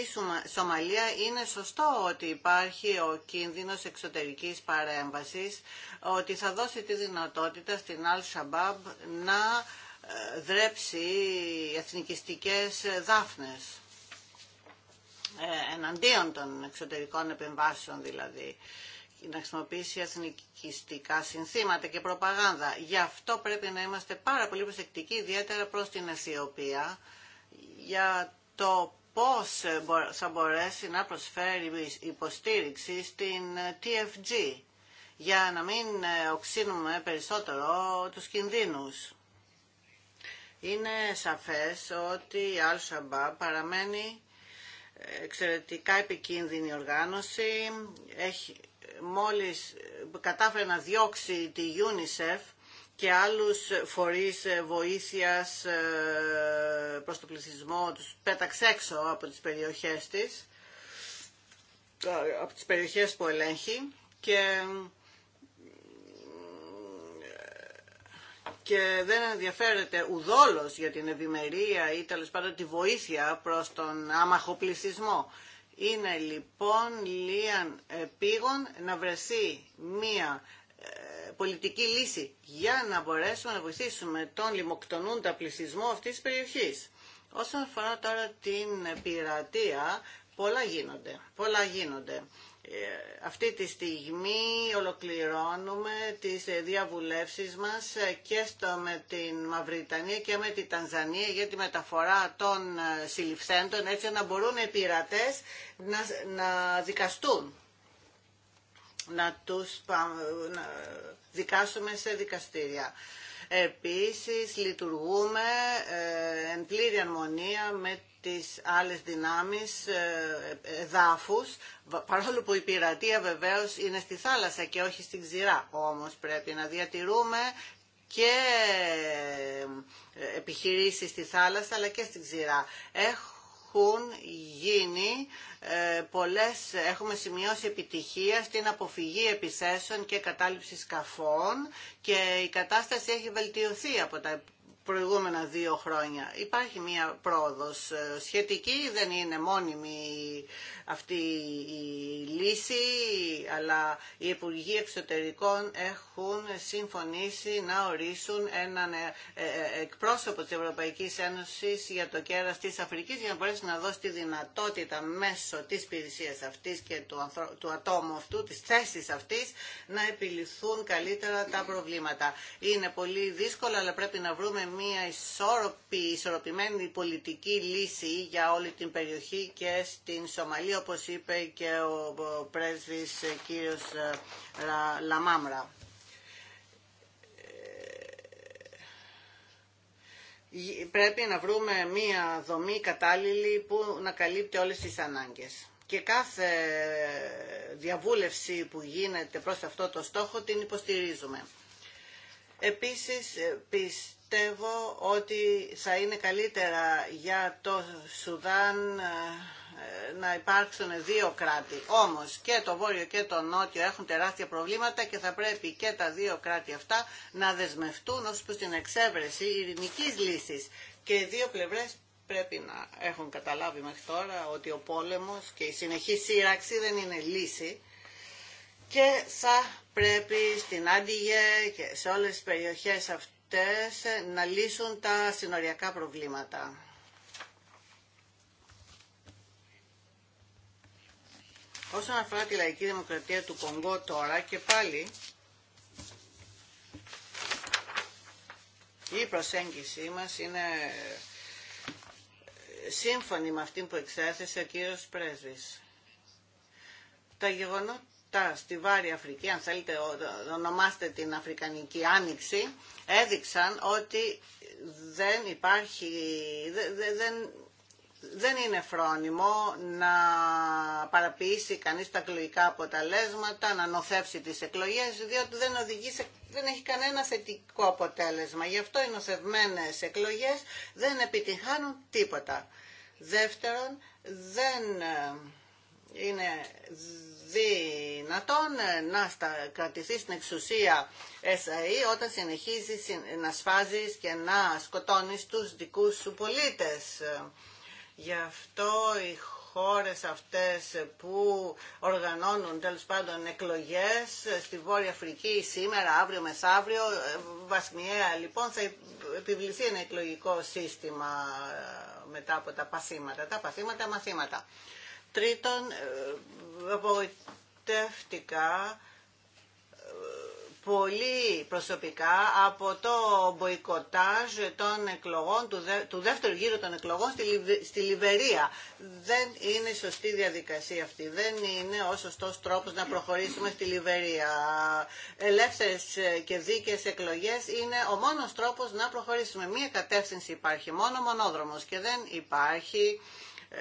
Σομαλία είναι σωστό ότι υπάρχει ο κίνδυνος εξωτερικής παρέμβασης, ότι θα δώσει τη δυνατότητα στην Al-Shabaab να δρέψει εθνικιστικές δάφνες ε, εναντίον των εξωτερικών επεμβάσεων δηλαδή να χρησιμοποιήσει εθνικιστικά συνθήματα και προπαγάνδα. Γι' αυτό πρέπει να είμαστε πάρα πολύ προσεκτικοί, ιδιαίτερα προς την Αιθιοπία, για το πώς θα μπορέσει να προσφέρει υποστήριξη στην ε, TFG, για να μην ε, οξύνουμε περισσότερο τους κινδύνους. Είναι σαφές ότι η Al-Shabaab παραμένει εξαιρετικά επικίνδυνη οργάνωση. Έχει, μόλις κατάφερε να διώξει τη UNICEF και άλλους φορείς βοήθειας ε, προς το πληθυσμό, τους πέταξε έξω από τις περιοχές της, ε, από τις περιοχές που ελέγχει και και δεν ενδιαφέρεται ουδόλως για την ευημερία ή τέλο πάντων τη βοήθεια προς τον άμαχο πληθυσμό. Είναι λοιπόν λίαν επίγον να βρεθεί μία ε, πολιτική λύση για να μπορέσουμε να βοηθήσουμε τον λιμοκτονούντα πλησισμό αυτής της περιοχής. Όσον αφορά τώρα την πειρατεία, πολλά γίνονται. Πολλά γίνονται. Ε, αυτή τη στιγμή ολοκληρώνουμε τις ε, διαβουλεύσεις μας ε, και στο, με την Μαυριτανία και με την Τανζανία για τη μεταφορά των συλληφθέντων έτσι να μπορούν οι πειρατές να, δικαστούν. Να τους δικάσουμε σε δικαστήρια. Επίσης λειτουργούμε ε, εν πλήρη αρμονία με τις άλλες δυνάμεις ε, εδάφους, παρόλο που η πειρατεία βεβαίως είναι στη θάλασσα και όχι στην ξηρά. Όμως πρέπει να διατηρούμε και ε, επιχειρήσεις στη θάλασσα αλλά και στην ξηρά. Έχω έχουν γίνει ε, πολλές, έχουμε σημειώσει επιτυχία στην αποφυγή επιθέσεων και κατάληψη σκαφών και η κατάσταση έχει βελτιωθεί από τα προηγούμενα δύο χρόνια. Υπάρχει μία πρόοδος ε, σχετική, δεν είναι μόνιμη αυτή η λύση, αλλά οι Υπουργοί Εξωτερικών έχουν συμφωνήσει να ορίσουν έναν ε, ε, εκπρόσωπο της Ευρωπαϊκής Ένωσης για το κέρας της Αφρικής για να μπορέσει να δώσει τη δυνατότητα μέσω της υπηρεσία αυτής και του, του ατόμου αυτού, της θέσης αυτής, να επιληθούν καλύτερα τα προβλήματα. Είναι πολύ δύσκολο, αλλά πρέπει να βρούμε μια ισορροπη, ισορροπημένη πολιτική λύση για όλη την περιοχή και στην Σομαλία, όπως είπε και ο πρέσβης ε, κύριος ε, Λαμάμρα. Ε, πρέπει να βρούμε μια δομή κατάλληλη που να καλύπτει όλες τις ανάγκες. Και κάθε διαβούλευση που γίνεται προς αυτό το στόχο την υποστηρίζουμε. Επίσης, πιστεύω πιστεύω ότι θα είναι καλύτερα για το Σουδάν ε, να υπάρξουν δύο κράτη. Όμως και το Βόρειο και το Νότιο έχουν τεράστια προβλήματα και θα πρέπει και τα δύο κράτη αυτά να δεσμευτούν ως προς την εξέβρεση ειρηνικής λύσης. Και οι δύο πλευρές πρέπει να έχουν καταλάβει μέχρι τώρα ότι ο πόλεμος και η συνεχή σύραξη δεν είναι λύση και θα πρέπει στην Άντιγε και σε όλες τις περιοχές αυτές αυτές ε, να λύσουν τα συνοριακά προβλήματα. Όσον αφορά τη λαϊκή δημοκρατία του Κονγκό τώρα και πάλι η προσέγγιση μας είναι ε, σύμφωνη με αυτή που εξέθεσε ο κύριος Πρέσβης. Τα γεγονότα τα στη Βάρη Αφρική, αν θέλετε ονομάστε την Αφρικανική Άνοιξη, έδειξαν ότι δεν υπάρχει, δεν, δεν είναι φρόνιμο να παραποιήσει κανείς τα εκλογικά αποτελέσματα, να νοθεύσει τις εκλογές, διότι δεν, οδηγεί σε, δεν έχει κανένα θετικό αποτέλεσμα. Γι' αυτό οι νοθευμένες εκλογές δεν επιτυχάνουν τίποτα. Δεύτερον, δεν ε, είναι δυνατόν να στα, κρατηθεί στην εξουσία SAE όταν συνεχίζεις να σφάζεις και να σκοτώνεις τους δικούς σου πολίτες. Γι' αυτό οι χώρες αυτές που οργανώνουν τέλος πάντων εκλογές στη Βόρεια Αφρική σήμερα, αύριο, μεσάβριο, βασμιαία λοιπόν θα επιβληθεί ένα εκλογικό σύστημα μετά από τα παθήματα, τα παθήματα μαθήματα. Τρίτον, ε, απογοητεύτηκα ε, πολύ προσωπικά από το μποϊκοτάζ των εκλογών, του, του δεύτερου γύρου των εκλογών στη, Λιβερία. Δεν είναι σωστή διαδικασία αυτή. Δεν είναι ο σωστός τρόπος να προχωρήσουμε στη Λιβερία. Ελεύθερες και δίκαιες εκλογές είναι ο μόνος τρόπος να προχωρήσουμε. Μία κατεύθυνση υπάρχει, μόνο μονόδρομος και δεν υπάρχει ε,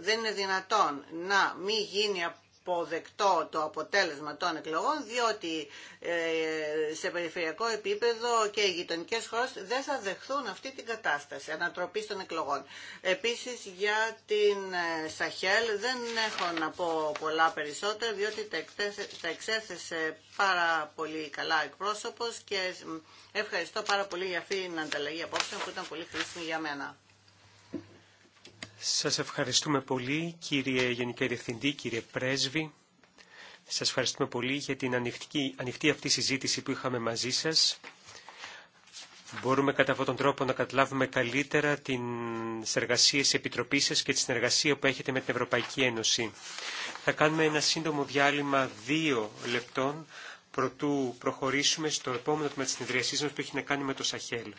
δεν είναι δυνατόν να μην γίνει αποδεκτό το αποτέλεσμα των εκλογών, διότι ε, σε περιφερειακό επίπεδο και οι γειτονικέ χώρε δεν θα δεχθούν αυτή την κατάσταση ανατροπή των εκλογών. Επίση για την ε, Σαχέλ δεν έχω να πω πολλά περισσότερα, διότι τα εξέθεσε πάρα πολύ καλά εκπρόσωπο και ευχαριστώ πάρα πολύ για αυτή την ανταλλαγή απόψεων που ήταν πολύ χρήσιμη για μένα. Σας ευχαριστούμε πολύ κύριε Γενική Διευθυντή, κύριε Πρέσβη. Σας ευχαριστούμε πολύ για την ανοιχτή, ανοιχτή αυτή συζήτηση που είχαμε μαζί σας. Μπορούμε κατά αυτόν τον τρόπο να καταλάβουμε καλύτερα την εργασίες της Επιτροπής σας και τη συνεργασία που έχετε με την Ευρωπαϊκή Ένωση. Θα κάνουμε ένα σύντομο διάλειμμα δύο λεπτών προτού προχωρήσουμε στο επόμενο τμήμα της μας που έχει να κάνει με το Σαχέλ.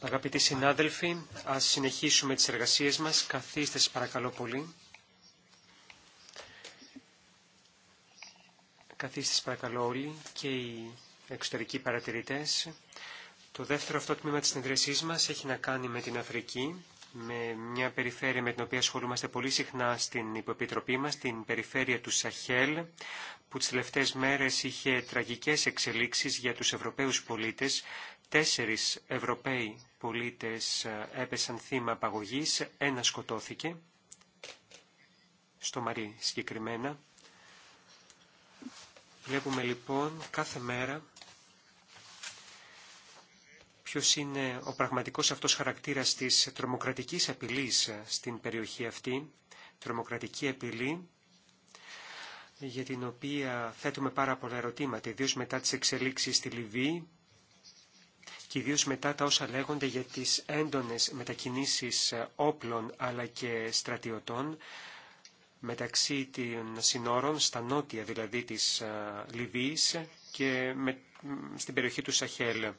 Αγαπητοί συνάδελφοι, ας συνεχίσουμε τις εργασίες μας. Καθίστε σας παρακαλώ πολύ. Καθίστε σας παρακαλώ όλοι και οι εξωτερικοί παρατηρητές. Το δεύτερο αυτό τμήμα της συνεδρίασής μας έχει να κάνει με την Αφρική, με μια περιφέρεια με την οποία ασχολούμαστε πολύ συχνά στην υποεπιτροπή μας, την περιφέρεια του Σαχέλ, που τις τελευταίες μέρες είχε τραγικές εξελίξεις για τους Ευρωπαίους πολίτες Τέσσερις Ευρωπαίοι πολίτες ε, έπεσαν θύμα απαγωγής, ένα σκοτώθηκε, στο Μαρί συγκεκριμένα. Βλέπουμε λοιπόν κάθε μέρα ποιος είναι ο πραγματικός αυτός χαρακτήρας της τρομοκρατικής απειλής ε, στην περιοχή αυτή, τρομοκρατική απειλή για την οποία θέτουμε πάρα πολλά ερωτήματα, ιδίως μετά τις εξελίξεις στη Λιβύη, και ιδίως μετά τα όσα λέγονται για τις έντονες μετακινήσεις ε, όπλων αλλά και στρατιωτών μεταξύ των συνόρων, στα νότια δηλαδή της ε, Λιβύης και με, στην περιοχή του Σαχέλ.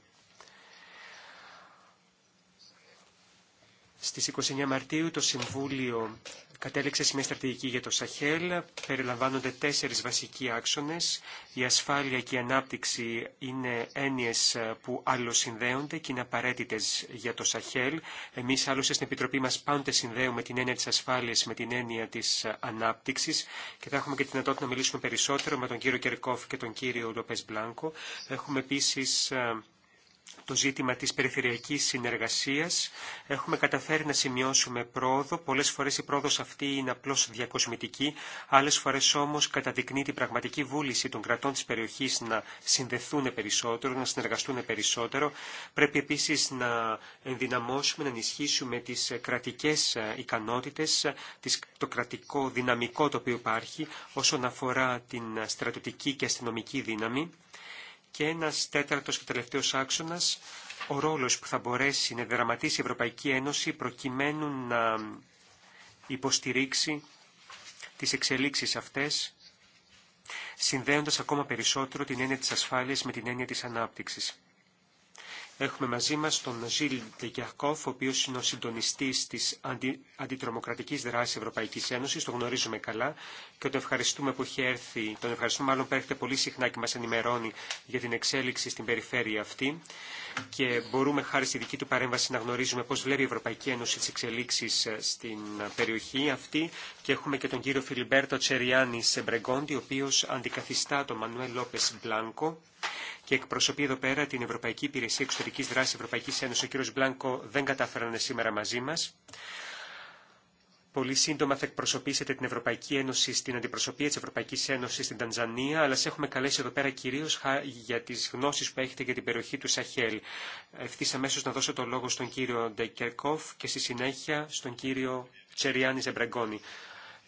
Στις 29 Μαρτίου το Συμβούλιο κατέληξε σε μια στρατηγική για το Σαχέλ. Περιλαμβάνονται τέσσερις βασικοί άξονες. Η ασφάλεια και η ανάπτυξη είναι έννοιες ε, που συνδέονται και είναι απαραίτητε για το Σαχέλ. Εμείς άλλωστε στην Επιτροπή μας πάντα συνδέουμε την έννοια της ασφάλειας με την έννοια της ε, ανάπτυξης και θα έχουμε και τη δυνατότητα να μιλήσουμε περισσότερο με τον κύριο Κερκόφ και τον κύριο Λοπές Μπλάνκο. Έχουμε επίσης ε, το ζήτημα της περιφερειακής συνεργασίας. Έχουμε καταφέρει να σημειώσουμε πρόοδο. Πολλές φορές η πρόοδος αυτή είναι απλώς διακοσμητική, άλλες φορές όμως καταδεικνύει την πραγματική βούληση των κρατών της περιοχής να συνδεθούν περισσότερο, να συνεργαστούν περισσότερο. Πρέπει επίσης να ενδυναμώσουμε, να ενισχύσουμε τις κρατικές ικανότητες, το κρατικό δυναμικό το οποίο υπάρχει όσον αφορά την στρατιωτική και αστυνομική δύναμη και ένας τέταρτος και τελευταίος άξονας, ο ρόλος που θα μπορέσει να δραματίσει η Ευρωπαϊκή Ένωση προκειμένου να υποστηρίξει τις εξελίξεις αυτές, συνδέοντας ακόμα περισσότερο την έννοια της ασφάλειας με την έννοια της ανάπτυξης. Έχουμε μαζί μας τον Ζιλ Τεγιακόφ, ο οποίος είναι ο συντονιστής της αντι... αντιτρομοκρατικής δράσης Ευρωπαϊκής Ένωσης, το γνωρίζουμε καλά και τον ευχαριστούμε που έχει έρθει, τον ευχαριστούμε μάλλον που έρχεται πολύ συχνά και μας ενημερώνει για την εξέλιξη στην περιφέρεια αυτή και μπορούμε χάρη στη δική του παρέμβαση να γνωρίζουμε πώς βλέπει η Ευρωπαϊκή Ένωση τις εξελίξεις ε, στην ε, περιοχή αυτή και έχουμε και τον κύριο Φιλιμπέρτο Τσεριάνη Σεμπρεγκόντι, ο οποίος αντικαθιστά τον Μανουέλ Λόπες Μπλάνκο και εκπροσωπεί εδώ πέρα την Ευρωπαϊκή Υπηρεσία Εξωτερική Δράση Ευρωπαϊκή Ένωση. Ο κ. Μπλάνκο δεν κατάφεραν σήμερα μαζί μα. Πολύ σύντομα θα εκπροσωπήσετε την Ευρωπαϊκή Ένωση στην αντιπροσωπεία τη Ευρωπαϊκή Ένωση στην Τανζανία, αλλά σε έχουμε καλέσει εδώ πέρα κυρίω για τι γνώσει που έχετε για την περιοχή του Σαχέλ. Ευθύ αμέσω να δώσω το λόγο στον κύριο Ντεκερκόφ και στη συνέχεια στον κύριο Τσεριάννη Ζεμπραγκόνη.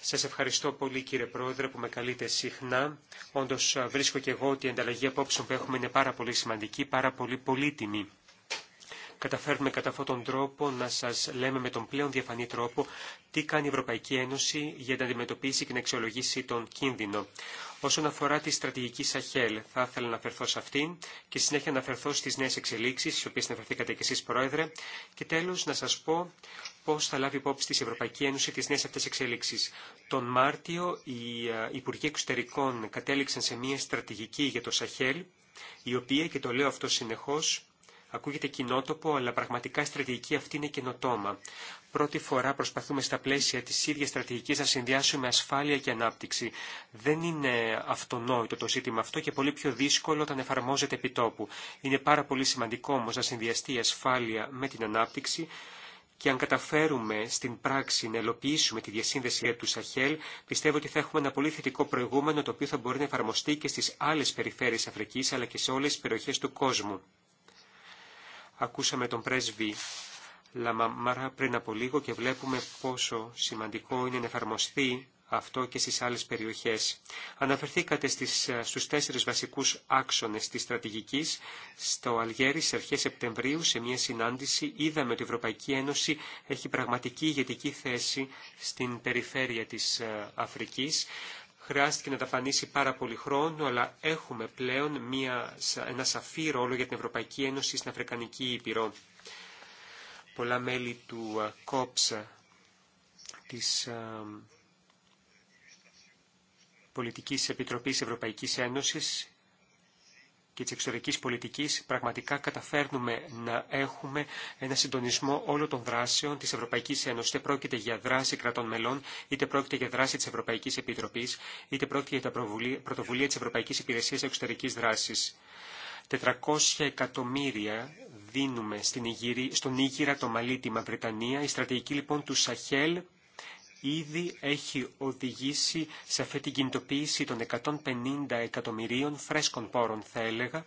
Σα ευχαριστώ πολύ κύριε Πρόεδρε που με καλείτε συχνά. Όντω ε, βρίσκω και εγώ ότι η ανταλλαγή απόψεων που έχουμε είναι πάρα πολύ σημαντική, πάρα πολύ πολύτιμη καταφέρνουμε κατά αυτόν τον τρόπο να σας λέμε με τον πλέον διαφανή τρόπο τι κάνει η Ευρωπαϊκή Ένωση για να αντιμετωπίσει και να αξιολογήσει τον κίνδυνο. Όσον αφορά τη στρατηγική Σαχέλ, θα ήθελα να αφαιρθώ σε αυτήν και συνέχεια να αφαιρθώ στις νέες εξελίξεις, στις οποίες αναφερθήκατε και εσείς, Πρόεδρε, και τέλος να σας πω πώς θα λάβει υπόψη της Ευρωπαϊκή Ένωση τις νέες αυτές εξελίξεις. Τον Μάρτιο οι ε, Υπουργοί Εξωτερικών κατέληξαν σε μια στρατηγική για το Σαχέλ, η οποία, και το λέω αυτό συνεχώς, Ακούγεται κοινότοπο, αλλά πραγματικά η στρατηγική αυτή είναι καινοτόμα. Πρώτη φορά προσπαθούμε στα πλαίσια τη ίδια στρατηγική να συνδυάσουμε ασφάλεια και ανάπτυξη. Δεν είναι αυτονόητο το ζήτημα αυτό και πολύ πιο δύσκολο όταν εφαρμόζεται επιτόπου. Είναι πάρα πολύ σημαντικό όμω να συνδυαστεί η ασφάλεια με την ανάπτυξη και αν καταφέρουμε στην πράξη να ελοποιήσουμε τη διασύνδεση του Σαχέλ, πιστεύω ότι θα έχουμε ένα πολύ θετικό προηγούμενο το οποίο θα μπορεί να εφαρμοστεί και στι άλλε περιφέρειες Αφρική, αλλά και σε όλε τι περιοχέ του κόσμου. Ακούσαμε τον πρέσβη Λαμαμάρα πριν από λίγο και βλέπουμε πόσο σημαντικό είναι να εφαρμοστεί αυτό και στις άλλες περιοχές. Αναφερθήκατε στις, στους τέσσερις βασικούς άξονες της στρατηγικής. Στο Αλγέρι, σε αρχές Σεπτεμβρίου, σε μια συνάντηση, είδαμε ότι η Ευρωπαϊκή Ένωση έχει πραγματική ηγετική θέση στην περιφέρεια της ε, Αφρικής χρειάστηκε να ταφανίσει πάρα πολύ χρόνο, αλλά έχουμε πλέον μια, ένα σαφή ρόλο για την Ευρωπαϊκή Ένωση στην Αφρικανική Ήπειρο. Πολλά μέλη του ΚΟΠΣ, της Πολιτικής Επιτροπής Ευρωπαϊκής Ένωσης, και της εξωτερικής πολιτικής πραγματικά καταφέρνουμε να έχουμε ένα συντονισμό όλων των δράσεων της Ευρωπαϊκής Ένωσης. Είτε πρόκειται για δράση κρατών μελών, είτε πρόκειται για δράση της Ευρωπαϊκής Επιτροπής, είτε πρόκειται για τα πρωτοβουλία της Ευρωπαϊκής Υπηρεσίας Εξωτερικής Δράσης. 400 εκατομμύρια δίνουμε στον Ήγυρα, το Μαλί, τη Η στρατηγική λοιπόν του Σαχέλ ήδη έχει οδηγήσει σε αυτή την κινητοποίηση των 150 εκατομμυρίων φρέσκων πόρων, θα έλεγα,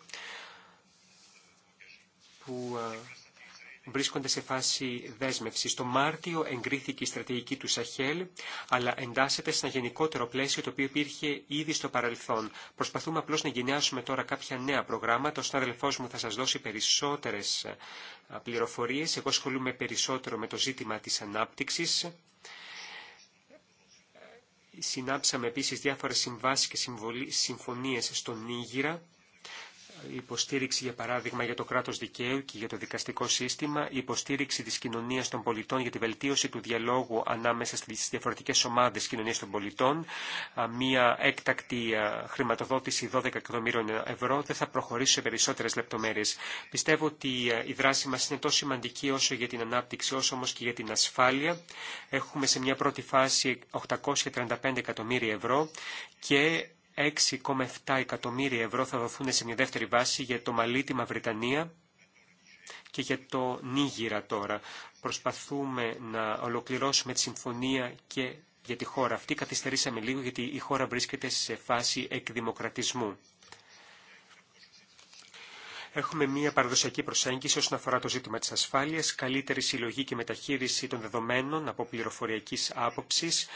που ε, βρίσκονται σε φάση δέσμευση. Το Μάρτιο εγκρίθηκε η στρατηγική του Σαχέλ, αλλά εντάσσεται σε ένα γενικότερο πλαίσιο το οποίο υπήρχε ήδη στο παρελθόν. Προσπαθούμε απλώ να γενιάσουμε τώρα κάποια νέα προγράμματα. Ο συνάδελφό μου θα σα δώσει περισσότερε πληροφορίε. Εγώ ασχολούμαι περισσότερο με το ζήτημα τη ανάπτυξη. Συνάψαμε επίσης διάφορες συμβάσεις και συμφωνίες στον Νίγηρα υποστήριξη για παράδειγμα για το κράτος δικαίου και για το δικαστικό σύστημα, η υποστήριξη της κοινωνίας των πολιτών για τη βελτίωση του διαλόγου ανάμεσα στις διαφορετικές ομάδες κοινωνίας των πολιτών, μια έκτακτη χρηματοδότηση 12 εκατομμύρων ευρώ, δεν θα προχωρήσω σε περισσότερες λεπτομέρειες. Πιστεύω ότι η δράση μας είναι τόσο σημαντική όσο για την ανάπτυξη, όσο όμως και για την ασφάλεια. Έχουμε σε μια πρώτη φάση 835 εκατομμύρια ευρώ και 6,7 εκατομμύρια ευρώ θα δοθούν σε μια δεύτερη βάση για το Μαλί, τη Μαυριτανία και για το Νίγηρα τώρα. Προσπαθούμε να ολοκληρώσουμε τη συμφωνία και για τη χώρα αυτή. Καθυστερήσαμε λίγο γιατί η χώρα βρίσκεται σε φάση εκδημοκρατισμού. Έχουμε μία παραδοσιακή προσέγγιση όσον αφορά το ζήτημα της ασφάλειας, καλύτερη συλλογή και μεταχείριση των δεδομένων από πληροφοριακής άποψης,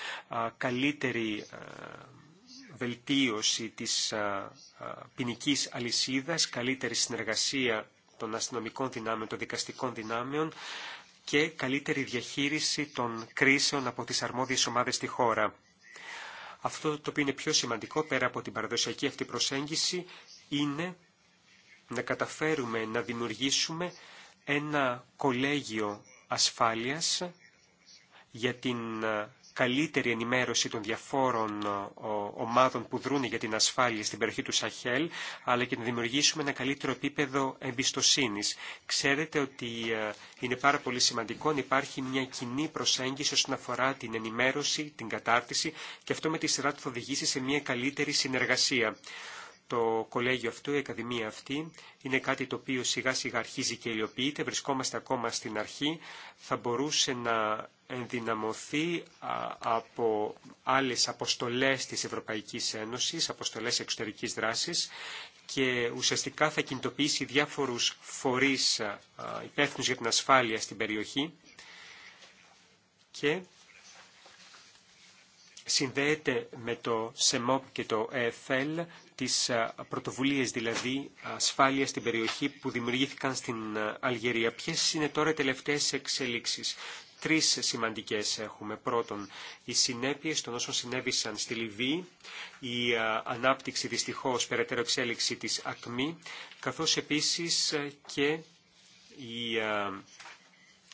καλύτερη βελτίωση της ποινική αλυσίδας, καλύτερη συνεργασία των αστυνομικών δυνάμεων, των δικαστικών δυνάμεων και καλύτερη διαχείριση των κρίσεων από τις αρμόδιες ομάδες στη χώρα. Αυτό το οποίο είναι πιο σημαντικό πέρα από την παραδοσιακή αυτή προσέγγιση είναι να καταφέρουμε να δημιουργήσουμε ένα κολέγιο ασφάλειας για την καλύτερη ενημέρωση των διαφόρων ε, ομάδων που δρούν για την ασφάλεια στην περιοχή του Σαχέλ, αλλά και να δημιουργήσουμε ένα καλύτερο επίπεδο εμπιστοσύνης. Ξέρετε ότι ε, είναι πάρα πολύ σημαντικό να υπάρχει μια κοινή προσέγγιση όσον αφορά την ενημέρωση, την κατάρτιση και αυτό με τη σειρά του θα οδηγήσει σε μια καλύτερη συνεργασία. Το κολέγιο αυτό, η ακαδημία αυτή, είναι κάτι το οποίο σιγά σιγά αρχίζει και υλοποιείται, βρισκόμαστε ακόμα στην αρχή, θα μπορούσε να ενδυναμωθεί από άλλες αποστολές της Ευρωπαϊκής Ένωσης, αποστολές εξωτερικής δράσης και ουσιαστικά θα κινητοποιήσει διάφορους φορείς υπεύθυνους για την ασφάλεια στην περιοχή και συνδέεται με το ΣΕΜΟΠ και το ε ΕΦΕΛ, τις πρωτοβουλίες δηλαδή ασφάλεια στην περιοχή που δημιουργήθηκαν στην Αλγερία. Ποιες είναι τώρα οι τελευταίες εξελίξεις. Τρεις σημαντικές έχουμε. Πρώτον, οι συνέπειες των όσων συνέβησαν στη Λιβύη, η ε, ανάπτυξη δυστυχώς περαιτέρω εξέλιξη της ΑΚΜΗ, καθώς επίσης ε, και η ε,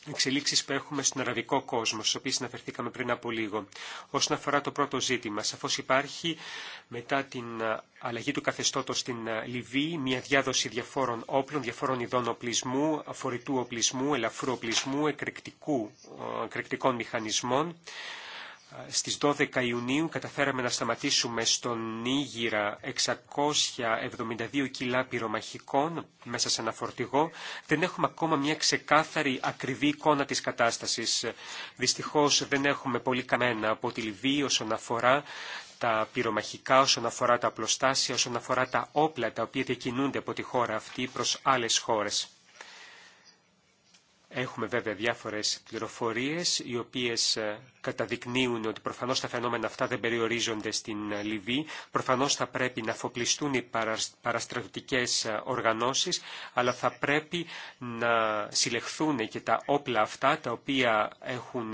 εξελίξεις που έχουμε στον αραβικό κόσμο, στι οποίε αναφερθήκαμε πριν από λίγο. Όσον αφορά το πρώτο ζήτημα, σαφώ υπάρχει μετά την ε, αλλαγή του καθεστώτος στην ε, Λιβύη μια διάδοση διαφόρων όπλων, διαφόρων ειδών οπλισμού, αφορητού οπλισμού, ελαφρού οπλισμού, εκρηκτικού, ε, εκρηκτικών μηχανισμών. Στις 12 Ιουνίου καταφέραμε να σταματήσουμε στον Ήγυρα 672 κιλά πυρομαχικών μέσα σε ένα φορτηγό. Δεν έχουμε ακόμα μια ξεκάθαρη ακριβή εικόνα της κατάστασης. Δυστυχώς δεν έχουμε πολύ καμένα από τη Λιβύη όσον αφορά τα πυρομαχικά, όσον αφορά τα απλοστάσια, όσον αφορά τα όπλα τα οποία διακινούνται από τη χώρα αυτή προς άλλες χώρες. Έχουμε βέβαια διάφορες πληροφορίες οι οποίες ε, καταδεικνύουν ότι προφανώς τα φαινόμενα αυτά δεν περιορίζονται στην ε, Λιβύη. Προφανώς θα πρέπει να αφοπλιστούν οι παραστρατιωτικές ε, οργανώσεις αλλά θα πρέπει να συλλεχθούν και τα όπλα αυτά τα οποία έχουν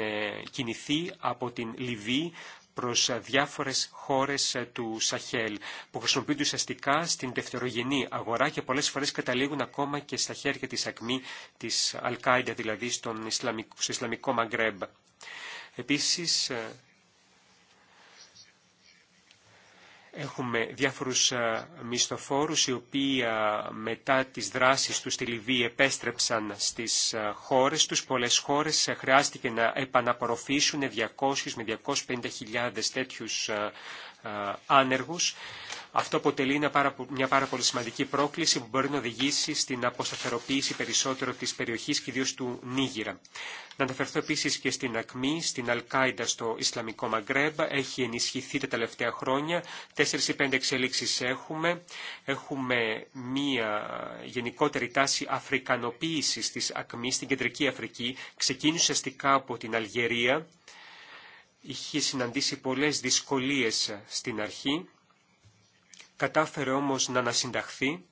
κινηθεί από την Λιβύη προς ε, διάφορες χώρες ε, του Σαχέλ που χρησιμοποιούνται ουσιαστικά στην δευτερογενή αγορά και πολλές φορές καταλήγουν ακόμα και στα χέρια της ΑΚΜΗ, της Αλκάιντα δηλαδή στον Ισλαμικό, στο Ισλαμικό Μαγκρέμπ. Επίσης ε, Έχουμε διάφορους μισθοφόρους οι οποίοι μετά τις δράσεις τους στη Λιβύη επέστρεψαν στις χώρες τους. Πολλές χώρες ε, χρειάστηκε να επαναπροφήσουν 200 με 250 χιλιάδες τέτοιους άνεργους. Αυτό αποτελεί μια πάρα πολύ σημαντική πρόκληση που μπορεί να οδηγήσει στην αποσταθεροποίηση περισσότερο της περιοχής και ιδίως του Νίγηρα. Να αναφερθώ επίσης και στην ΑΚΜΗ, στην Αλκάιντα στο Ισλαμικό Μαγκρέμπ. Έχει ενισχυθεί τα τελευταία χρόνια. Τέσσερις ή πέντε εξελίξεις έχουμε. Έχουμε μια γενικότερη τάση αφρικανοποίησης της ΑΚΜΗ στην Κεντρική Αφρική. Ξεκίνησε ουσιαστικά από την Αλγερία. Είχε συναντήσει πολλές δυσκολίες στην αρχή κατάφερε όμως να ανασυνταχθεί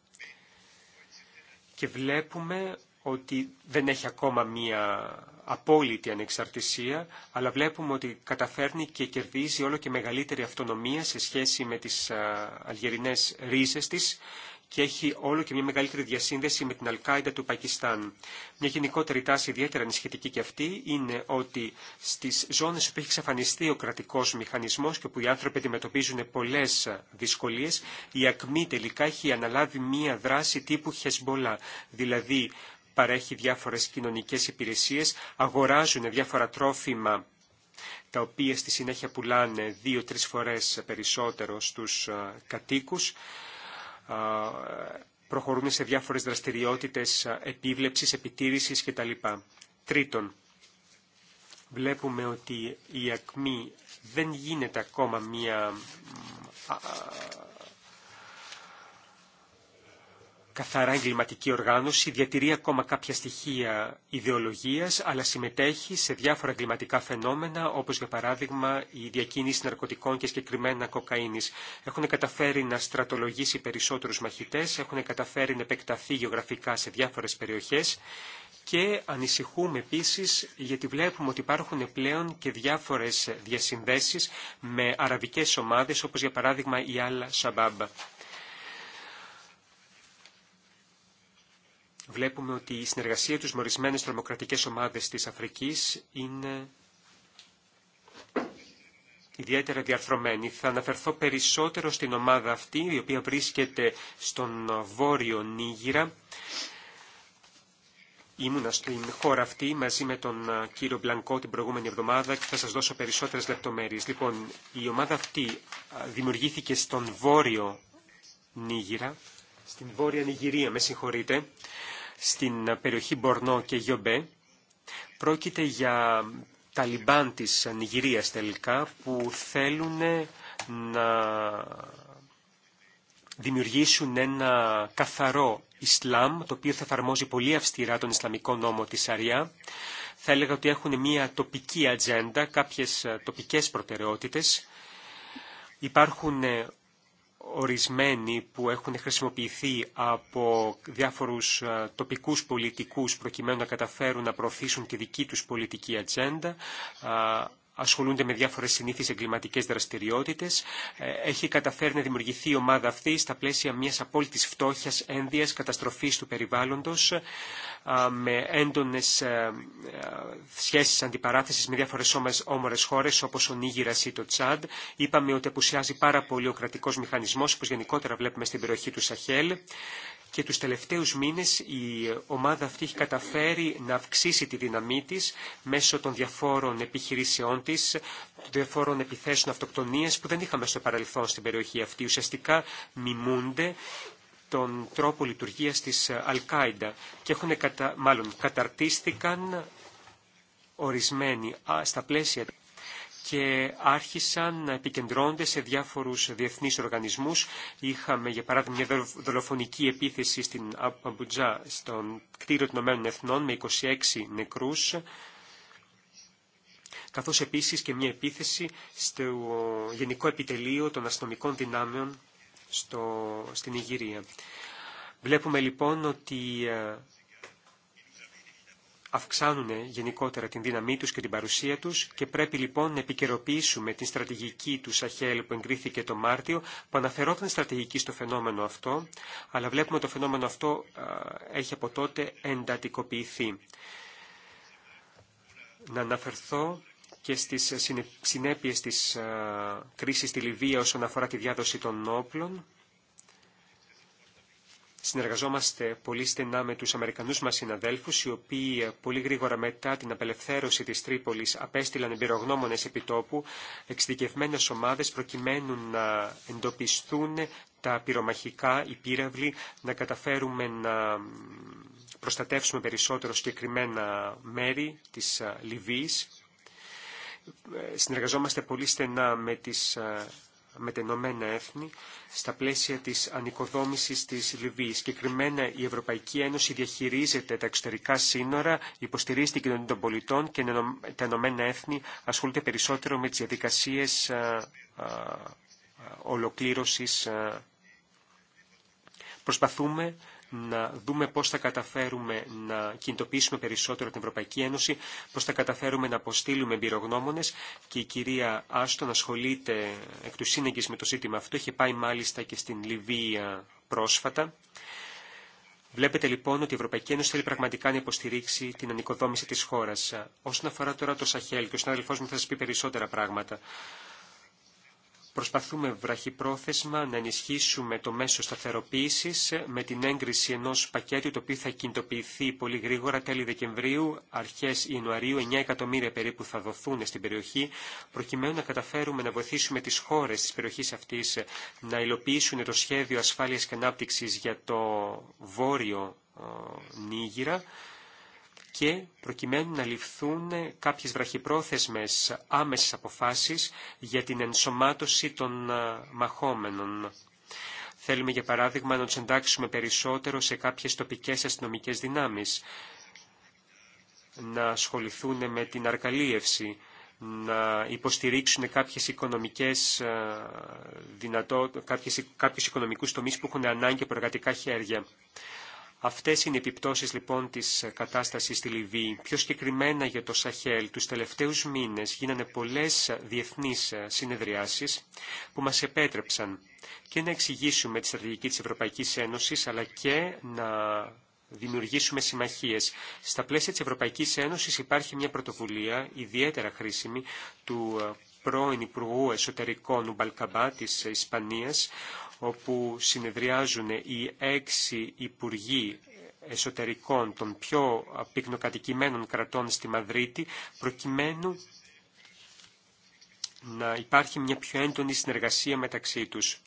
και βλέπουμε ότι δεν έχει ακόμα μία απόλυτη ανεξαρτησία, αλλά βλέπουμε ότι καταφέρνει και κερδίζει όλο και μεγαλύτερη αυτονομία σε σχέση με τις αλγερινές ρίζες της και έχει όλο και μια μεγαλύτερη διασύνδεση με την Αλκάιντα του Πακιστάν. Μια γενικότερη τάση, ιδιαίτερα ενισχυτική και αυτή, είναι ότι στι ζώνε όπου έχει εξαφανιστεί ο κρατικό μηχανισμό και όπου οι άνθρωποι αντιμετωπίζουν πολλέ δυσκολίε, η ΑΚΜΗ τελικά έχει αναλάβει μια δράση τύπου Χεσμπολά. Δηλαδή, παρέχει διάφορε κοινωνικέ υπηρεσίε, αγοράζουν διάφορα τρόφιμα τα οποία στη συνέχεια πουλάνε δύο-τρεις φορές περισσότερο στους ε, κατοίκους προχωρούμε σε διάφορες δραστηριότητες επίβλεψης, επιτήρησης κτλ. Τρίτον, βλέπουμε ότι η ακμή δεν γίνεται ακόμα μία καθαρά εγκληματική οργάνωση, διατηρεί ακόμα κάποια στοιχεία ιδεολογίας, αλλά συμμετέχει σε διάφορα εγκληματικά φαινόμενα, όπως για παράδειγμα η διακίνηση ναρκωτικών και συγκεκριμένα κοκαίνης. Έχουν καταφέρει να στρατολογήσει περισσότερους μαχητές, έχουν καταφέρει να επεκταθεί γεωγραφικά σε διάφορες περιοχές και ανησυχούμε επίσης γιατί βλέπουμε ότι υπάρχουν πλέον και διάφορες διασυνδέσεις με αραβικές ομάδες όπως για παράδειγμα η Άλλα Σαμπάμπα. βλέπουμε ότι η συνεργασία τους με ορισμένες τρομοκρατικές ομάδες της Αφρικής είναι ιδιαίτερα διαρθρωμένη. Θα αναφερθώ περισσότερο στην ομάδα αυτή, η οποία βρίσκεται στον Βόρειο Νίγηρα. Ήμουνα στην χώρα αυτή μαζί με τον κύριο Μπλανκό την προηγούμενη εβδομάδα και θα σας δώσω περισσότερες λεπτομέρειες. Λοιπόν, η ομάδα αυτή δημιουργήθηκε στον Βόρειο Νίγηρα, στην Βόρεια Νιγηρία, με συγχωρείτε, στην περιοχή Μπορνό και Γιομπέ. Πρόκειται για Ταλιμπάν της Νιγηρίας τελικά που θέλουν να δημιουργήσουν ένα καθαρό Ισλάμ, το οποίο θα εφαρμόζει πολύ αυστηρά τον Ισλαμικό νόμο της Σαριά. Θα έλεγα ότι έχουν μια τοπική ατζέντα, κάποιες τοπικές προτεραιότητες. Υπάρχουν ορισμένοι που έχουν χρησιμοποιηθεί από διάφορους ε, τοπικούς πολιτικούς προκειμένου να καταφέρουν να προωθήσουν τη δική τους πολιτική ατζέντα. Ε, ασχολούνται με διάφορες συνήθεις εγκληματικές δραστηριότητες. Ε, έχει καταφέρει να δημιουργηθεί η ομάδα αυτή στα πλαίσια μιας απόλυτης φτώχειας, ένδυας, καταστροφής του περιβάλλοντος, ε, με έντονες ε, σχέσεις αντιπαράθεσης με διάφορες όμορες χώρες όπως ο Νίγηρας ή το Τσάντ. Είπαμε ότι απουσιάζει πάρα πολύ ο κρατικός μηχανισμός, όπως γενικότερα βλέπουμε στην περιοχή του Σαχέλ και τους τελευταίους μήνες η ομάδα αυτή έχει καταφέρει να αυξήσει τη δύναμή της μέσω των διαφόρων επιχειρήσεών της, των διαφόρων επιθέσεων αυτοκτονίας που δεν είχαμε στο παρελθόν στην περιοχή αυτή. Ουσιαστικά μιμούνται τον τρόπο λειτουργίας της Αλκάιντα και έχουν κατα... μάλλον καταρτίστηκαν ορισμένοι στα πλαίσια και άρχισαν να επικεντρώνονται σε διάφορους διεθνείς οργανισμούς. Είχαμε για παράδειγμα μια δολοφονική επίθεση στην Αμπουτζά στον κτίριο των Εθνών με 26 νεκρούς καθώς επίσης και μια επίθεση στο Γενικό Επιτελείο των Αστυνομικών Δυνάμεων στο, στην Ιγυρία. Βλέπουμε λοιπόν ότι ε, αυξάνουν γενικότερα την δύναμή τους και την παρουσία τους και πρέπει λοιπόν να επικαιροποιήσουμε την στρατηγική του Σαχέλ που εγκρίθηκε το Μάρτιο, που αναφερόταν στρατηγική στο φαινόμενο αυτό, αλλά βλέπουμε το φαινόμενο αυτό έχει από τότε εντατικοποιηθεί. Να αναφερθώ και στις συνέπειες της κρίσης στη Λιβύη όσον αφορά τη διάδοση των όπλων Συνεργαζόμαστε πολύ στενά με τους Αμερικανούς μας συναδέλφους, οι οποίοι ε, πολύ γρήγορα μετά την απελευθέρωση της Τρίπολης απέστειλαν εμπειρογνώμονες επιτόπου, εξειδικευμένες ομάδες προκειμένου να εντοπιστούν τα πυρομαχικά, οι πύραυλοι, να καταφέρουμε να προστατεύσουμε περισσότερο συγκεκριμένα μέρη της ε, Λιβύης. Ε, συνεργαζόμαστε πολύ στενά με τις με τα Ηνωμένα Έθνη στα πλαίσια της ανοικοδόμησης της Λιβύης. Συγκεκριμένα η Ευρωπαϊκή Ένωση διαχειρίζεται τα εξωτερικά σύνορα, υποστηρίζει την κοινωνία των πολιτών και τα Ηνωμένα Έθνη ασχολούνται περισσότερο με τις διαδικασίες ε, ε, ε, ολοκλήρωσης. Προσπαθούμε να δούμε πώς θα καταφέρουμε να κινητοποιήσουμε περισσότερο την Ευρωπαϊκή Ένωση, πώς θα καταφέρουμε να αποστείλουμε εμπειρογνώμονες και η κυρία Άστον ασχολείται εκ του σύνεγγης με το ζήτημα αυτό, είχε πάει μάλιστα και στην Λιβύη πρόσφατα. Βλέπετε λοιπόν ότι η Ευρωπαϊκή Ένωση θέλει πραγματικά να υποστηρίξει την ανοικοδόμηση τη χώρα. Όσον αφορά τώρα το Σαχέλ, και ο συνάδελφό μου θα σα πει περισσότερα πράγματα. Προσπαθούμε βραχυπρόθεσμα να ενισχύσουμε το μέσο σταθεροποίησης με την έγκριση ενός πακέτου το οποίο θα κινητοποιηθεί πολύ γρήγορα τέλη Δεκεμβρίου, αρχές Ιανουαρίου, 9 εκατομμύρια περίπου θα δοθούν στην περιοχή, προκειμένου να καταφέρουμε να βοηθήσουμε τις χώρες της περιοχής αυτής να υλοποιήσουν το σχέδιο ασφάλειας και ανάπτυξης για το βόρειο ε, Νίγηρα και προκειμένου να ληφθούν κάποιες βραχυπρόθεσμες άμεσες αποφάσεις για την ενσωμάτωση των μαχόμενων. Θέλουμε, για παράδειγμα, να τους εντάξουμε περισσότερο σε κάποιες τοπικές αστυνομικές δυνάμεις, να ασχοληθούν με την αρκαλίευση, να υποστηρίξουν κάποιες οικονομικές δυνατό, κάποιες, κάποιους οικονομικούς τομείς που έχουν ανάγκη από χέρια. Αυτές είναι οι επιπτώσεις λοιπόν της ε, κατάστασης στη Λιβύη. Πιο συγκεκριμένα για το Σαχέλ, τους τελευταίους μήνες γίνανε πολλές ε, διεθνείς ε, συνεδριάσεις που μας επέτρεψαν και να εξηγήσουμε τη στρατηγική της Ευρωπαϊκής Ένωσης αλλά και να δημιουργήσουμε συμμαχίες. Στα πλαίσια της Ευρωπαϊκής Ένωσης υπάρχει μια πρωτοβουλία ιδιαίτερα χρήσιμη του πρώην Υπουργού Εσωτερικών Ουμπαλκαμπά της Ισπανίας, όπου συνεδριάζουν οι έξι υπουργοί εσωτερικών των πιο πυκνοκατοικημένων κρατών στη Μαδρίτη, προκειμένου να υπάρχει μια πιο έντονη συνεργασία μεταξύ τους.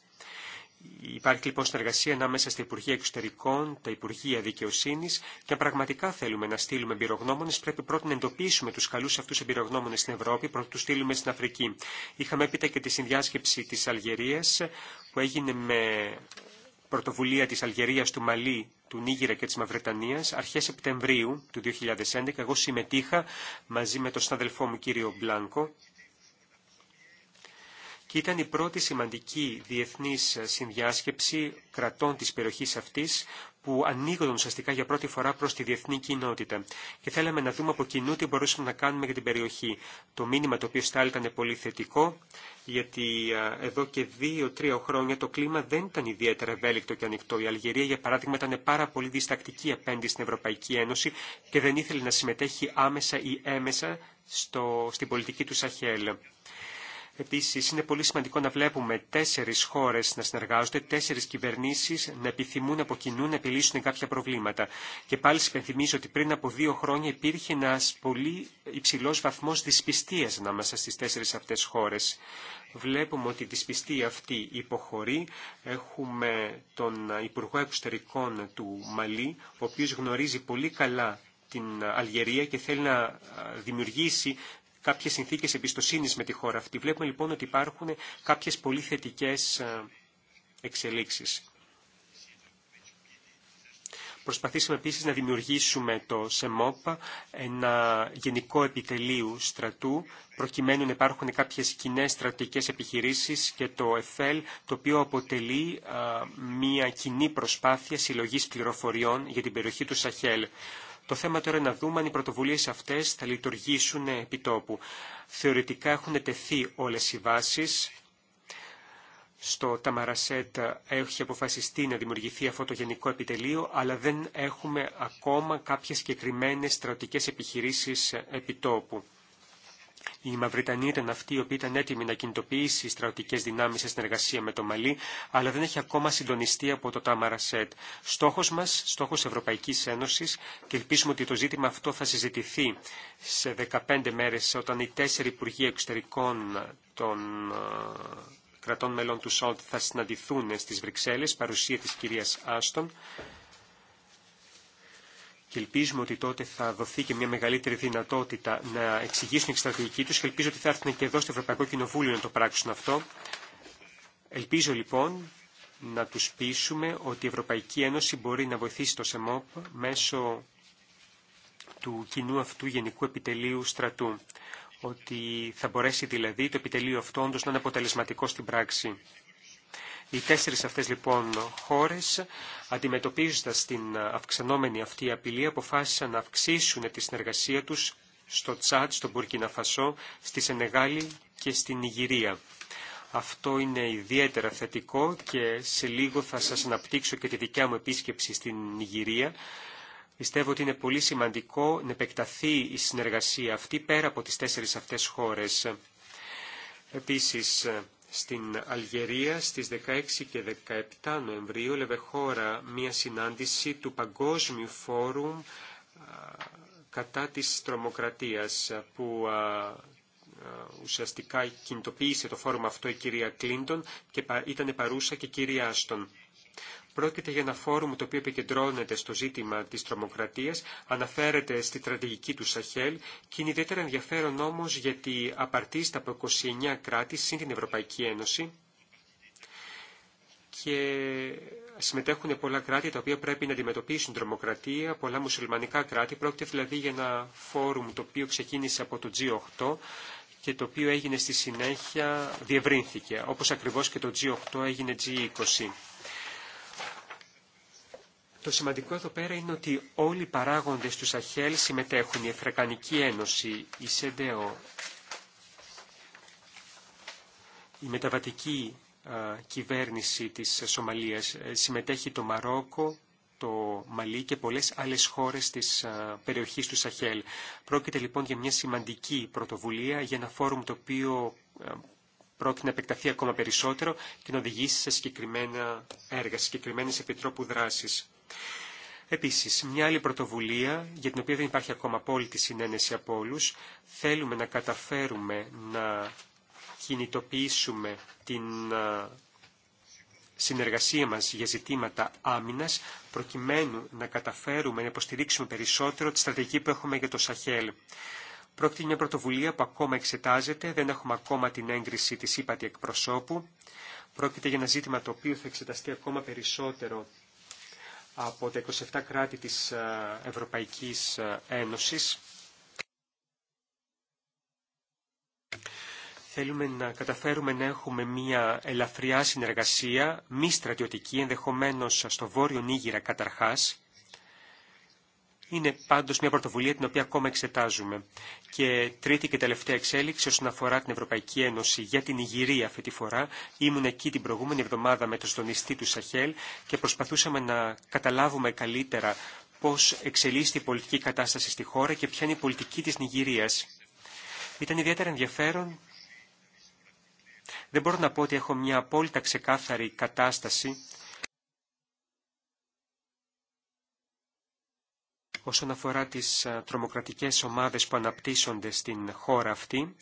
Υπάρχει λοιπόν συνεργασία ανάμεσα στα Υπουργεία Εξωτερικών, τα Υπουργεία Δικαιοσύνη και αν πραγματικά θέλουμε να στείλουμε εμπειρογνώμονε πρέπει πρώτα να εντοπίσουμε του καλού αυτού εμπειρογνώμονε στην Ευρώπη, πρώτα του στείλουμε στην Αφρική. Είχαμε έπειτα και τη συνδιάσκεψη τη Αλγερία που έγινε με πρωτοβουλία τη Αλγερία, του Μαλή, του Νίγηρα και τη Μαυρετανία αρχέ Σεπτεμβρίου του 2011, εγώ συμμετείχα μαζί με τον συναδελφό μου κύριο Μπλάνκο και ήταν η πρώτη σημαντική διεθνής συνδιάσκεψη κρατών της περιοχής αυτής που ανοίγονταν ουσιαστικά για πρώτη φορά προς τη διεθνή κοινότητα. Και θέλαμε να δούμε από κοινού τι μπορούσαμε να κάνουμε για την περιοχή. Το μήνυμα το οποίο στάλει ήταν πολύ θετικό, γιατί εδώ και δύο-τρία χρόνια το κλίμα δεν ήταν ιδιαίτερα ευέλικτο και ανοιχτό. Η Αλγερία, για παράδειγμα, ήταν πάρα πολύ διστακτική απέντη στην Ευρωπαϊκή Ένωση και δεν ήθελε να συμμετέχει άμεσα ή έμεσα στο, στην πολιτική του Σαχέλ. Επίσης, είναι πολύ σημαντικό να βλέπουμε τέσσερις χώρες να συνεργάζονται, τέσσερις κυβερνήσεις να επιθυμούν από κοινού να επιλύσουν κάποια προβλήματα. Και πάλι συμπενθυμίζω ότι πριν από δύο χρόνια υπήρχε ένας πολύ υψηλός βαθμός δυσπιστίας ανάμεσα στις τέσσερις αυτές χώρες. Βλέπουμε ότι η δυσπιστία αυτή υποχωρεί. Έχουμε τον Υπουργό Εξωτερικών του Μαλή, ο οποίος γνωρίζει πολύ καλά την Αλγερία και θέλει να δημιουργήσει κάποιες συνθήκες εμπιστοσύνης με τη χώρα αυτή. Βλέπουμε λοιπόν ότι υπάρχουν κάποιες πολύ θετικέ ε, εξελίξεις. Προσπαθήσαμε επίσης να δημιουργήσουμε το ΣΕΜΟΠ, ένα γενικό επιτελείου στρατού, προκειμένου να υπάρχουν κάποιες κοινέ στρατιωτικές επιχειρήσεις και το ΕΦΕΛ, το οποίο αποτελεί ε, μια κοινή προσπάθεια συλλογής πληροφοριών για την περιοχή του Σαχέλ. Το θέμα τώρα είναι να δούμε αν οι πρωτοβουλίες αυτές θα λειτουργήσουν επί τόπου. Θεωρητικά έχουν τεθεί όλες οι βάσεις. Στο Ταμαρασέτ έχει αποφασιστεί να δημιουργηθεί αυτό το γενικό επιτελείο, αλλά δεν έχουμε ακόμα κάποιες συγκεκριμένε στρατικές επιχειρήσεις επιτόπου. Η Μαυριτανοί ήταν αυτή η οποία ήταν έτοιμη να κινητοποιήσει στρατιωτικέ δυνάμει σε συνεργασία με το Μαλί, αλλά δεν έχει ακόμα συντονιστεί από το Ταμαρασέτ. Στόχο μα, στόχο Ευρωπαϊκή Ένωση και ελπίζουμε ότι το ζήτημα αυτό θα συζητηθεί σε 15 μέρε όταν οι τέσσερι Υπουργοί Εξωτερικών των ε, κρατών μελών του ΣΟΛΤ θα συναντηθούν στις Βρυξέλλες, παρουσία της κυρίας Άστον και ελπίζουμε ότι τότε θα δοθεί και μια μεγαλύτερη δυνατότητα να εξηγήσουν και τη στρατηγική τους και ελπίζω ότι θα έρθουν και εδώ στο Ευρωπαϊκό Κοινοβούλιο να το πράξουν αυτό. Ελπίζω λοιπόν να τους πείσουμε ότι η Ευρωπαϊκή Ένωση μπορεί να βοηθήσει το ΣΕΜΟΠ μέσω του κοινού αυτού Γενικού Επιτελείου Στρατού ότι θα μπορέσει δηλαδή το επιτελείο αυτό όντως να είναι αποτελεσματικό στην πράξη. Οι τέσσερις αυτές λοιπόν χώρες, αντιμετωπίζοντας την αυξανόμενη αυτή απειλή, αποφάσισαν να αυξήσουν τη συνεργασία τους στο Τσάτ, στο Μπουρκίνα Φασό, στη Σενεγάλη και στην Ιγυρία. Αυτό είναι ιδιαίτερα θετικό και σε λίγο θα σας αναπτύξω και τη δικιά μου επίσκεψη στην Ιγυρία. Πιστεύω ότι είναι πολύ σημαντικό να επεκταθεί η συνεργασία αυτή πέρα από τις τέσσερις αυτές χώρες. Επίσης, στην Αλγερία στις 16 και 17 Νοεμβρίου έλαβε χώρα μία συνάντηση του Παγκόσμιου Φόρουμ κατά της τρομοκρατίας που ουσιαστικά κινητοποίησε το φόρουμ αυτό η κυρία Κλίντον και ήταν παρούσα και η κυρία Άστον. Πρόκειται για ένα φόρουμ το οποίο επικεντρώνεται στο ζήτημα της τρομοκρατίας, αναφέρεται στη στρατηγική του Σαχέλ και είναι ιδιαίτερα ενδιαφέρον όμως γιατί απαρτίζεται από 29 κράτη σύν την Ευρωπαϊκή Ένωση και συμμετέχουν πολλά κράτη τα οποία πρέπει να αντιμετωπίσουν τρομοκρατία, πολλά μουσουλμανικά κράτη. Πρόκειται δηλαδή για ένα φόρουμ το οποίο ξεκίνησε από το G8 και το οποίο έγινε στη συνέχεια, διευρύνθηκε, όπως ακριβώς και το G8 έγινε G20. Το σημαντικό εδώ πέρα είναι ότι όλοι οι παράγοντες του Σαχέλ συμμετέχουν. Η Εφρακανική Ένωση, η ΣΕΝΤΕΟ, η μεταβατική κυβέρνηση της Σομαλίας ε, συμμετέχει το Μαρόκο, το Μαλί και πολλές άλλες χώρες της περιοχής του Σαχέλ. Πρόκειται λοιπόν για μια σημαντική πρωτοβουλία, για ένα φόρουμ το οποίο πρόκειται να επεκταθεί ακόμα περισσότερο και να οδηγήσει σε συγκεκριμένα έργα, συγκεκριμένες επιτρόπου δράσης. Επίσης, μια άλλη πρωτοβουλία, για την οποία δεν υπάρχει ακόμα απόλυτη συνένεση από όλους, θέλουμε να καταφέρουμε να κινητοποιήσουμε την συνεργασία μας για ζητήματα άμυνας, προκειμένου να καταφέρουμε να υποστηρίξουμε περισσότερο τη στρατηγική που έχουμε για το Σαχέλ. Πρόκειται μια πρωτοβουλία που ακόμα εξετάζεται, δεν έχουμε ακόμα την έγκριση της ύπατη εκπροσώπου. Πρόκειται για ένα ζήτημα το οποίο θα εξεταστεί ακόμα περισσότερο από τα 27 κράτη της ε, Ευρωπαϊκής ε, Ένωσης. Θέλουμε να καταφέρουμε να έχουμε μια ελαφριά συνεργασία, μη στρατιωτική, ενδεχομένως στο Βόρειο Νίγηρα καταρχάς, είναι πάντως μια πρωτοβουλία την οποία ακόμα εξετάζουμε. Και τρίτη και τελευταία εξέλιξη όσον αφορά την Ευρωπαϊκή Ένωση για την Ιγυρία αυτή τη φορά. Ήμουν εκεί την προηγούμενη εβδομάδα με τον συντονιστή του Σαχέλ και προσπαθούσαμε να καταλάβουμε καλύτερα πώς εξελίσσεται η πολιτική κατάσταση στη χώρα και ποια είναι η πολιτική τη Νιγηρίας. Ήταν ιδιαίτερα ενδιαφέρον. Δεν μπορώ να πω ότι έχω μια απόλυτα ξεκάθαρη κατάσταση όσον αφορά τις ε, τρομοκρατικές ομάδες που αναπτύσσονται στην χώρα αυτή.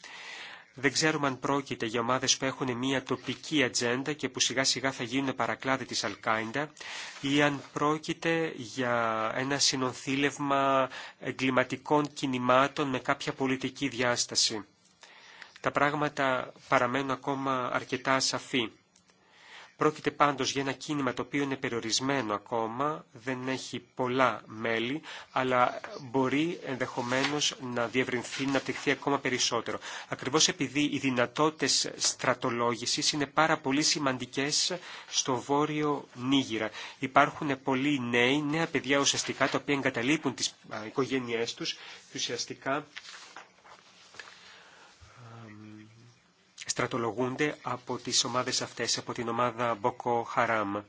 Δεν ξέρουμε αν πρόκειται για ομάδες που έχουν μια τοπική ατζέντα και που σιγά σιγά θα γίνουν παρακλάδι της Αλκάιντα ή αν πρόκειται για ένα συνονθήλευμα εγκληματικών κινημάτων με κάποια πολιτική διάσταση. Τα πράγματα παραμένουν ακόμα αρκετά σαφή. Πρόκειται πάντως για ένα κίνημα το οποίο είναι περιορισμένο ακόμα, δεν έχει πολλά μέλη, αλλά μπορεί ενδεχομένως να διευρυνθεί, να απτυχθεί ακόμα περισσότερο. Ακριβώς επειδή οι δυνατότητες στρατολόγησης είναι πάρα πολύ σημαντικές στο βόρειο Νίγηρα. Υπάρχουν πολλοί νέοι, νέα παιδιά ουσιαστικά, τα οποία εγκαταλείπουν τις οικογένειές τους ουσιαστικά στρατολογούνται από τις ομάδες αυτές, από την ομάδα Boko Haram.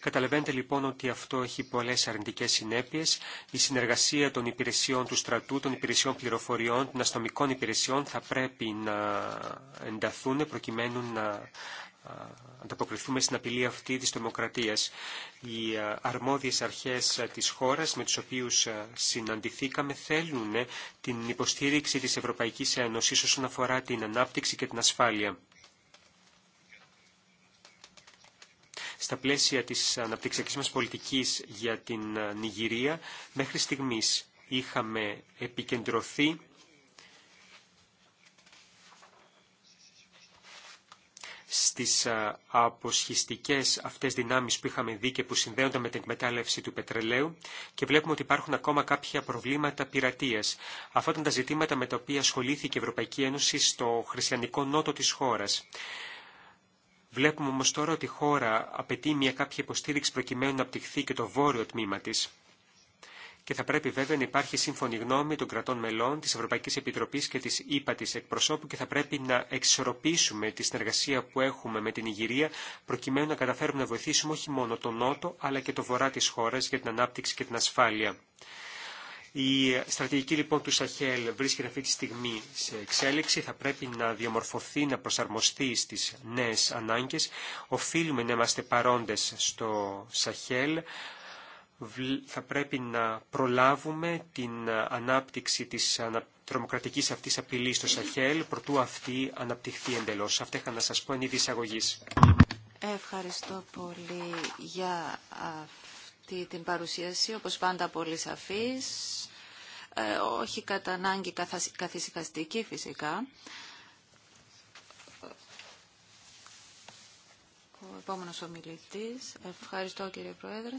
Καταλαβαίνετε λοιπόν ότι αυτό έχει πολλές αρνητικές συνέπειες. Η συνεργασία των υπηρεσιών του στρατού, των υπηρεσιών πληροφοριών, των αστυνομικών υπηρεσιών θα πρέπει να ενταθούν προκειμένου να ανταποκριθούμε στην απειλή αυτή της τρομοκρατίας. Οι ε, αρμόδιες αρχές ε, της χώρας με τους οποίους ε, συναντηθήκαμε θέλουν την υποστήριξη της Ευρωπαϊκής Ένωσης όσον αφορά την ανάπτυξη και την ασφάλεια. Στα πλαίσια της αναπτυξιακής μας πολιτικής για την Νιγηρία, μέχρι στιγμής είχαμε επικεντρωθεί στις αποσχιστικές αυτές δυνάμεις που είχαμε δει και που συνδέονται με την εκμετάλλευση του πετρελαίου και βλέπουμε ότι υπάρχουν ακόμα κάποια προβλήματα πειρατείας. Αυτά ήταν τα ζητήματα με τα οποία ασχολήθηκε η Ευρωπαϊκή Ένωση στο χριστιανικό νότο της χώρας. Βλέπουμε όμως τώρα ότι η χώρα απαιτεί μια κάποια υποστήριξη προκειμένου να απτυχθεί και το βόρειο τμήμα της και θα πρέπει βέβαια να υπάρχει σύμφωνη γνώμη των κρατών μελών, της Ευρωπαϊκής Επιτροπής και της ΥΠΑ της εκπροσώπου και θα πρέπει να εξορροπήσουμε τη συνεργασία που έχουμε με την Ιγυρία προκειμένου να καταφέρουμε να βοηθήσουμε όχι μόνο τον Νότο αλλά και το Βορρά της χώρας για την ανάπτυξη και την ασφάλεια. Η στρατηγική λοιπόν του Σαχέλ βρίσκεται αυτή τη στιγμή σε εξέλιξη. Θα πρέπει να διαμορφωθεί, να προσαρμοστεί στις νέες ανάγκες. Οφείλουμε να είμαστε παρόντες στο Σαχέλ θα πρέπει να προλάβουμε την ε, ανάπτυξη της τρομοκρατικής αυτής απειλής στο Σαχέλ, προτού αυτή αναπτυχθεί εντελώς. Αυτά είχα να σας πω εν είδη Ευχαριστώ πολύ για αυτή την παρουσίαση, όπως πάντα πολύ σαφής, ε, όχι κατά ανάγκη καθησυχαστική φυσικά. Ο επόμενος ομιλητής. Ευχαριστώ κύριε Πρόεδρε.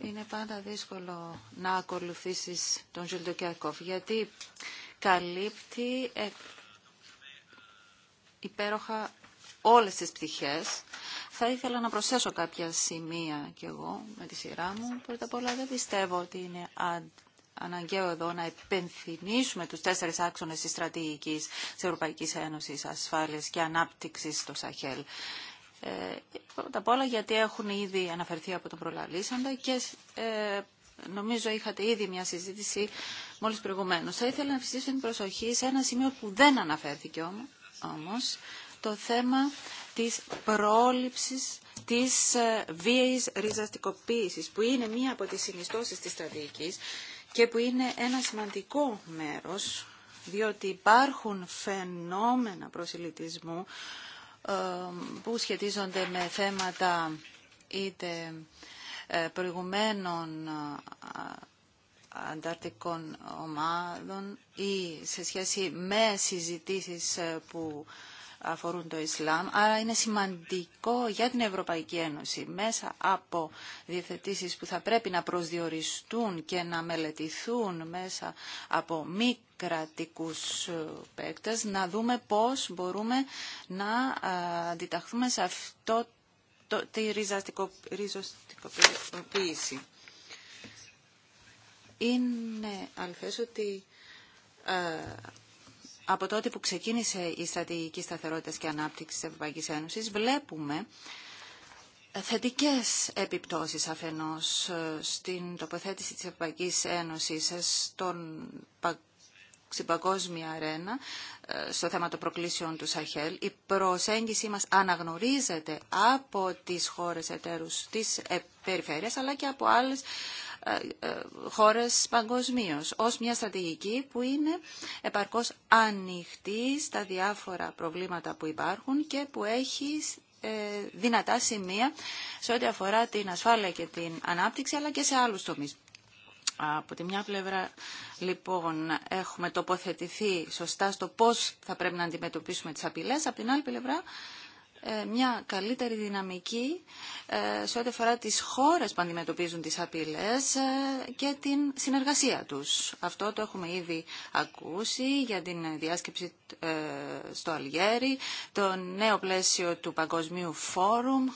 Είναι πάντα δύσκολο να ακολουθήσεις τον Ζιλντοκιακόφ, γιατί καλύπτει ε, υπέροχα όλες τις πτυχές. Θα ήθελα να προσθέσω κάποια σημεία κι εγώ με τη σειρά μου. Πρώτα απ' όλα δεν πιστεύω ότι είναι αναγκαίο εδώ να επενθυμίσουμε τους τέσσερις άξονες της στρατηγικής της Ευρωπαϊκής Ένωσης Ασφάλειας και Ανάπτυξης στο Σαχέλ. Ε, πρώτα απ' όλα γιατί έχουν ήδη αναφερθεί από τον προλαλήσαντα και ε, νομίζω είχατε ήδη μια συζήτηση μόλις προηγουμένως. Θα ήθελα να φυσίσω την προσοχή σε ένα σημείο που δεν αναφέρθηκε όμως, το θέμα της πρόληψης της ε, βίαιης ριζαστικοποίησης, που είναι μία από τις συνιστώσεις της στρατηγικής και που είναι ένα σημαντικό μέρος, διότι υπάρχουν φαινόμενα προσιλητισμού ε, που σχετίζονται με θέματα είτε ε, προηγουμένων ε, ανταρτικών ομάδων ή σε σχέση με συζητήσεις που αφορούν το Ισλάμ, άρα είναι σημαντικό για την Ευρωπαϊκή Ένωση μέσα από διευθετήσεις που θα πρέπει να προσδιοριστούν και να μελετηθούν μέσα από μη κρατικούς ε, παίκτες, να δούμε πώς μπορούμε να ε, αντιταχθούμε σε αυτό το, τη ριζοστικοποίηση. Είναι αλφές ότι ε, από τότε που ξεκίνησε η στρατηγική σταθερότητα και ανάπτυξη της Ευρωπαϊκής Ένωσης, βλέπουμε θετικές επιπτώσεις αφενός ε, στην τοποθέτηση της Ευρωπαϊκής Ένωσης ε, στον στην παγκόσμια αρένα ε, στο θέμα των προκλήσεων του Σαχέλ. Η προσέγγιση μας αναγνωρίζεται από τις χώρες εταίρους της περιφέρειας αλλά και από άλλες ε, ε, χώρες παγκοσμίω, ως μια στρατηγική που είναι επαρκώς ανοιχτή στα διάφορα προβλήματα που υπάρχουν και που έχει ε, δυνατά σημεία σε ό,τι αφορά την ασφάλεια και την ανάπτυξη, αλλά και σε άλλους τομείς. Από τη μια πλευρά, λοιπόν, έχουμε τοποθετηθεί σωστά στο πώς θα πρέπει να αντιμετωπίσουμε τις απειλές. Από την άλλη πλευρά, ε, μια καλύτερη δυναμική ε, σε ό,τι αφορά τις χώρες που αντιμετωπίζουν τις απειλές ε, και την συνεργασία τους. Αυτό το έχουμε ήδη ακούσει για την διάσκεψη στο Αλγέρι, το νέο πλαίσιο του Παγκοσμίου Φόρουμ.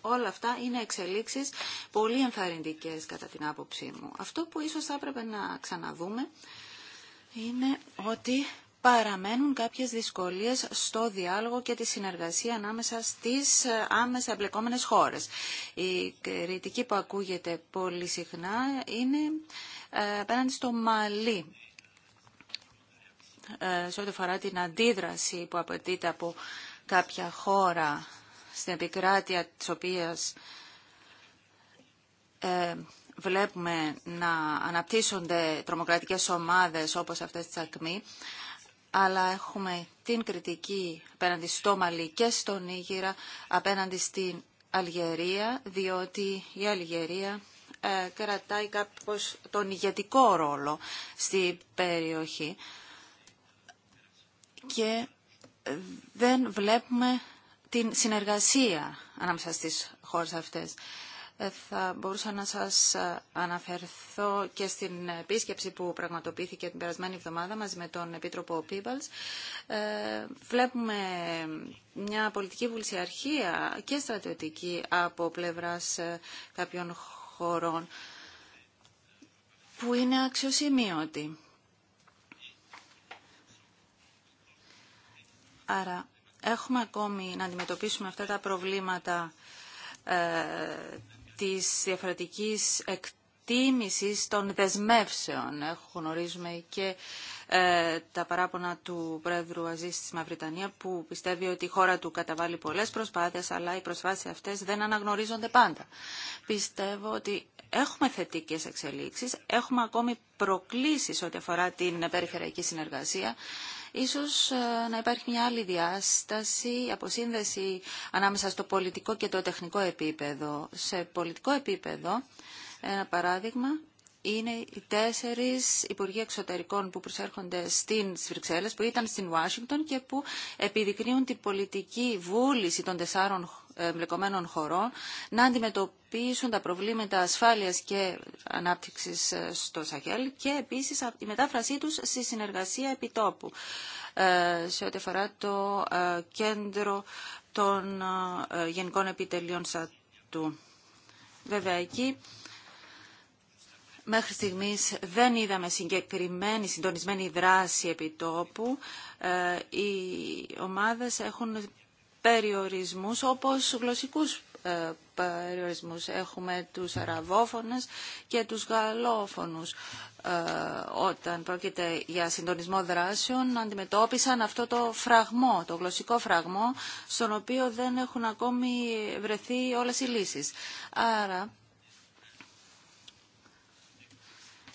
Όλα αυτά είναι εξελίξεις πολύ ενθαρρυντικές κατά την άποψή μου. Αυτό που ίσως θα έπρεπε να ξαναδούμε είναι ότι παραμένουν κάποιες δυσκολίες στο διάλογο και τη συνεργασία ανάμεσα στις ε, άμεσα εμπλεκόμενες χώρες. Η κριτική που ακούγεται πολύ συχνά είναι ε, απέναντι στο Μαλί ε, σε ό,τι αφορά την αντίδραση που απαιτείται από κάποια χώρα στην επικράτεια της οποίας βλέπουμε να αναπτύσσονται τρομοκρατικές ομάδες όπως αυτές της ΑΚΜΗ αλλά έχουμε την κριτική απέναντι στο Μαλί και στο Νίγηρα, απέναντι στην Αλγερία, διότι η Αλγερία ε, κρατάει κάπως τον ηγετικό ρόλο στην περιοχή και δεν βλέπουμε την συνεργασία ανάμεσα στις χώρες αυτές. Ε, θα μπορούσα να σας ε, αναφερθώ και στην επίσκεψη που πραγματοποιήθηκε την περασμένη εβδομάδα μαζί με τον Επίτροπο Πίμπαλς. Ε, βλέπουμε μια πολιτική βουλσιαρχία και στρατιωτική από πλευράς κάποιων χωρών που είναι αξιοσημείωτη. Άρα έχουμε ακόμη να αντιμετωπίσουμε αυτά τα προβλήματα της διαφορετικής εκτίμησης των δεσμεύσεων. Έχω γνωρίζουμε και ε, τα παράπονα του Πρόεδρου Αζής της Μαυριτανία που πιστεύει ότι η χώρα του καταβάλει πολλές προσπάθειες αλλά οι προσπάθειες αυτές δεν αναγνωρίζονται πάντα. Πιστεύω ότι έχουμε θετικές εξελίξεις, έχουμε ακόμη προκλήσεις ό,τι αφορά την περιφερειακή συνεργασία Ίσως ε, να υπάρχει μια άλλη διάσταση, αποσύνδεση ανάμεσα στο πολιτικό και το τεχνικό επίπεδο. Σε πολιτικό επίπεδο, ένα παράδειγμα, είναι οι τέσσερις Υπουργοί Εξωτερικών που προσέρχονται στην Βρυξέλλες, που ήταν στην Ουάσιγκτον και που επιδεικνύουν την πολιτική βούληση των τεσσάρων χωρών εμπλεκομένων χωρών να αντιμετωπίσουν τα προβλήματα ασφάλειας και ανάπτυξης ε, στο Σαχέλ και επίσης η μετάφρασή τους στη συνεργασία επιτόπου ε, σε ό,τι αφορά το ε, κέντρο των Γενικών Επιτελείων ΣΑΤΟΥ. Βέβαια, εκεί Μέχρι στιγμής δεν είδαμε συγκεκριμένη συντονισμένη δράση επιτόπου. Οι ομάδες έχουν περιορισμούς όπως γλωσσικούς ε, περιορισμούς. Έχουμε τους αραβόφωνες και τους γαλλόφωνους. Ε, όταν πρόκειται για συντονισμό δράσεων, αντιμετώπισαν αυτό το φραγμό, το γλωσσικό φραγμό, στον οποίο δεν έχουν ακόμη βρεθεί όλες οι λύσεις. Άρα,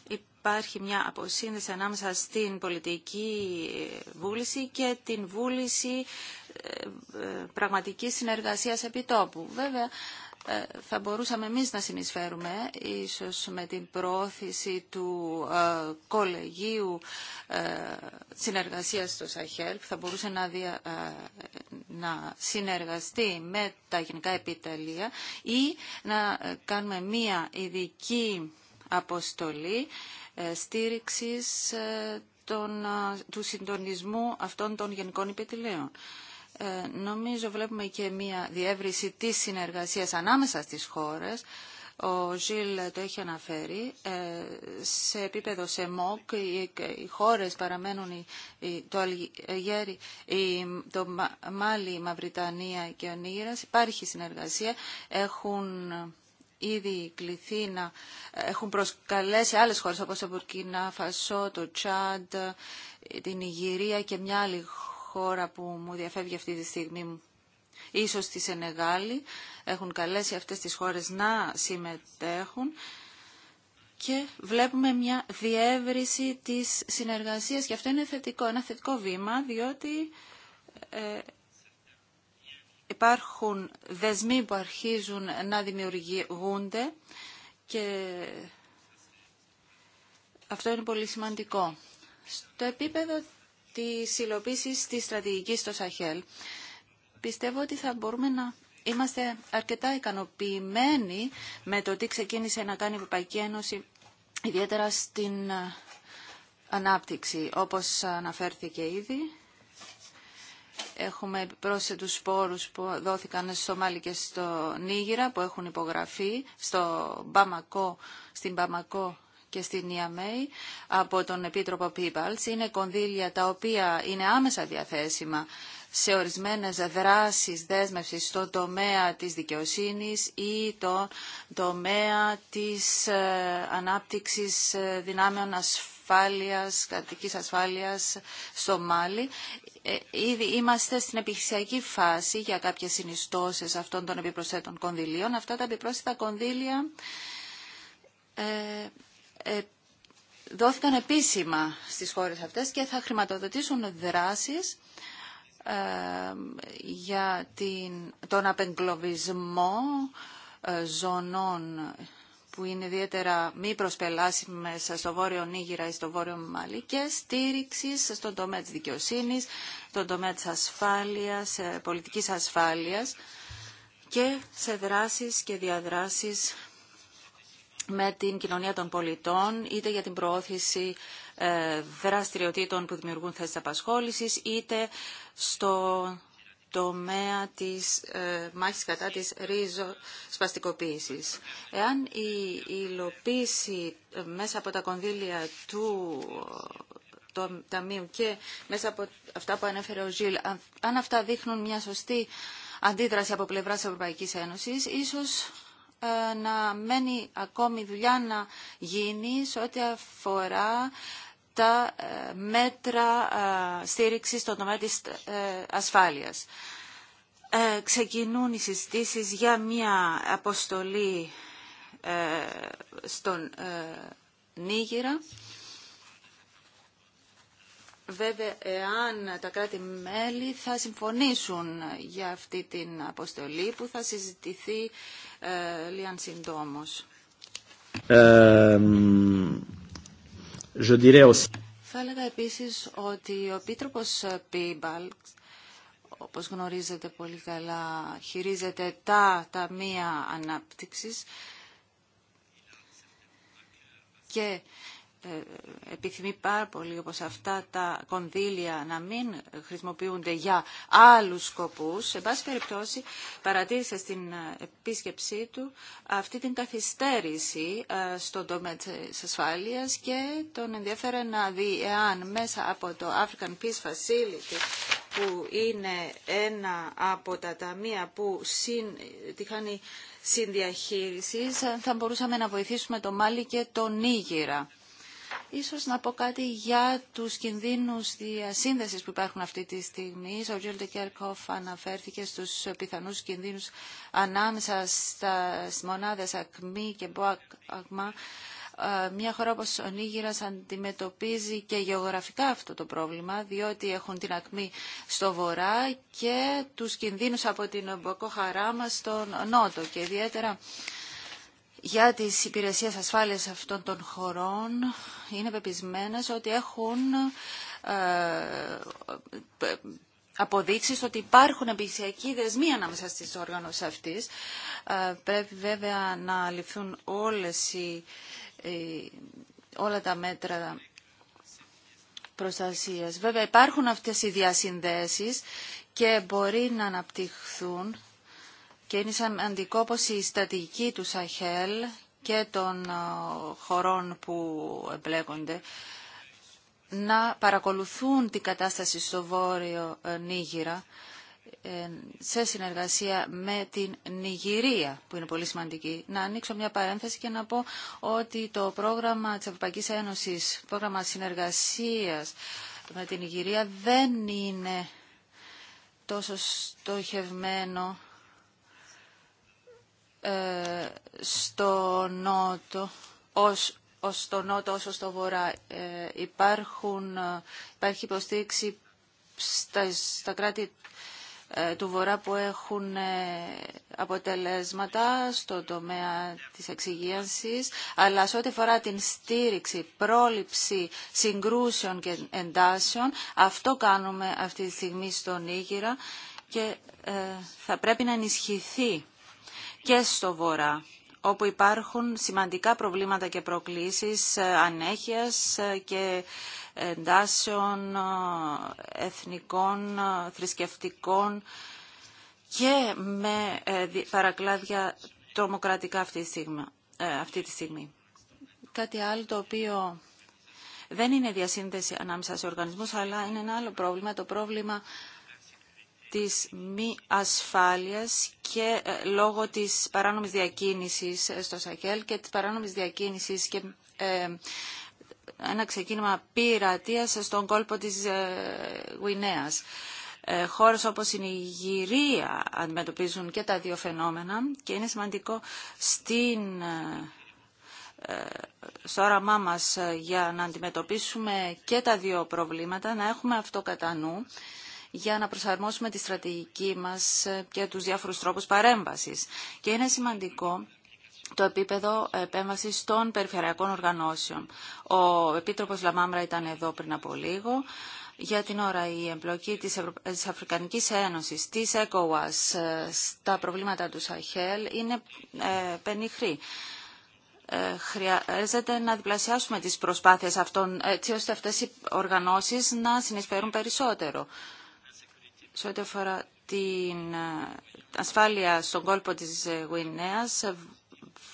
υπάρχει μια αποσύνδεση ανάμεσα στην πολιτική βούληση και την βούληση πραγματικής συνεργασίας επιτόπου. Βέβαια, ε, θα μπορούσαμε εμείς να συνεισφέρουμε, ίσως με την προώθηση του ε, κολεγίου ε, συνεργασίας στο ΣΑΧΕΛ, θα μπορούσε να, ε, να συνεργαστεί με τα γενικά επιτελεία ή να κάνουμε μία ειδική αποστολή στήριξης του συντονισμού αυτών των γενικών επιτελείων. Ε, νομίζω βλέπουμε και μία διεύρυνση της συνεργασίας ανάμεσα στις χώρες. Ο Ζιλ το έχει αναφέρει. Ε, σε επίπεδο σε ΜΟΚ οι, χώρες παραμένουν το, Αλγέρι, το Μάλι, η Μαυριτανία και ο Νίγηρας. Υπάρχει συνεργασία. Έχουν ήδη κληθεί να έχουν προσκαλέσει άλλες χώρες όπως το Μπουρκίνα, Φασό, το Τσάντ, την Ιγυρία και μια άλλη χώρα χώρα που μου διαφεύγει αυτή τη στιγμή ίσως στη Σενεγάλη. Έχουν καλέσει αυτές τις χώρες να συμμετέχουν και βλέπουμε μια διεύρυνση της συνεργασίας και αυτό είναι θετικό, ένα θετικό βήμα διότι ε, υπάρχουν δεσμοί που αρχίζουν να δημιουργούνται και αυτό είναι πολύ σημαντικό. Στο επίπεδο Τη υλοποίηση της στρατηγική στο Σαχέλ. Πιστεύω ότι θα μπορούμε να είμαστε αρκετά ικανοποιημένοι με το τι ξεκίνησε να κάνει η Ευρωπαϊκή Ένωση, ιδιαίτερα στην ε, ανάπτυξη, όπως αναφέρθηκε ήδη. Έχουμε πρόσθετους σπόρους που δόθηκαν στο Μαλί και στο Νίγηρα που έχουν υπογραφεί στο Μπαμακό, στην Παμακό και στην ΙΑΜΕΙ από τον Επίτροπο Πίπαλς. Είναι κονδύλια τα οποία είναι άμεσα διαθέσιμα σε ορισμένες δράσεις δέσμευσης στον τομέα της δικαιοσύνης ή το τομέα της ε, ανάπτυξης ε, δυνάμεων ασφάλειας, κρατικής ασφάλειας στο Μάλι. Ε, ήδη είμαστε στην επιχειρησιακή φάση για κάποιες συνιστώσεις αυτών των επιπροσθέτων κονδυλίων. Αυτά τα επιπρόσθετα κονδύλια ε, δόθηκαν επίσημα στις χώρες αυτές και θα χρηματοδοτήσουν δράσεις ε, για τον απεγκλωβισμό ε, ζωνών που είναι ιδιαίτερα μη προσπελάσιμες στο Βόρειο Νίγηρα ή στο Βόρειο Μαλί και στήριξη στον τομέα της δικαιοσύνης, στον τομέα της ασφάλειας, πολιτικής ασφάλειας και σε δράσεις και διαδράσεις με την κοινωνία των πολιτών, είτε για την προώθηση ε, δραστηριοτήτων που δημιουργούν θέσεις απασχόλησης, είτε στο τομέα της ε, μάχης κατά της ρίζοσπαστικοποίησης. Εάν η υλοποίηση ε, μέσα από τα κονδύλια του ε, Ταμείου και μέσα από αυτά που ανέφερε ο Ζιλ, αν αυτά δείχνουν μια σωστή αντίδραση από πλευράς Ευρωπαϊκής Ένωσης, ίσως ε, να μένει ακόμη δουλειά να γίνει σε ό,τι αφορά τα ε, μέτρα ε, στήριξης στον τομέα της ασφάλειας. Ξεκινούν οι συζητήσεις για μια αποστολή στον Νίγηρα βέβαια εάν τα κράτη-μέλη θα συμφωνήσουν για αυτή την αποστολή που θα συζητηθεί ε, λίαν συντόμως. Ε, Θα έλεγα επίσης ότι ο Πίτροπος Πίμπαλ όπως γνωρίζετε πολύ καλά, χειρίζεται τα ταμεία ανάπτυξης και ε, επιθυμεί πάρα πολύ όπως αυτά τα κονδύλια να μην χρησιμοποιούνται για άλλους σκοπούς. Σε πάση περιπτώσει παρατήρησε στην ε, επίσκεψή του αυτή την καθυστέρηση ε, στον τομέα της ασφάλειας και τον ενδιαφέρε να δει εάν μέσα από το African Peace Facility που είναι ένα από τα ταμεία που συν, τη συνδιαχείρισης θα μπορούσαμε να βοηθήσουμε το Μάλι και τον Νίγηρα. Ίσως να πω κάτι για τους κινδύνους διασύνδεσης που υπάρχουν αυτή τη στιγμή. Ο Γιώργος Κέρκοφ αναφέρθηκε στους πιθανούς κινδύνους ανάμεσα στα μονάδες ΑΚΜΗ και ΜΠΟΑΚΜΑ. Ε, μια χώρα όπως ο Νίγηρας αντιμετωπίζει και γεωγραφικά αυτό το πρόβλημα, διότι έχουν την ακμή στο βορρά και τους κινδύνους από την Μποκοχαράμα στον νότο και ιδιαίτερα για τις υπηρεσίες ασφάλειας αυτών των χωρών είναι πεπισμένες ότι έχουν ε, αποδείξεις ότι υπάρχουν επιχειρησιακοί δεσμοί ανάμεσα στις οργανώσεις αυτής. Ε, πρέπει βέβαια να ληφθούν όλες οι, όλα τα μέτρα προστασίας. Βέβαια υπάρχουν αυτές οι διασυνδέσεις και μπορεί να αναπτυχθούν και είναι σημαντικό πως η στατική του Σαχέλ και των χωρών που εμπλέκονται να παρακολουθούν την κατάσταση στο Βόρειο ε, Νίγηρα ε, σε συνεργασία με την Νιγηρία, που είναι πολύ σημαντική. Να ανοίξω μια παρένθεση και να πω ότι το πρόγραμμα της Ευρωπαϊκής Ένωσης, πρόγραμμα συνεργασίας με την Νιγηρία δεν είναι τόσο στοχευμένο ε, στο νότο ως ως όσο στο βορρά. Ε, υπάρχουν, ε, υπάρχει υποστήριξη στα, στα κράτη του βορρά που έχουν αποτελέσματα στο τομέα της εξυγίανσης, αλλά σε ό,τι φορά την στήριξη, πρόληψη συγκρούσεων και εντάσεων, αυτό κάνουμε αυτή τη στιγμή στον Ήγηρα και θα πρέπει να ενισχυθεί και στο Βορρά όπου υπάρχουν σημαντικά προβλήματα και προκλήσεις ε, ανέχειας ε, και εντάσεων ε, εθνικών, θρησκευτικών και με παρακλάδια τρομοκρατικά αυτή τη στιγμή. Αυτή τη στιγμή. Κάτι άλλο το οποίο δεν είναι διασύνδεση ανάμεσα σε οργανισμούς, αλλά είναι ένα άλλο πρόβλημα, το πρόβλημα της μη ασφάλειας και ε, λόγω της παράνομης διακίνησης ε, στο ΣΑΚΕΛ και της παράνομης διακίνησης και ε, ένα ξεκίνημα πειρατείας στον κόλπο της Γουινέας. Χώρες όπως η Νιγηρία αντιμετωπίζουν και τα δύο φαινόμενα και είναι σημαντικό στην στο όραμά μας για να αντιμετωπίσουμε και τα δύο προβλήματα, να έχουμε αυτό κατά νου για να προσαρμόσουμε τη στρατηγική μας και τους διάφορους τρόπους παρέμβασης. Και είναι σημαντικό το επίπεδο επέμβαση των περιφερειακών οργανώσεων. Ο Επίτροπος Λαμάμρα ήταν εδώ πριν από λίγο. Για την ώρα η εμπλοκή της, Ευρω... Αφρικανικής Ένωσης, της ECOWAS, στα προβλήματα του Σαχέλ είναι ε, πενιχρή. Ε, χρειάζεται να διπλασιάσουμε τις προσπάθειες αυτών, έτσι ώστε αυτές οι οργανώσεις να συνεισφέρουν περισσότερο σε ό,τι αφορά την ε, ασφάλεια στον κόλπο της ε, Γουινέας, ε,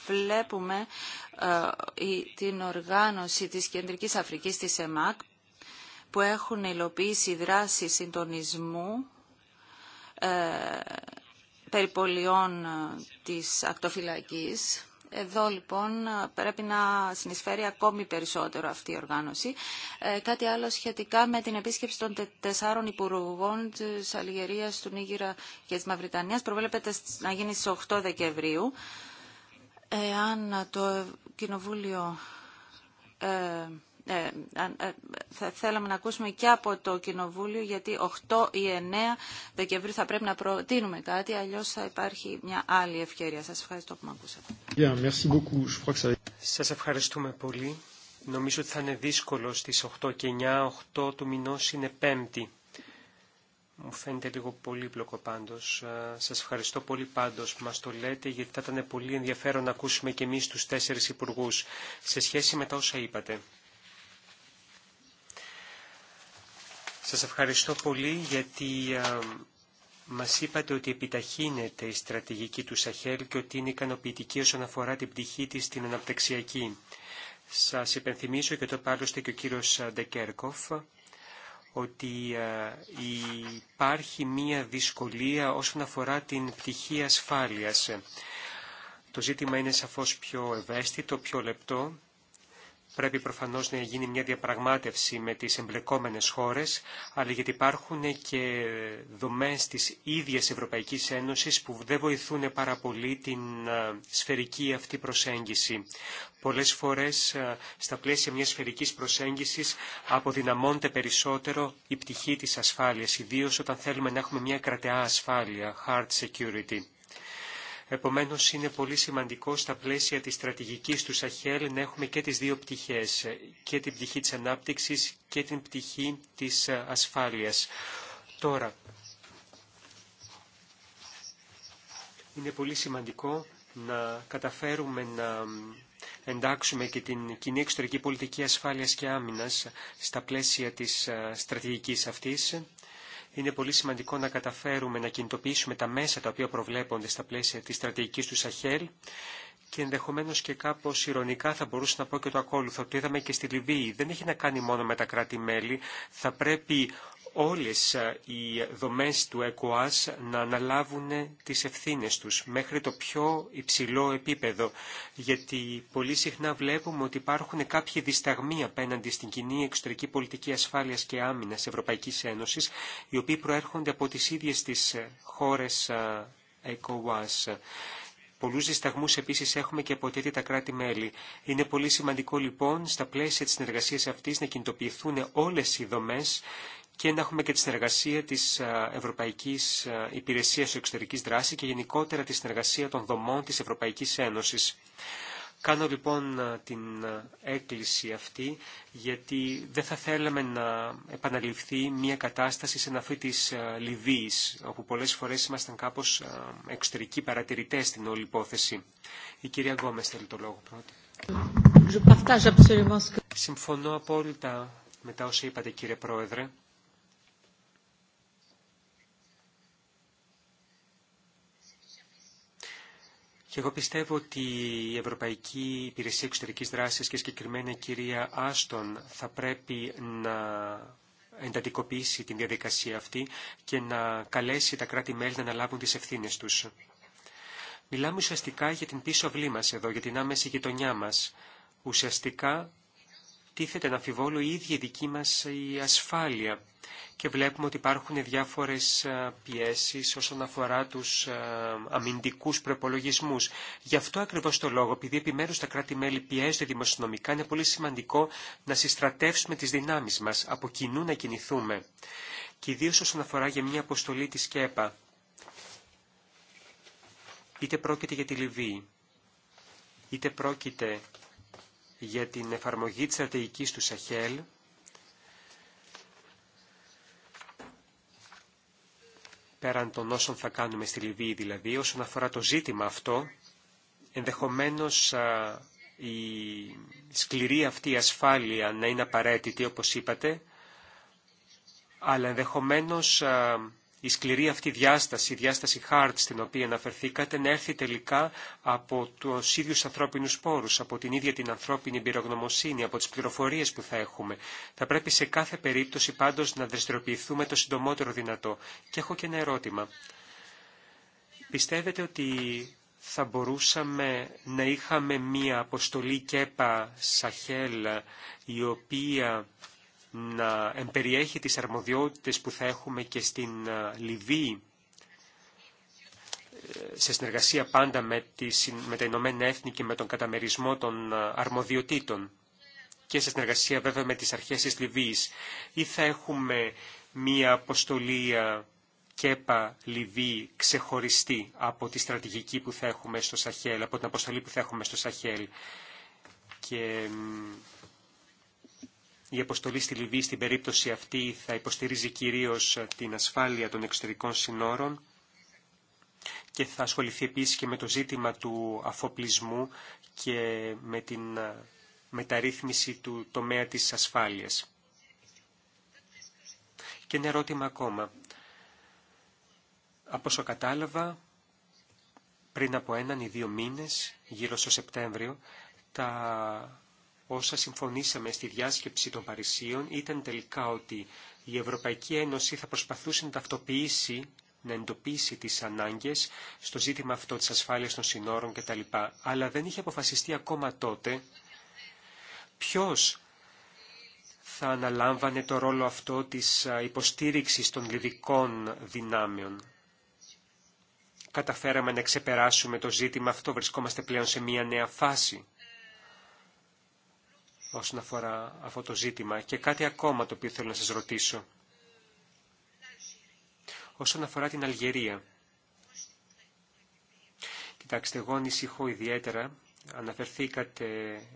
βλέπουμε την οργάνωση της Κεντρικής Αφρικής της ΕΜΑΚ που έχουν υλοποιήσει δράση συντονισμού περιπολιών της ακτοφυλακής εδώ λοιπόν πρέπει να συνεισφέρει ακόμη περισσότερο αυτή η οργάνωση. Ε, κάτι άλλο σχετικά με την επίσκεψη των τεσσάρων υπουργών της Αλγερίας, του Νίγηρα και της Μαυριτανίας. Προβλέπεται να γίνει στι 8 Δεκεμβρίου. Εάν το Κοινοβούλιο ε, ε, θα θέλαμε να ακούσουμε και από το Κοινοβούλιο γιατί 8 ή 9 Δεκεμβρίου θα πρέπει να προτείνουμε κάτι αλλιώς θα υπάρχει μια άλλη ευκαιρία. Σας ευχαριστώ που με ακούσατε. Σας ευχαριστούμε πολύ. Νομίζω ότι θα είναι δύσκολο στις 8 και 9, 8 του μηνό είναι πέμπτη. Μου φαίνεται λίγο πολύπλοκο πάντως. Ε, σας ευχαριστώ πολύ πάντως που μας το λέτε, γιατί θα ήταν πολύ ενδιαφέρον να ακούσουμε και εμείς τους τέσσερις υπουργούς σε σχέση με τα όσα είπατε. Σας ευχαριστώ πολύ γιατί ε, μας είπατε ότι επιταχύνεται η στρατηγική του Σαχέλ και ότι είναι ικανοποιητική όσον αφορά την πτυχή της στην αναπτυξιακή. Σας υπενθυμίσω και το πάλωστε και ο κύριος Ντεκέρκοφ ότι ε, υπάρχει μία δυσκολία όσον αφορά την πτυχή ασφάλειας. Το ζήτημα είναι σαφώς πιο ευαίσθητο, πιο λεπτό Πρέπει προφανώς να γίνει μια διαπραγμάτευση με τις εμπλεκόμενες χώρες, αλλά γιατί υπάρχουν και δομές της ίδιας Ευρωπαϊκής Ένωσης που δεν βοηθούν πάρα πολύ την ε, σφαιρική αυτή προσέγγιση. Πολλές φορές ε, στα πλαίσια μιας σφαιρικής προσέγγισης αποδυναμώνεται περισσότερο η πτυχή της ασφάλειας, ιδίως όταν θέλουμε να έχουμε μια κρατεά ασφάλεια, hard security. Επομένως, είναι πολύ σημαντικό στα πλαίσια της στρατηγικής του Σαχέλ να έχουμε και τις δύο πτυχές, και την πτυχή της ανάπτυξης και την πτυχή της ασφάλειας. Τώρα, είναι πολύ σημαντικό να καταφέρουμε να εντάξουμε και την κοινή εξωτερική πολιτική ασφάλειας και άμυνας στα πλαίσια της στρατηγικής αυτής είναι πολύ σημαντικό να καταφέρουμε να κινητοποιήσουμε τα μέσα τα οποία προβλέπονται στα πλαίσια της στρατηγικής του Σαχέλ και ενδεχομένως και κάπως ηρωνικά θα μπορούσε να πω και το ακόλουθο. Το είδαμε και στη Λιβύη. Δεν έχει να κάνει μόνο με τα κράτη-μέλη. Θα πρέπει όλες ε, οι δομές του ΕΚΟΑΣ να αναλάβουν τις ευθύνες τους μέχρι το πιο υψηλό επίπεδο, γιατί πολύ συχνά βλέπουμε ότι υπάρχουν κάποιοι δισταγμοί απέναντι στην κοινή εξωτερική πολιτική ασφάλειας και άμυνας Ευρωπαϊκής Ένωσης, οι οποίοι προέρχονται από τις ίδιες τις ε, χώρες ε, ΕΚΟΑΣ. Πολλούς δισταγμούς επίσης έχουμε και από τα κράτη-μέλη. Είναι πολύ σημαντικό λοιπόν στα πλαίσια της συνεργασίας αυτής να κινητοποιηθούν όλες οι δομές και να έχουμε και τη συνεργασία της Ευρωπαϊκής Υπηρεσίας Εξωτερικής Δράσης και γενικότερα τη συνεργασία των δομών της Ευρωπαϊκής Ένωσης. Κάνω λοιπόν την έκκληση αυτή γιατί δεν θα θέλαμε να επαναληφθεί μια κατάσταση σε αυτή της Λιβύης όπου πολλές φορές ήμασταν κάπως εξωτερικοί παρατηρητές στην όλη υπόθεση. Η κυρία Γκόμες θέλει το λόγο πρώτα. Συμφωνώ απόλυτα με τα όσα είπατε κύριε Πρόεδρε. Και εγώ πιστεύω ότι η Ευρωπαϊκή Υπηρεσία Εξωτερικής Δράσης και συγκεκριμένα η κυρία Άστον θα πρέπει να εντατικοποιήσει την διαδικασία αυτή και να καλέσει τα κράτη-μέλη να αναλάβουν τις ευθύνες τους. Μιλάμε ουσιαστικά για την πίσω αυλή μας εδώ, για την άμεση γειτονιά μας. Ουσιαστικά τίθεται να αφιβόλω η ίδια η δική μας η ασφάλεια και βλέπουμε ότι υπάρχουν διάφορες ε, πιέσεις όσον αφορά τους ε, αμυντικούς προπολογισμού. Γι' αυτό ακριβώς το λόγο, επειδή επιμέρους τα κράτη-μέλη πιέζονται δημοσιονομικά, είναι πολύ σημαντικό να συστρατεύσουμε τις δυνάμεις μας, από κοινού να κινηθούμε. Και ιδίω όσον αφορά για μια αποστολή της ΚΕΠΑ, είτε πρόκειται για τη Λιβύη, είτε πρόκειται για την εφαρμογή της στρατηγικής του Σαχέλ. Πέραν των όσων θα κάνουμε στη Λιβύη δηλαδή, όσον αφορά το ζήτημα αυτό, ενδεχομένως η σκληρή αυτή ασφάλεια να είναι απαραίτητη, όπως είπατε, αλλά ενδεχομένως η σκληρή αυτή διάσταση, η διάσταση hard στην οποία αναφερθήκατε, να έρθει τελικά από του ίδιου ανθρώπινου πόρου, από την ίδια την ανθρώπινη πυρογνωμοσύνη, από τις πληροφορίε που θα έχουμε. Θα πρέπει σε κάθε περίπτωση πάντως να δραστηριοποιηθούμε το συντομότερο δυνατό. Και έχω και ένα ερώτημα. Πιστεύετε ότι θα μπορούσαμε να είχαμε μία αποστολή ΚΕΠΑ Σαχέλ η οποία να εμπεριέχει τις αρμοδιότητες που θα έχουμε και στην ε, Λιβύη ε, σε συνεργασία πάντα με, τις, με τα Ηνωμένα Έθνη και με τον καταμερισμό των ε, αρμοδιοτήτων και σε συνεργασία βέβαια με τις αρχές της Λιβύης ή θα έχουμε μία αποστολή ΚΕΠΑ Λιβύη ξεχωριστή από τη στρατηγική που θα έχουμε στο Σαχέλ, από την αποστολή που θα έχουμε στο Σαχέλ. Και η αποστολή στη Λιβύη στην περίπτωση αυτή θα υποστηρίζει κυρίως ε, την ασφάλεια των εξωτερικών συνόρων και θα ασχοληθεί επίσης και με το ζήτημα του αφοπλισμού και με την ε, μεταρρύθμιση του τομέα της ασφάλειας. Και ένα ερώτημα ακόμα. Από όσο κατάλαβα, πριν από έναν ή δύο μήνες, γύρω στο Σεπτέμβριο, τα όσα συμφωνήσαμε στη διάσκεψη των Παρισίων ήταν τελικά ότι η Ευρωπαϊκή Ένωση θα προσπαθούσε να ταυτοποιήσει να εντοπίσει τις ανάγκες στο ζήτημα αυτό της ασφάλειας των συνόρων κτλ. Αλλά δεν είχε αποφασιστεί ακόμα τότε ποιος θα αναλάμβανε το ρόλο αυτό της υποστήριξης των λιβικών δυνάμεων. Καταφέραμε να ξεπεράσουμε το ζήτημα αυτό, βρισκόμαστε πλέον σε μια νέα φάση όσον αφορά αυτό το ζήτημα. Και κάτι ακόμα το οποίο θέλω να σας ρωτήσω. Όσον αφορά την Αλγερία. Κοιτάξτε, εγώ ανησυχώ ιδιαίτερα. Αναφερθήκατε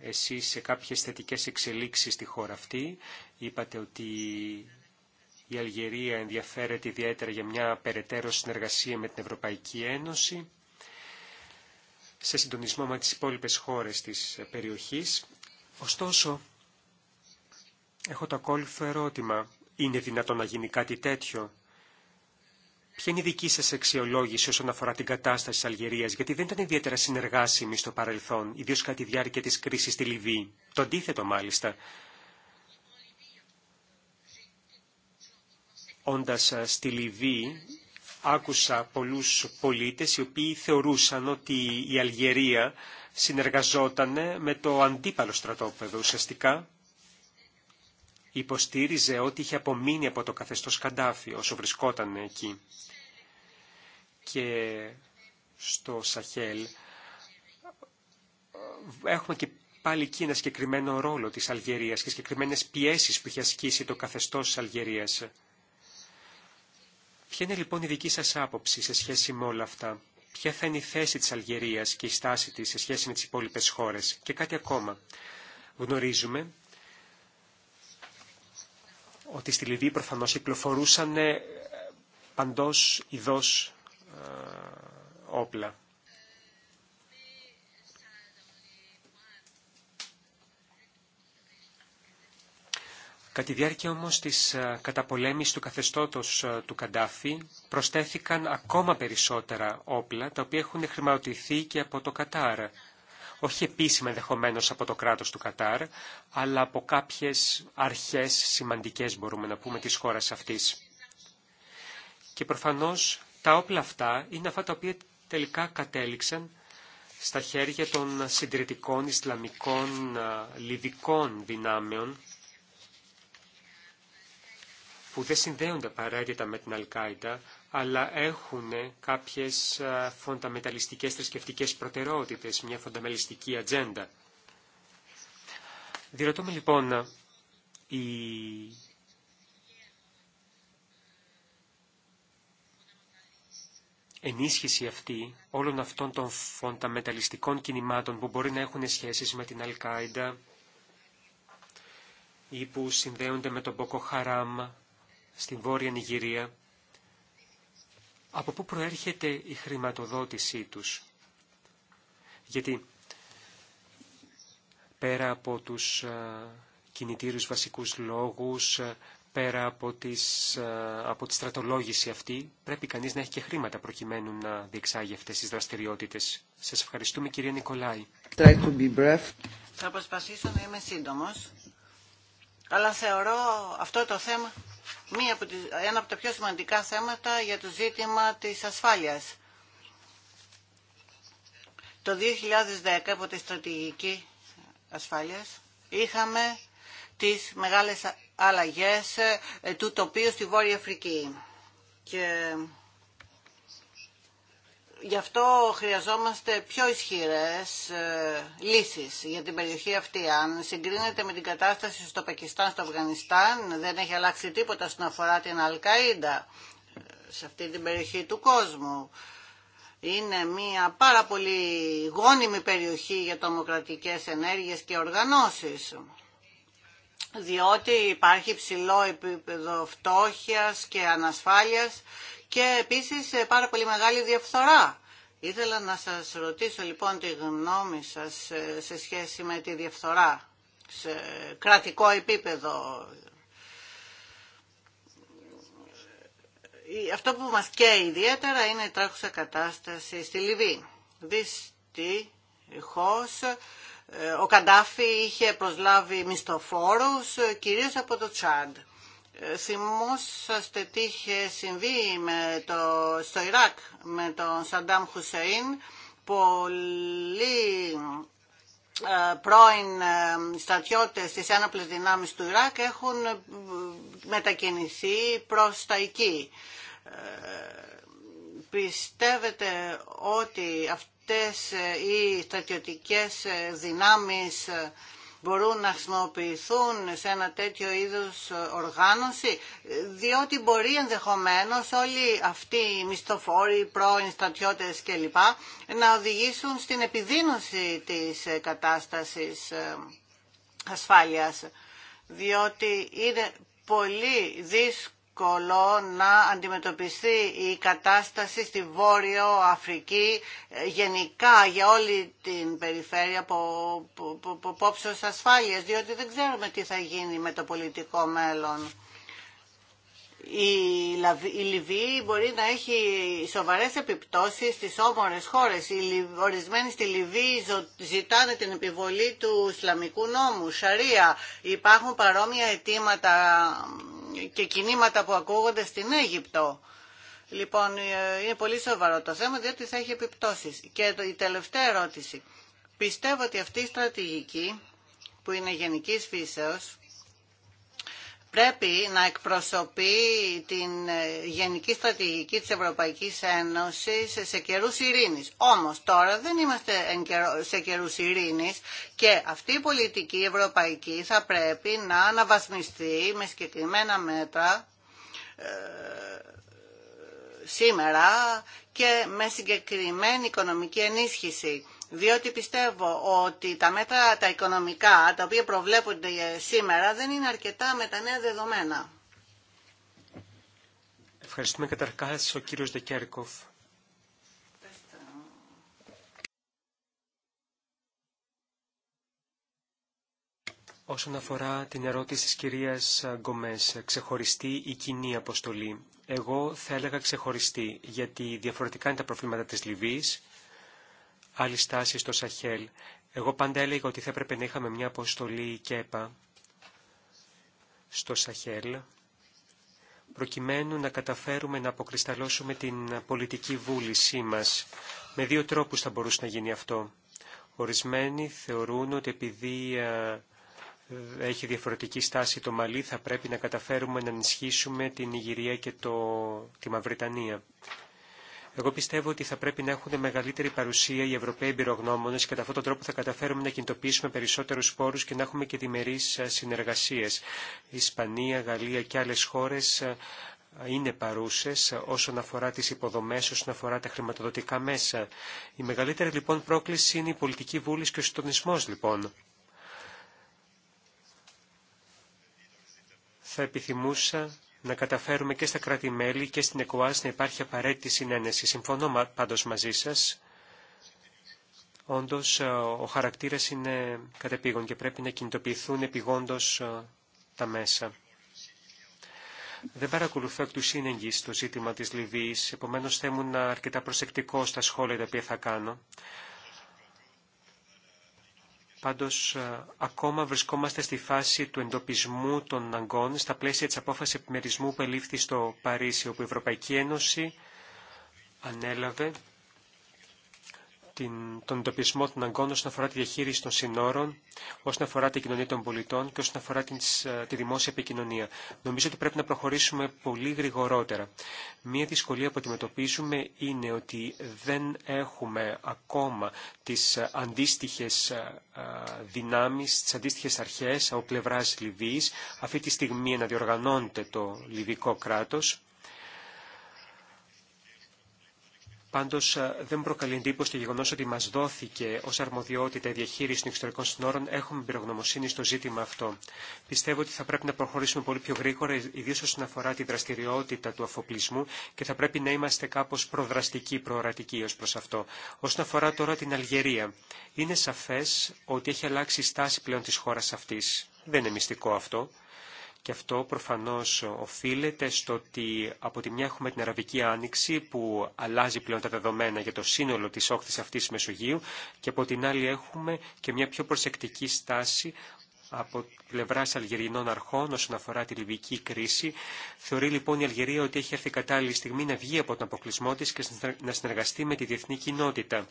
εσείς σε κάποιες θετικές εξελίξεις στη χώρα αυτή. Είπατε ότι η Αλγερία ενδιαφέρεται ιδιαίτερα για μια περαιτέρω συνεργασία με την Ευρωπαϊκή Ένωση σε συντονισμό με τις υπόλοιπες χώρες της περιοχής. Ωστόσο, έχω το ακόλουθο ερώτημα. Είναι δυνατόν να γίνει κάτι τέτοιο. Ποια είναι η δική σας αξιολόγηση όσον αφορά την κατάσταση της Αλγερίας, γιατί δεν ήταν ιδιαίτερα συνεργάσιμη στο παρελθόν, ιδίως κατά τη διάρκεια της κρίσης στη Λιβύη. Το αντίθετο μάλιστα. Όντας στη Λιβύη, άκουσα πολλούς πολίτες οι οποίοι θεωρούσαν ότι η Αλγερία συνεργαζόταν με το αντίπαλο στρατόπεδο ουσιαστικά. Υποστήριζε ότι είχε απομείνει από το καθεστώς Καντάφη όσο βρισκόταν εκεί. Και στο Σαχέλ έχουμε και πάλι εκεί ένα συγκεκριμένο ρόλο της Αλγερίας και συγκεκριμένες πιέσεις που είχε ασκήσει το καθεστώς της Αλγερίας. Ποια είναι λοιπόν η δική σας άποψη σε σχέση με όλα αυτά. Ποια θα είναι η θέση της Αλγερίας και η στάση της σε σχέση με τις υπόλοιπες χώρες. Και κάτι ακόμα. Γνωρίζουμε ότι στη Λιβύη προφανώς κυκλοφορούσαν ε, παντός ειδός ε, όπλα. Κατά τη διάρκεια όμως της ε, καταπολέμησης του καθεστώτος ε, του Καντάφη προστέθηκαν ακόμα περισσότερα όπλα τα οποία έχουν χρηματοδοτηθεί και από το Κατάρ. Όχι επίσημα ενδεχομένω από το κράτος του Κατάρ, αλλά από κάποιες αρχές σημαντικές μπορούμε να πούμε της χώρα αυτής. Και προφανώς τα όπλα αυτά είναι αυτά τα οποία τελικά κατέληξαν στα χέρια των συντηρητικών Ισλαμικών ε, Λιβικών δυνάμεων που δεν συνδέονται απαραίτητα με την Αλκάιντα, αλλά έχουν κάποιες φονταμεταλιστικές θρησκευτικέ προτερότητες, μια φονταμελιστική ατζέντα. Διερωτώ με λοιπόν, η ενίσχυση αυτή όλων αυτών των φονταμεταλιστικών κινημάτων που μπορεί να έχουν σχέσεις με την Αλκάιντα ή που συνδέονται με τον Μποκοχαράμ στην Βόρεια Νιγηρία, από πού προέρχεται η χρηματοδότησή τους. Γιατί πέρα από τους κινητήρους βασικούς λόγους, πέρα από, τις, από τη στρατολόγηση αυτή, πρέπει κανείς να έχει και χρήματα προκειμένου να διεξάγει αυτές τις δραστηριότητες. Σας ευχαριστούμε κυρία Νικολάη. Θα προσπαθήσω να είμαι σύντομος, αλλά θεωρώ αυτό το θέμα μία από ένα από τα πιο σημαντικά θέματα για το ζήτημα της ασφάλειας. Το 2010 από τη στρατηγική ασφάλειας είχαμε τις μεγάλες αλλαγές ε, του τοπίου στη Βόρεια Αφρική. Και Γι' αυτό χρειαζόμαστε πιο ισχυρές ε, λύσεις για την περιοχή αυτή. Αν συγκρίνεται με την κατάσταση στο Πακιστάν, στο Αφγανιστάν, δεν έχει αλλάξει τίποτα στον αφορά την Αλκαΐντα ε, σε αυτή την περιοχή του κόσμου. Είναι μια πάρα πολύ γόνιμη περιοχή για τομοκρατικές ενέργειες και οργανώσεις διότι υπάρχει ψηλό επίπεδο φτώχειας και ανασφάλειας και επίσης ε, πάρα πολύ μεγάλη διαφθορά. Ήθελα να σας ρωτήσω λοιπόν τη γνώμη σας ε, σε σχέση με τη διαφθορά σε κρατικό επίπεδο. Ε, αυτό που μας καίει ιδιαίτερα είναι η τρέχουσα κατάσταση στη Λιβύη. Δυστυχώς ο Καντάφη είχε προσλάβει μισθοφόρους κυρίως από το Τσάντ. Ε, θυμόσαστε τι είχε συμβεί το, στο Ιράκ με τον Σαντάμ Χουσέιν πολλοί ε, πρώην ε, στρατιώτες της άναπλες δυνάμεις του Ιράκ έχουν μετακινηθεί προς τα εκεί. Πιστεύετε ότι αυτές οι στρατιωτικές δυνάμεις μπορούν να χρησιμοποιηθούν σε ένα τέτοιο είδους οργάνωση, διότι μπορεί ενδεχομένως όλοι αυτοί οι μισθοφόροι, οι πρώην στρατιώτες κλπ. να οδηγήσουν στην επιδείνωση της κατάστασης ε, ασφάλειας, διότι είναι πολύ δύσκολο δύσκολο να αντιμετωπιστεί η κατάσταση στη Βόρειο Αφρική ε, γενικά για όλη την περιφέρεια από πόψεως ασφάλειας, διότι δεν ξέρουμε τι θα γίνει με το πολιτικό μέλλον η Λιβύη μπορεί να έχει σοβαρές επιπτώσεις στις όμορες χώρες. Οι ορισμένοι στη Λιβύη ζητάνε την επιβολή του Ισλαμικού νόμου, Σαρία. Υπάρχουν παρόμοια αιτήματα και κινήματα που ακούγονται στην Αίγυπτο. Λοιπόν, ε, είναι πολύ σοβαρό το θέμα διότι θα έχει επιπτώσεις. Και η τελευταία ερώτηση. Πιστεύω ότι αυτή η στρατηγική που είναι γενικής φύσεως πρέπει να εκπροσωπεί την ε, γενική στρατηγική της Ευρωπαϊκής Ένωσης σε καιρούς ειρήνης. Όμως τώρα δεν είμαστε σε καιρούς ειρήνης και αυτή η πολιτική ευρωπαϊκή θα πρέπει να αναβασμιστεί με συγκεκριμένα μέτρα ε, σήμερα και με συγκεκριμένη οικονομική ενίσχυση διότι πιστεύω ότι τα μέτρα τα οικονομικά τα οποία προβλέπονται σήμερα δεν είναι αρκετά με τα νέα δεδομένα. Ευχαριστούμε καταρχάς ο κύριος Δεκέρκοφ. Όσον αφορά την ερώτηση της κυρίας Γκομές, ξεχωριστή ή κοινή αποστολή. Εγώ θα έλεγα ξεχωριστή, γιατί διαφορετικά είναι τα προβλήματα της Λιβύης άλλη στάση στο Σαχέλ. Εγώ πάντα έλεγα ότι θα έπρεπε να είχαμε μια αποστολή ΚΕΠΑ στο Σαχέλ, προκειμένου να καταφέρουμε να αποκρισταλώσουμε την πολιτική βούλησή μας. Με δύο τρόπους θα μπορούσε να γίνει αυτό. Ορισμένοι θεωρούν ότι επειδή έχει διαφορετική στάση το Μαλή θα πρέπει να καταφέρουμε να ενισχύσουμε την Ιγυρία και το... τη Μαυριτανία. Εγώ πιστεύω ότι θα πρέπει να έχουν μεγαλύτερη παρουσία οι Ευρωπαίοι εμπειρογνώμονε και κατά αυτόν τον τρόπο θα καταφέρουμε να κινητοποιήσουμε περισσότερου πόρου και να έχουμε και διμερεί ε, συνεργασίε. Ισπανία, Γαλλία και άλλε χώρε ε, είναι παρούσες ε, όσον αφορά τις υποδομές, όσον αφορά τα χρηματοδοτικά μέσα. Η μεγαλύτερη λοιπόν πρόκληση είναι η πολιτική βούληση και ο συντονισμός λοιπόν. Θα επιθυμούσα να καταφέρουμε και στα κράτη-μέλη και στην ΕΚΟΑΣ να υπάρχει απαραίτητη συνένεση. Συμφωνώ πάντως μαζί σας. Όντως, ε, ο χαρακτήρας είναι κατεπήγον και πρέπει να κινητοποιηθούν επιγόντως ε, τα μέσα. Δεν παρακολουθώ εκ του σύνεγγυ το ζήτημα της Λιβύης, επομένως θα ήμουν αρκετά προσεκτικό στα σχόλια τα οποία θα κάνω. Πάντως, ε, ακόμα βρισκόμαστε στη φάση του εντοπισμού των αγκών στα πλαίσια της απόφασης επιμερισμού που ελήφθη στο Παρίσι, όπου η Ευρωπαϊκή Ένωση ανέλαβε την, τον εντοπισμό των αγκών όσον αφορά τη διαχείριση των συνόρων, όσον αφορά την κοινωνία των πολιτών και όσον αφορά την, ε, τη δημόσια επικοινωνία. Νομίζω ότι πρέπει να προχωρήσουμε πολύ γρηγορότερα. Μία δυσκολία που αντιμετωπίζουμε είναι ότι δεν έχουμε ακόμα τις ε, αντίστοιχες ε, δυνάμεις, τις αντίστοιχες αρχές από πλευράς Λιβύης. Αυτή τη στιγμή διοργανώνεται το Λιβικό κράτος Πάντως ε, δεν προκαλεί εντύπωση το γεγονός ότι μας δόθηκε ως αρμοδιότητα η διαχείριση των εξωτερικών συνόρων. Έχουμε πυρογνωμοσύνη στο ζήτημα αυτό. Πιστεύω ότι θα πρέπει να προχωρήσουμε πολύ πιο γρήγορα, ιδίως όσον αφορά τη δραστηριότητα του αφοπλισμού και θα πρέπει να είμαστε κάπως προδραστικοί, προορατικοί ως προς αυτό. Όσον αφορά τώρα την Αλγερία, είναι σαφές ότι έχει αλλάξει η στάση πλέον της χώρας αυτής. Δεν είναι μυστικό αυτό. Και αυτό προφανώς οφείλεται στο ότι από τη μια έχουμε την Αραβική Άνοιξη που αλλάζει πλέον τα δεδομένα για το σύνολο της όχθης αυτής της Μεσογείου και από την άλλη έχουμε και μια πιο προσεκτική στάση από πλευρά Αλγερινών αρχών όσον αφορά τη λιβική κρίση. Θεωρεί λοιπόν η Αλγερία ότι έχει έρθει κατάλληλη στιγμή να βγει από τον αποκλεισμό της και να συνεργαστεί με τη διεθνή κοινότητα.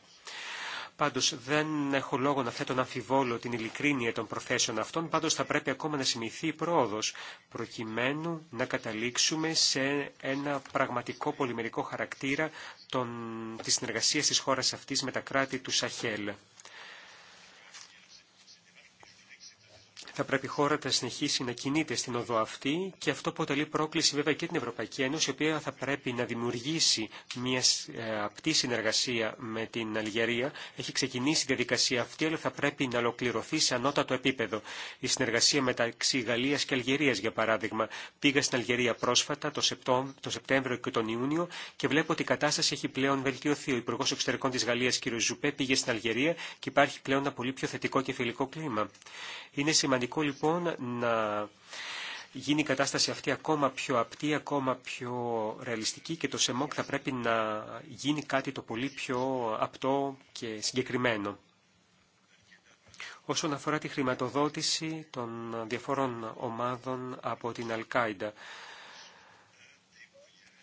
Πάντως δεν έχω λόγο να θέτω να αμφιβόλω την ειλικρίνεια των προθέσεων αυτών, πάντως θα πρέπει ακόμα να σημειωθεί η πρόοδος, προκειμένου να καταλήξουμε σε ένα πραγματικό πολυμερικό χαρακτήρα των, της συνεργασίας της χώρας αυτής με τα κράτη του Σαχέλ. Θα πρέπει η χώρα να συνεχίσει να κινείται στην οδό αυτή και αυτό αποτελεί πρόκληση βέβαια και την Ευρωπαϊκή Ένωση, η οποία θα πρέπει να δημιουργήσει μια ε, απτή συνεργασία με την Αλγερία. Έχει ξεκινήσει η διαδικασία αυτή, αλλά θα πρέπει να ολοκληρωθεί σε ανώτατο επίπεδο. Η συνεργασία μεταξύ Γαλλία και Αλγερία, για παράδειγμα. Πήγα στην Αλγερία πρόσφατα, το, το Σεπτέμβριο και τον Ιούνιο, και βλέπω ότι η κατάσταση έχει πλέον βελτιωθεί. Ο Υπουργό Εξωτερικών τη Γαλλία, κ. Ζουπέ, πήγε στην Αλγερία και υπάρχει πλέον ένα πολύ πιο θετικό και φιλικό κλίμα. Είναι σημαντικό λοιπόν να γίνει η κατάσταση αυτή ακόμα πιο απτή, ακόμα πιο ρεαλιστική και το ΣΕΜΟΚ θα πρέπει να γίνει κάτι το πολύ πιο απτό και συγκεκριμένο. Όσον αφορά τη χρηματοδότηση των διαφόρων ομάδων από την Αλκάιντα,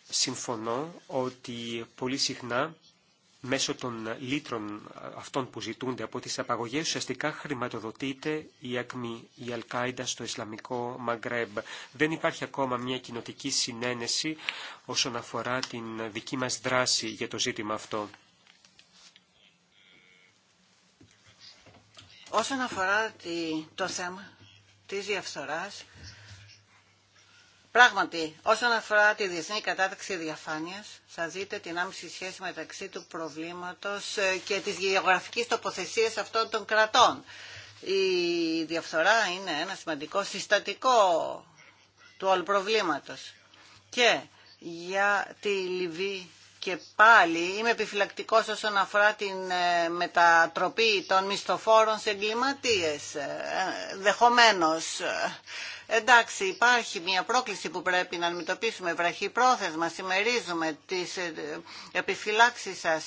συμφωνώ ότι πολύ συχνά μέσω των λίτρων αυτών που ζητούνται από τις απαγωγές ουσιαστικά χρηματοδοτείται η ΑΚΜΗ, η Αλκάιντα στο Ισλαμικό Μαγκρέμπ. Δεν υπάρχει ακόμα μια κοινοτική συνένεση όσον αφορά την δική μας δράση για το ζήτημα αυτό. Όσον αφορά το θέμα της διαφθοράς, Πράγματι, όσον αφορά τη διεθνή κατάταξη διαφάνειας, θα δείτε την άμεση σχέση μεταξύ του προβλήματος ε, και της γεωγραφικής τοποθεσίας αυτών των κρατών. Η διαφθορά είναι ένα σημαντικό συστατικό του όλου προβλήματος. Και για τη Λιβύη και πάλι είμαι επιφυλακτικό όσον αφορά την ε, μετατροπή των μισθοφόρων σε εγκληματίες. Ε, δεχομένως, ε, εντάξει, υπάρχει μια πρόκληση που πρέπει να αντιμετωπίσουμε πρόθεσμα. Σημερίζουμε τις επιφυλάξεις σας.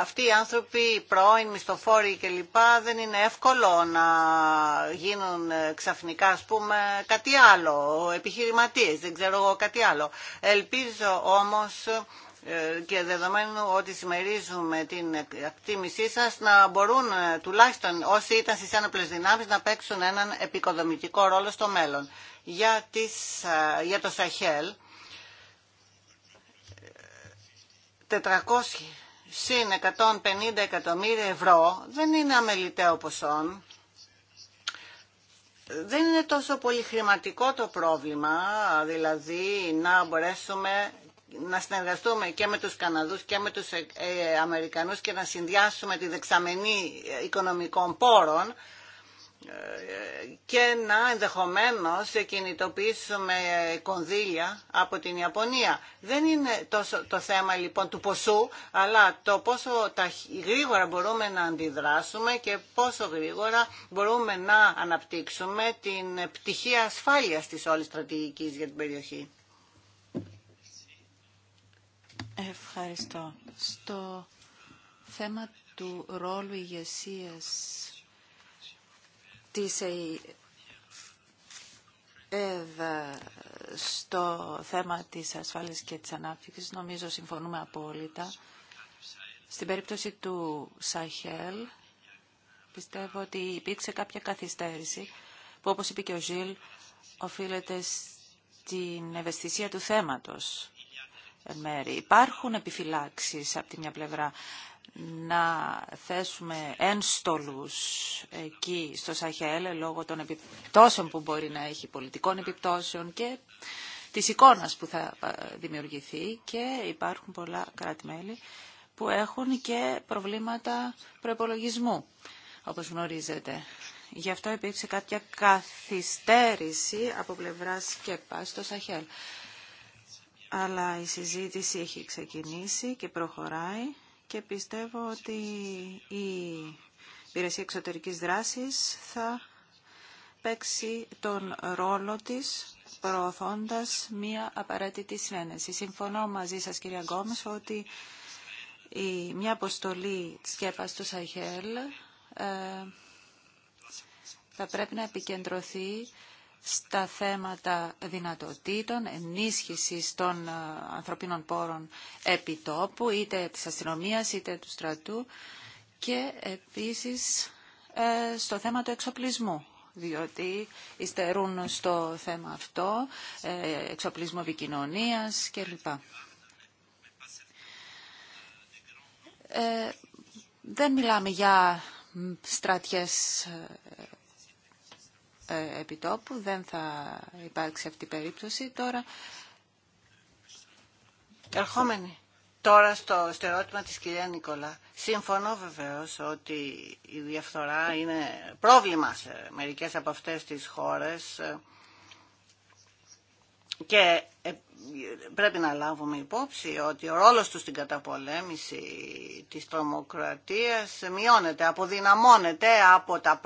Αυτοί οι άνθρωποι, οι πρώην, μισθοφόροι κλπ. δεν είναι εύκολο να γίνουν ξαφνικά, ας πούμε, κάτι άλλο, επιχειρηματίες, δεν ξέρω εγώ κάτι άλλο. Ελπίζω όμως ε, και δεδομένου ότι συμμερίζουμε την εκτίμησή σας να μπορούν ε, τουλάχιστον όσοι ήταν στις άνοπλες δυνάμεις να παίξουν έναν επικοδομητικό ρόλο στο μέλλον. Για, τις, ε, για το Σαχέλ 400 συν 150 εκατομμύρια ευρώ δεν είναι αμεληταίο ποσόν. Δεν είναι τόσο πολύ χρηματικό το πρόβλημα, δηλαδή να μπορέσουμε να συνεργαστούμε και με τους Καναδούς και με τους ε, ε, Αμερικανούς και να συνδυάσουμε τη δεξαμενή οικονομικών πόρων ε, και να ενδεχομένως κινητοποιήσουμε κονδύλια από την Ιαπωνία. Δεν είναι τόσο το θέμα λοιπόν του ποσού, αλλά το πόσο γρήγορα μπορούμε να αντιδράσουμε και πόσο γρήγορα μπορούμε να αναπτύξουμε την πτυχή ασφάλειας της όλης στρατηγικής για την περιοχή. Ευχαριστώ. Στο θέμα του ρόλου ηγεσία τη ΕΔ στο θέμα της ασφάλειας και της ανάπτυξη, νομίζω συμφωνούμε απόλυτα. Στην περίπτωση του Σαχέλ, πιστεύω ότι υπήρξε κάποια καθυστέρηση, που όπως είπε και ο Ζιλ, οφείλεται στην ευαισθησία του θέματος μέρη. Υπάρχουν επιφυλάξεις από τη μια πλευρά να θέσουμε ένστολους εκεί στο Σαχέλ λόγω των επιπτώσεων που μπορεί να έχει, πολιτικών επιπτώσεων και της εικόνας που θα δημιουργηθεί και υπάρχουν πολλά κράτη-μέλη που έχουν και προβλήματα προπολογισμού, όπως γνωρίζετε. Γι' αυτό υπήρξε κάποια καθυστέρηση από πλευρά ΚΕΠΑ στο Σαχέλ αλλά η συζήτηση έχει ξεκινήσει και προχωράει και πιστεύω ότι η υπηρεσία εξωτερικής δράσης θα παίξει τον ρόλο της προωθώντας μία απαραίτητη συνένεση. Συμφωνώ μαζί σας κυρία Γκόμες ότι η, μια αποστολή της ΚΕΠΑ του Σαχέλ ε, θα πρέπει να επικεντρωθεί στα θέματα δυνατοτήτων, ενίσχυσης των ε, ανθρωπίνων πόρων επιτόπου, είτε της αστυνομίας είτε του στρατού και επίσης ε, στο θέμα του εξοπλισμού διότι υστερούν στο θέμα αυτό, ε, εξοπλισμό επικοινωνίας κλπ. Ε, δεν μιλάμε για στρατιές ε, επιτόπου. Δεν θα υπάρξει αυτή η περίπτωση. Τώρα, ερχόμενοι. Τώρα στο, στο ερώτημα της κυρία Νικολά. Σύμφωνο βεβαίως ότι η διαφθορά είναι πρόβλημα σε μερικές από αυτές τις χώρες. Ε, και ε, πρέπει να λάβουμε υπόψη ότι ο ρόλος του στην καταπολέμηση της τρομοκρατίας μειώνεται, αποδυναμώνεται από, τα,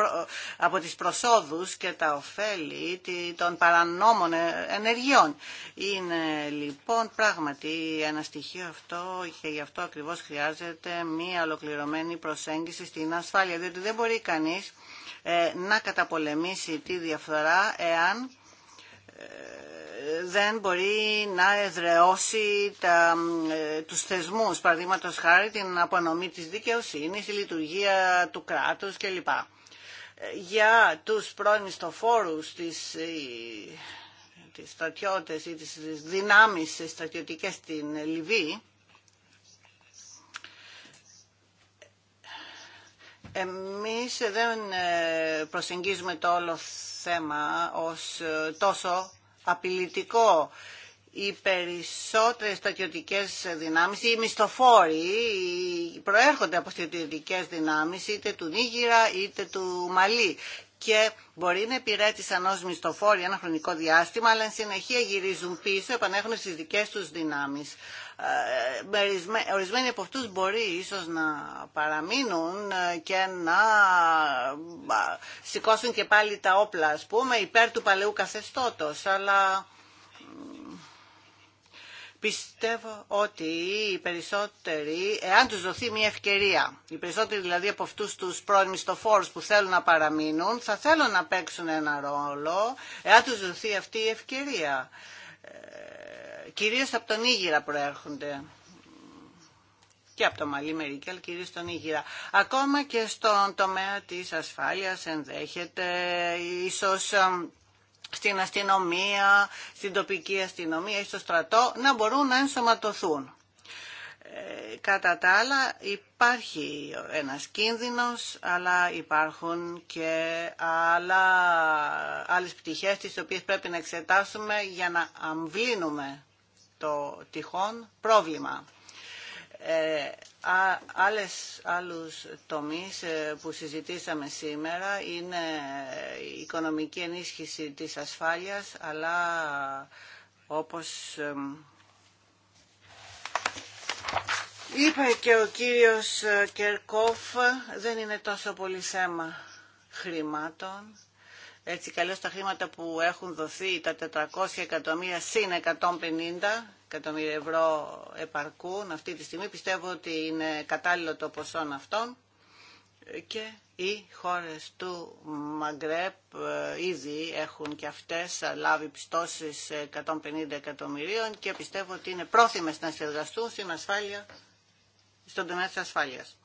από τις προσόδους και τα ωφέλη των παρανόμων ε, ενεργειών. Είναι λοιπόν πράγματι ένα στοιχείο αυτό και γι' αυτό ακριβώς χρειάζεται μία ολοκληρωμένη προσέγγιση στην ασφάλεια, διότι δεν μπορεί κανείς ε, να καταπολεμήσει τη διαφθορά εάν δεν μπορεί να εδρεώσει τα, ε, τους θεσμούς, παραδείγματος χάρη την απονομή της δικαιοσύνης, η λειτουργία του κράτους κλπ. Για τους πρώην φόρους τις, ε, τις στρατιώτες ή τις δυνάμεις στρατιωτικές στην Λιβύη, εμείς δεν ε, προσεγγίζουμε το όλο θέμα ως ε, τόσο απειλητικό. Οι περισσότερες στρατιωτικές δυνάμεις, οι μισθοφόροι προέρχονται από στρατιωτικές δυνάμεις είτε του Νίγηρα είτε του Μαλή και μπορεί να επιρέτησαν ως μισθοφόροι ένα χρονικό διάστημα αλλά εν συνεχεία γυρίζουν πίσω, επανέχουν στις δικές τους δυνάμεις. Ε, ε, ορισμένοι από αυτούς μπορεί ίσως να παραμείνουν ε, και να σηκώσουν και πάλι τα όπλα, ας πούμε, υπέρ του παλαιού καθεστώτος, αλλά... Πιστεύω ότι οι περισσότεροι, εάν τους δοθεί μια ευκαιρία, οι περισσότεροι δηλαδή από αυτούς τους πρώην μισθοφόρους που θέλουν να παραμείνουν, θα θέλουν να παίξουν ένα ρόλο, εάν τους δοθεί αυτή η ευκαιρία κυρίως από τον Ήγηρα προέρχονται και από το Μαλή Μερική, αλλά κυρίως στον Ήγηρα. Ακόμα και στον τομέα της ασφάλειας ενδέχεται ίσως στην αστυνομία, στην τοπική αστυνομία ή στο στρατό να μπορούν να ενσωματωθούν. Ε, κατά τα άλλα υπάρχει ένας κίνδυνος, αλλά υπάρχουν και άλλα, άλλες πτυχές τις οποίες πρέπει να εξετάσουμε για να αμβλύνουμε το τυχόν πρόβλημα. Ε, α, άλλες, άλλους τομείς ε, που συζητήσαμε σήμερα είναι η οικονομική ενίσχυση της ασφάλειας, αλλά όπως είπε και ο κύριος ε, Κερκόφ, δεν είναι τόσο πολύ θέμα χρημάτων έτσι καλώ τα χρήματα που έχουν δοθεί, τα 400 εκατομμύρια συν 150 εκατομμύρια ευρώ επαρκούν αυτή τη στιγμή. Πιστεύω ότι είναι κατάλληλο το ποσό αυτών και οι χώρες του Μαγκρέπ ε, ήδη έχουν και αυτές λάβει πιστώσεις 150 εκατομμυρίων και πιστεύω ότι είναι πρόθυμες να συνεργαστούν στην ασφάλεια, στον τομέα της ασφάλειας.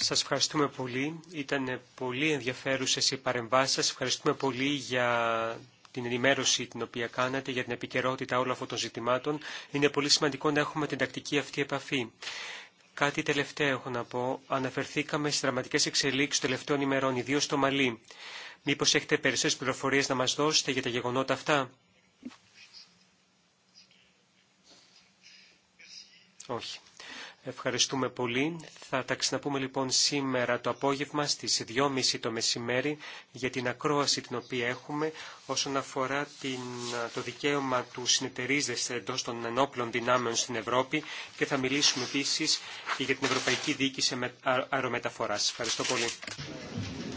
Σας ευχαριστούμε πολύ. Ήταν πολύ ενδιαφέρουσες οι παρεμβάσεις σας. Ευχαριστούμε πολύ για την ενημέρωση την οποία κάνατε, για την επικαιρότητα όλων αυτών των ζητημάτων. Είναι πολύ σημαντικό να έχουμε την τακτική αυτή επαφή. Κάτι τελευταίο έχω να πω. Αναφερθήκαμε στις δραματικές εξελίξεις των τελευταίων ημερών, ιδίως στο Μαλί. Μήπως έχετε περισσότερες πληροφορίες να μας δώσετε για τα γεγονότα αυτά. Όχι. Ευχαριστούμε πολύ. Θα τα ξαναπούμε λοιπόν σήμερα το απόγευμα στις 2.30 το μεσημέρι για την ακρόαση την οποία έχουμε όσον αφορά την, το δικαίωμα του συνεταιρίζεσθε εντό των ενόπλων δυνάμεων στην Ευρώπη και θα μιλήσουμε επίσης και για την Ευρωπαϊκή Διοίκηση Αερομεταφοράς. Ευχαριστώ πολύ.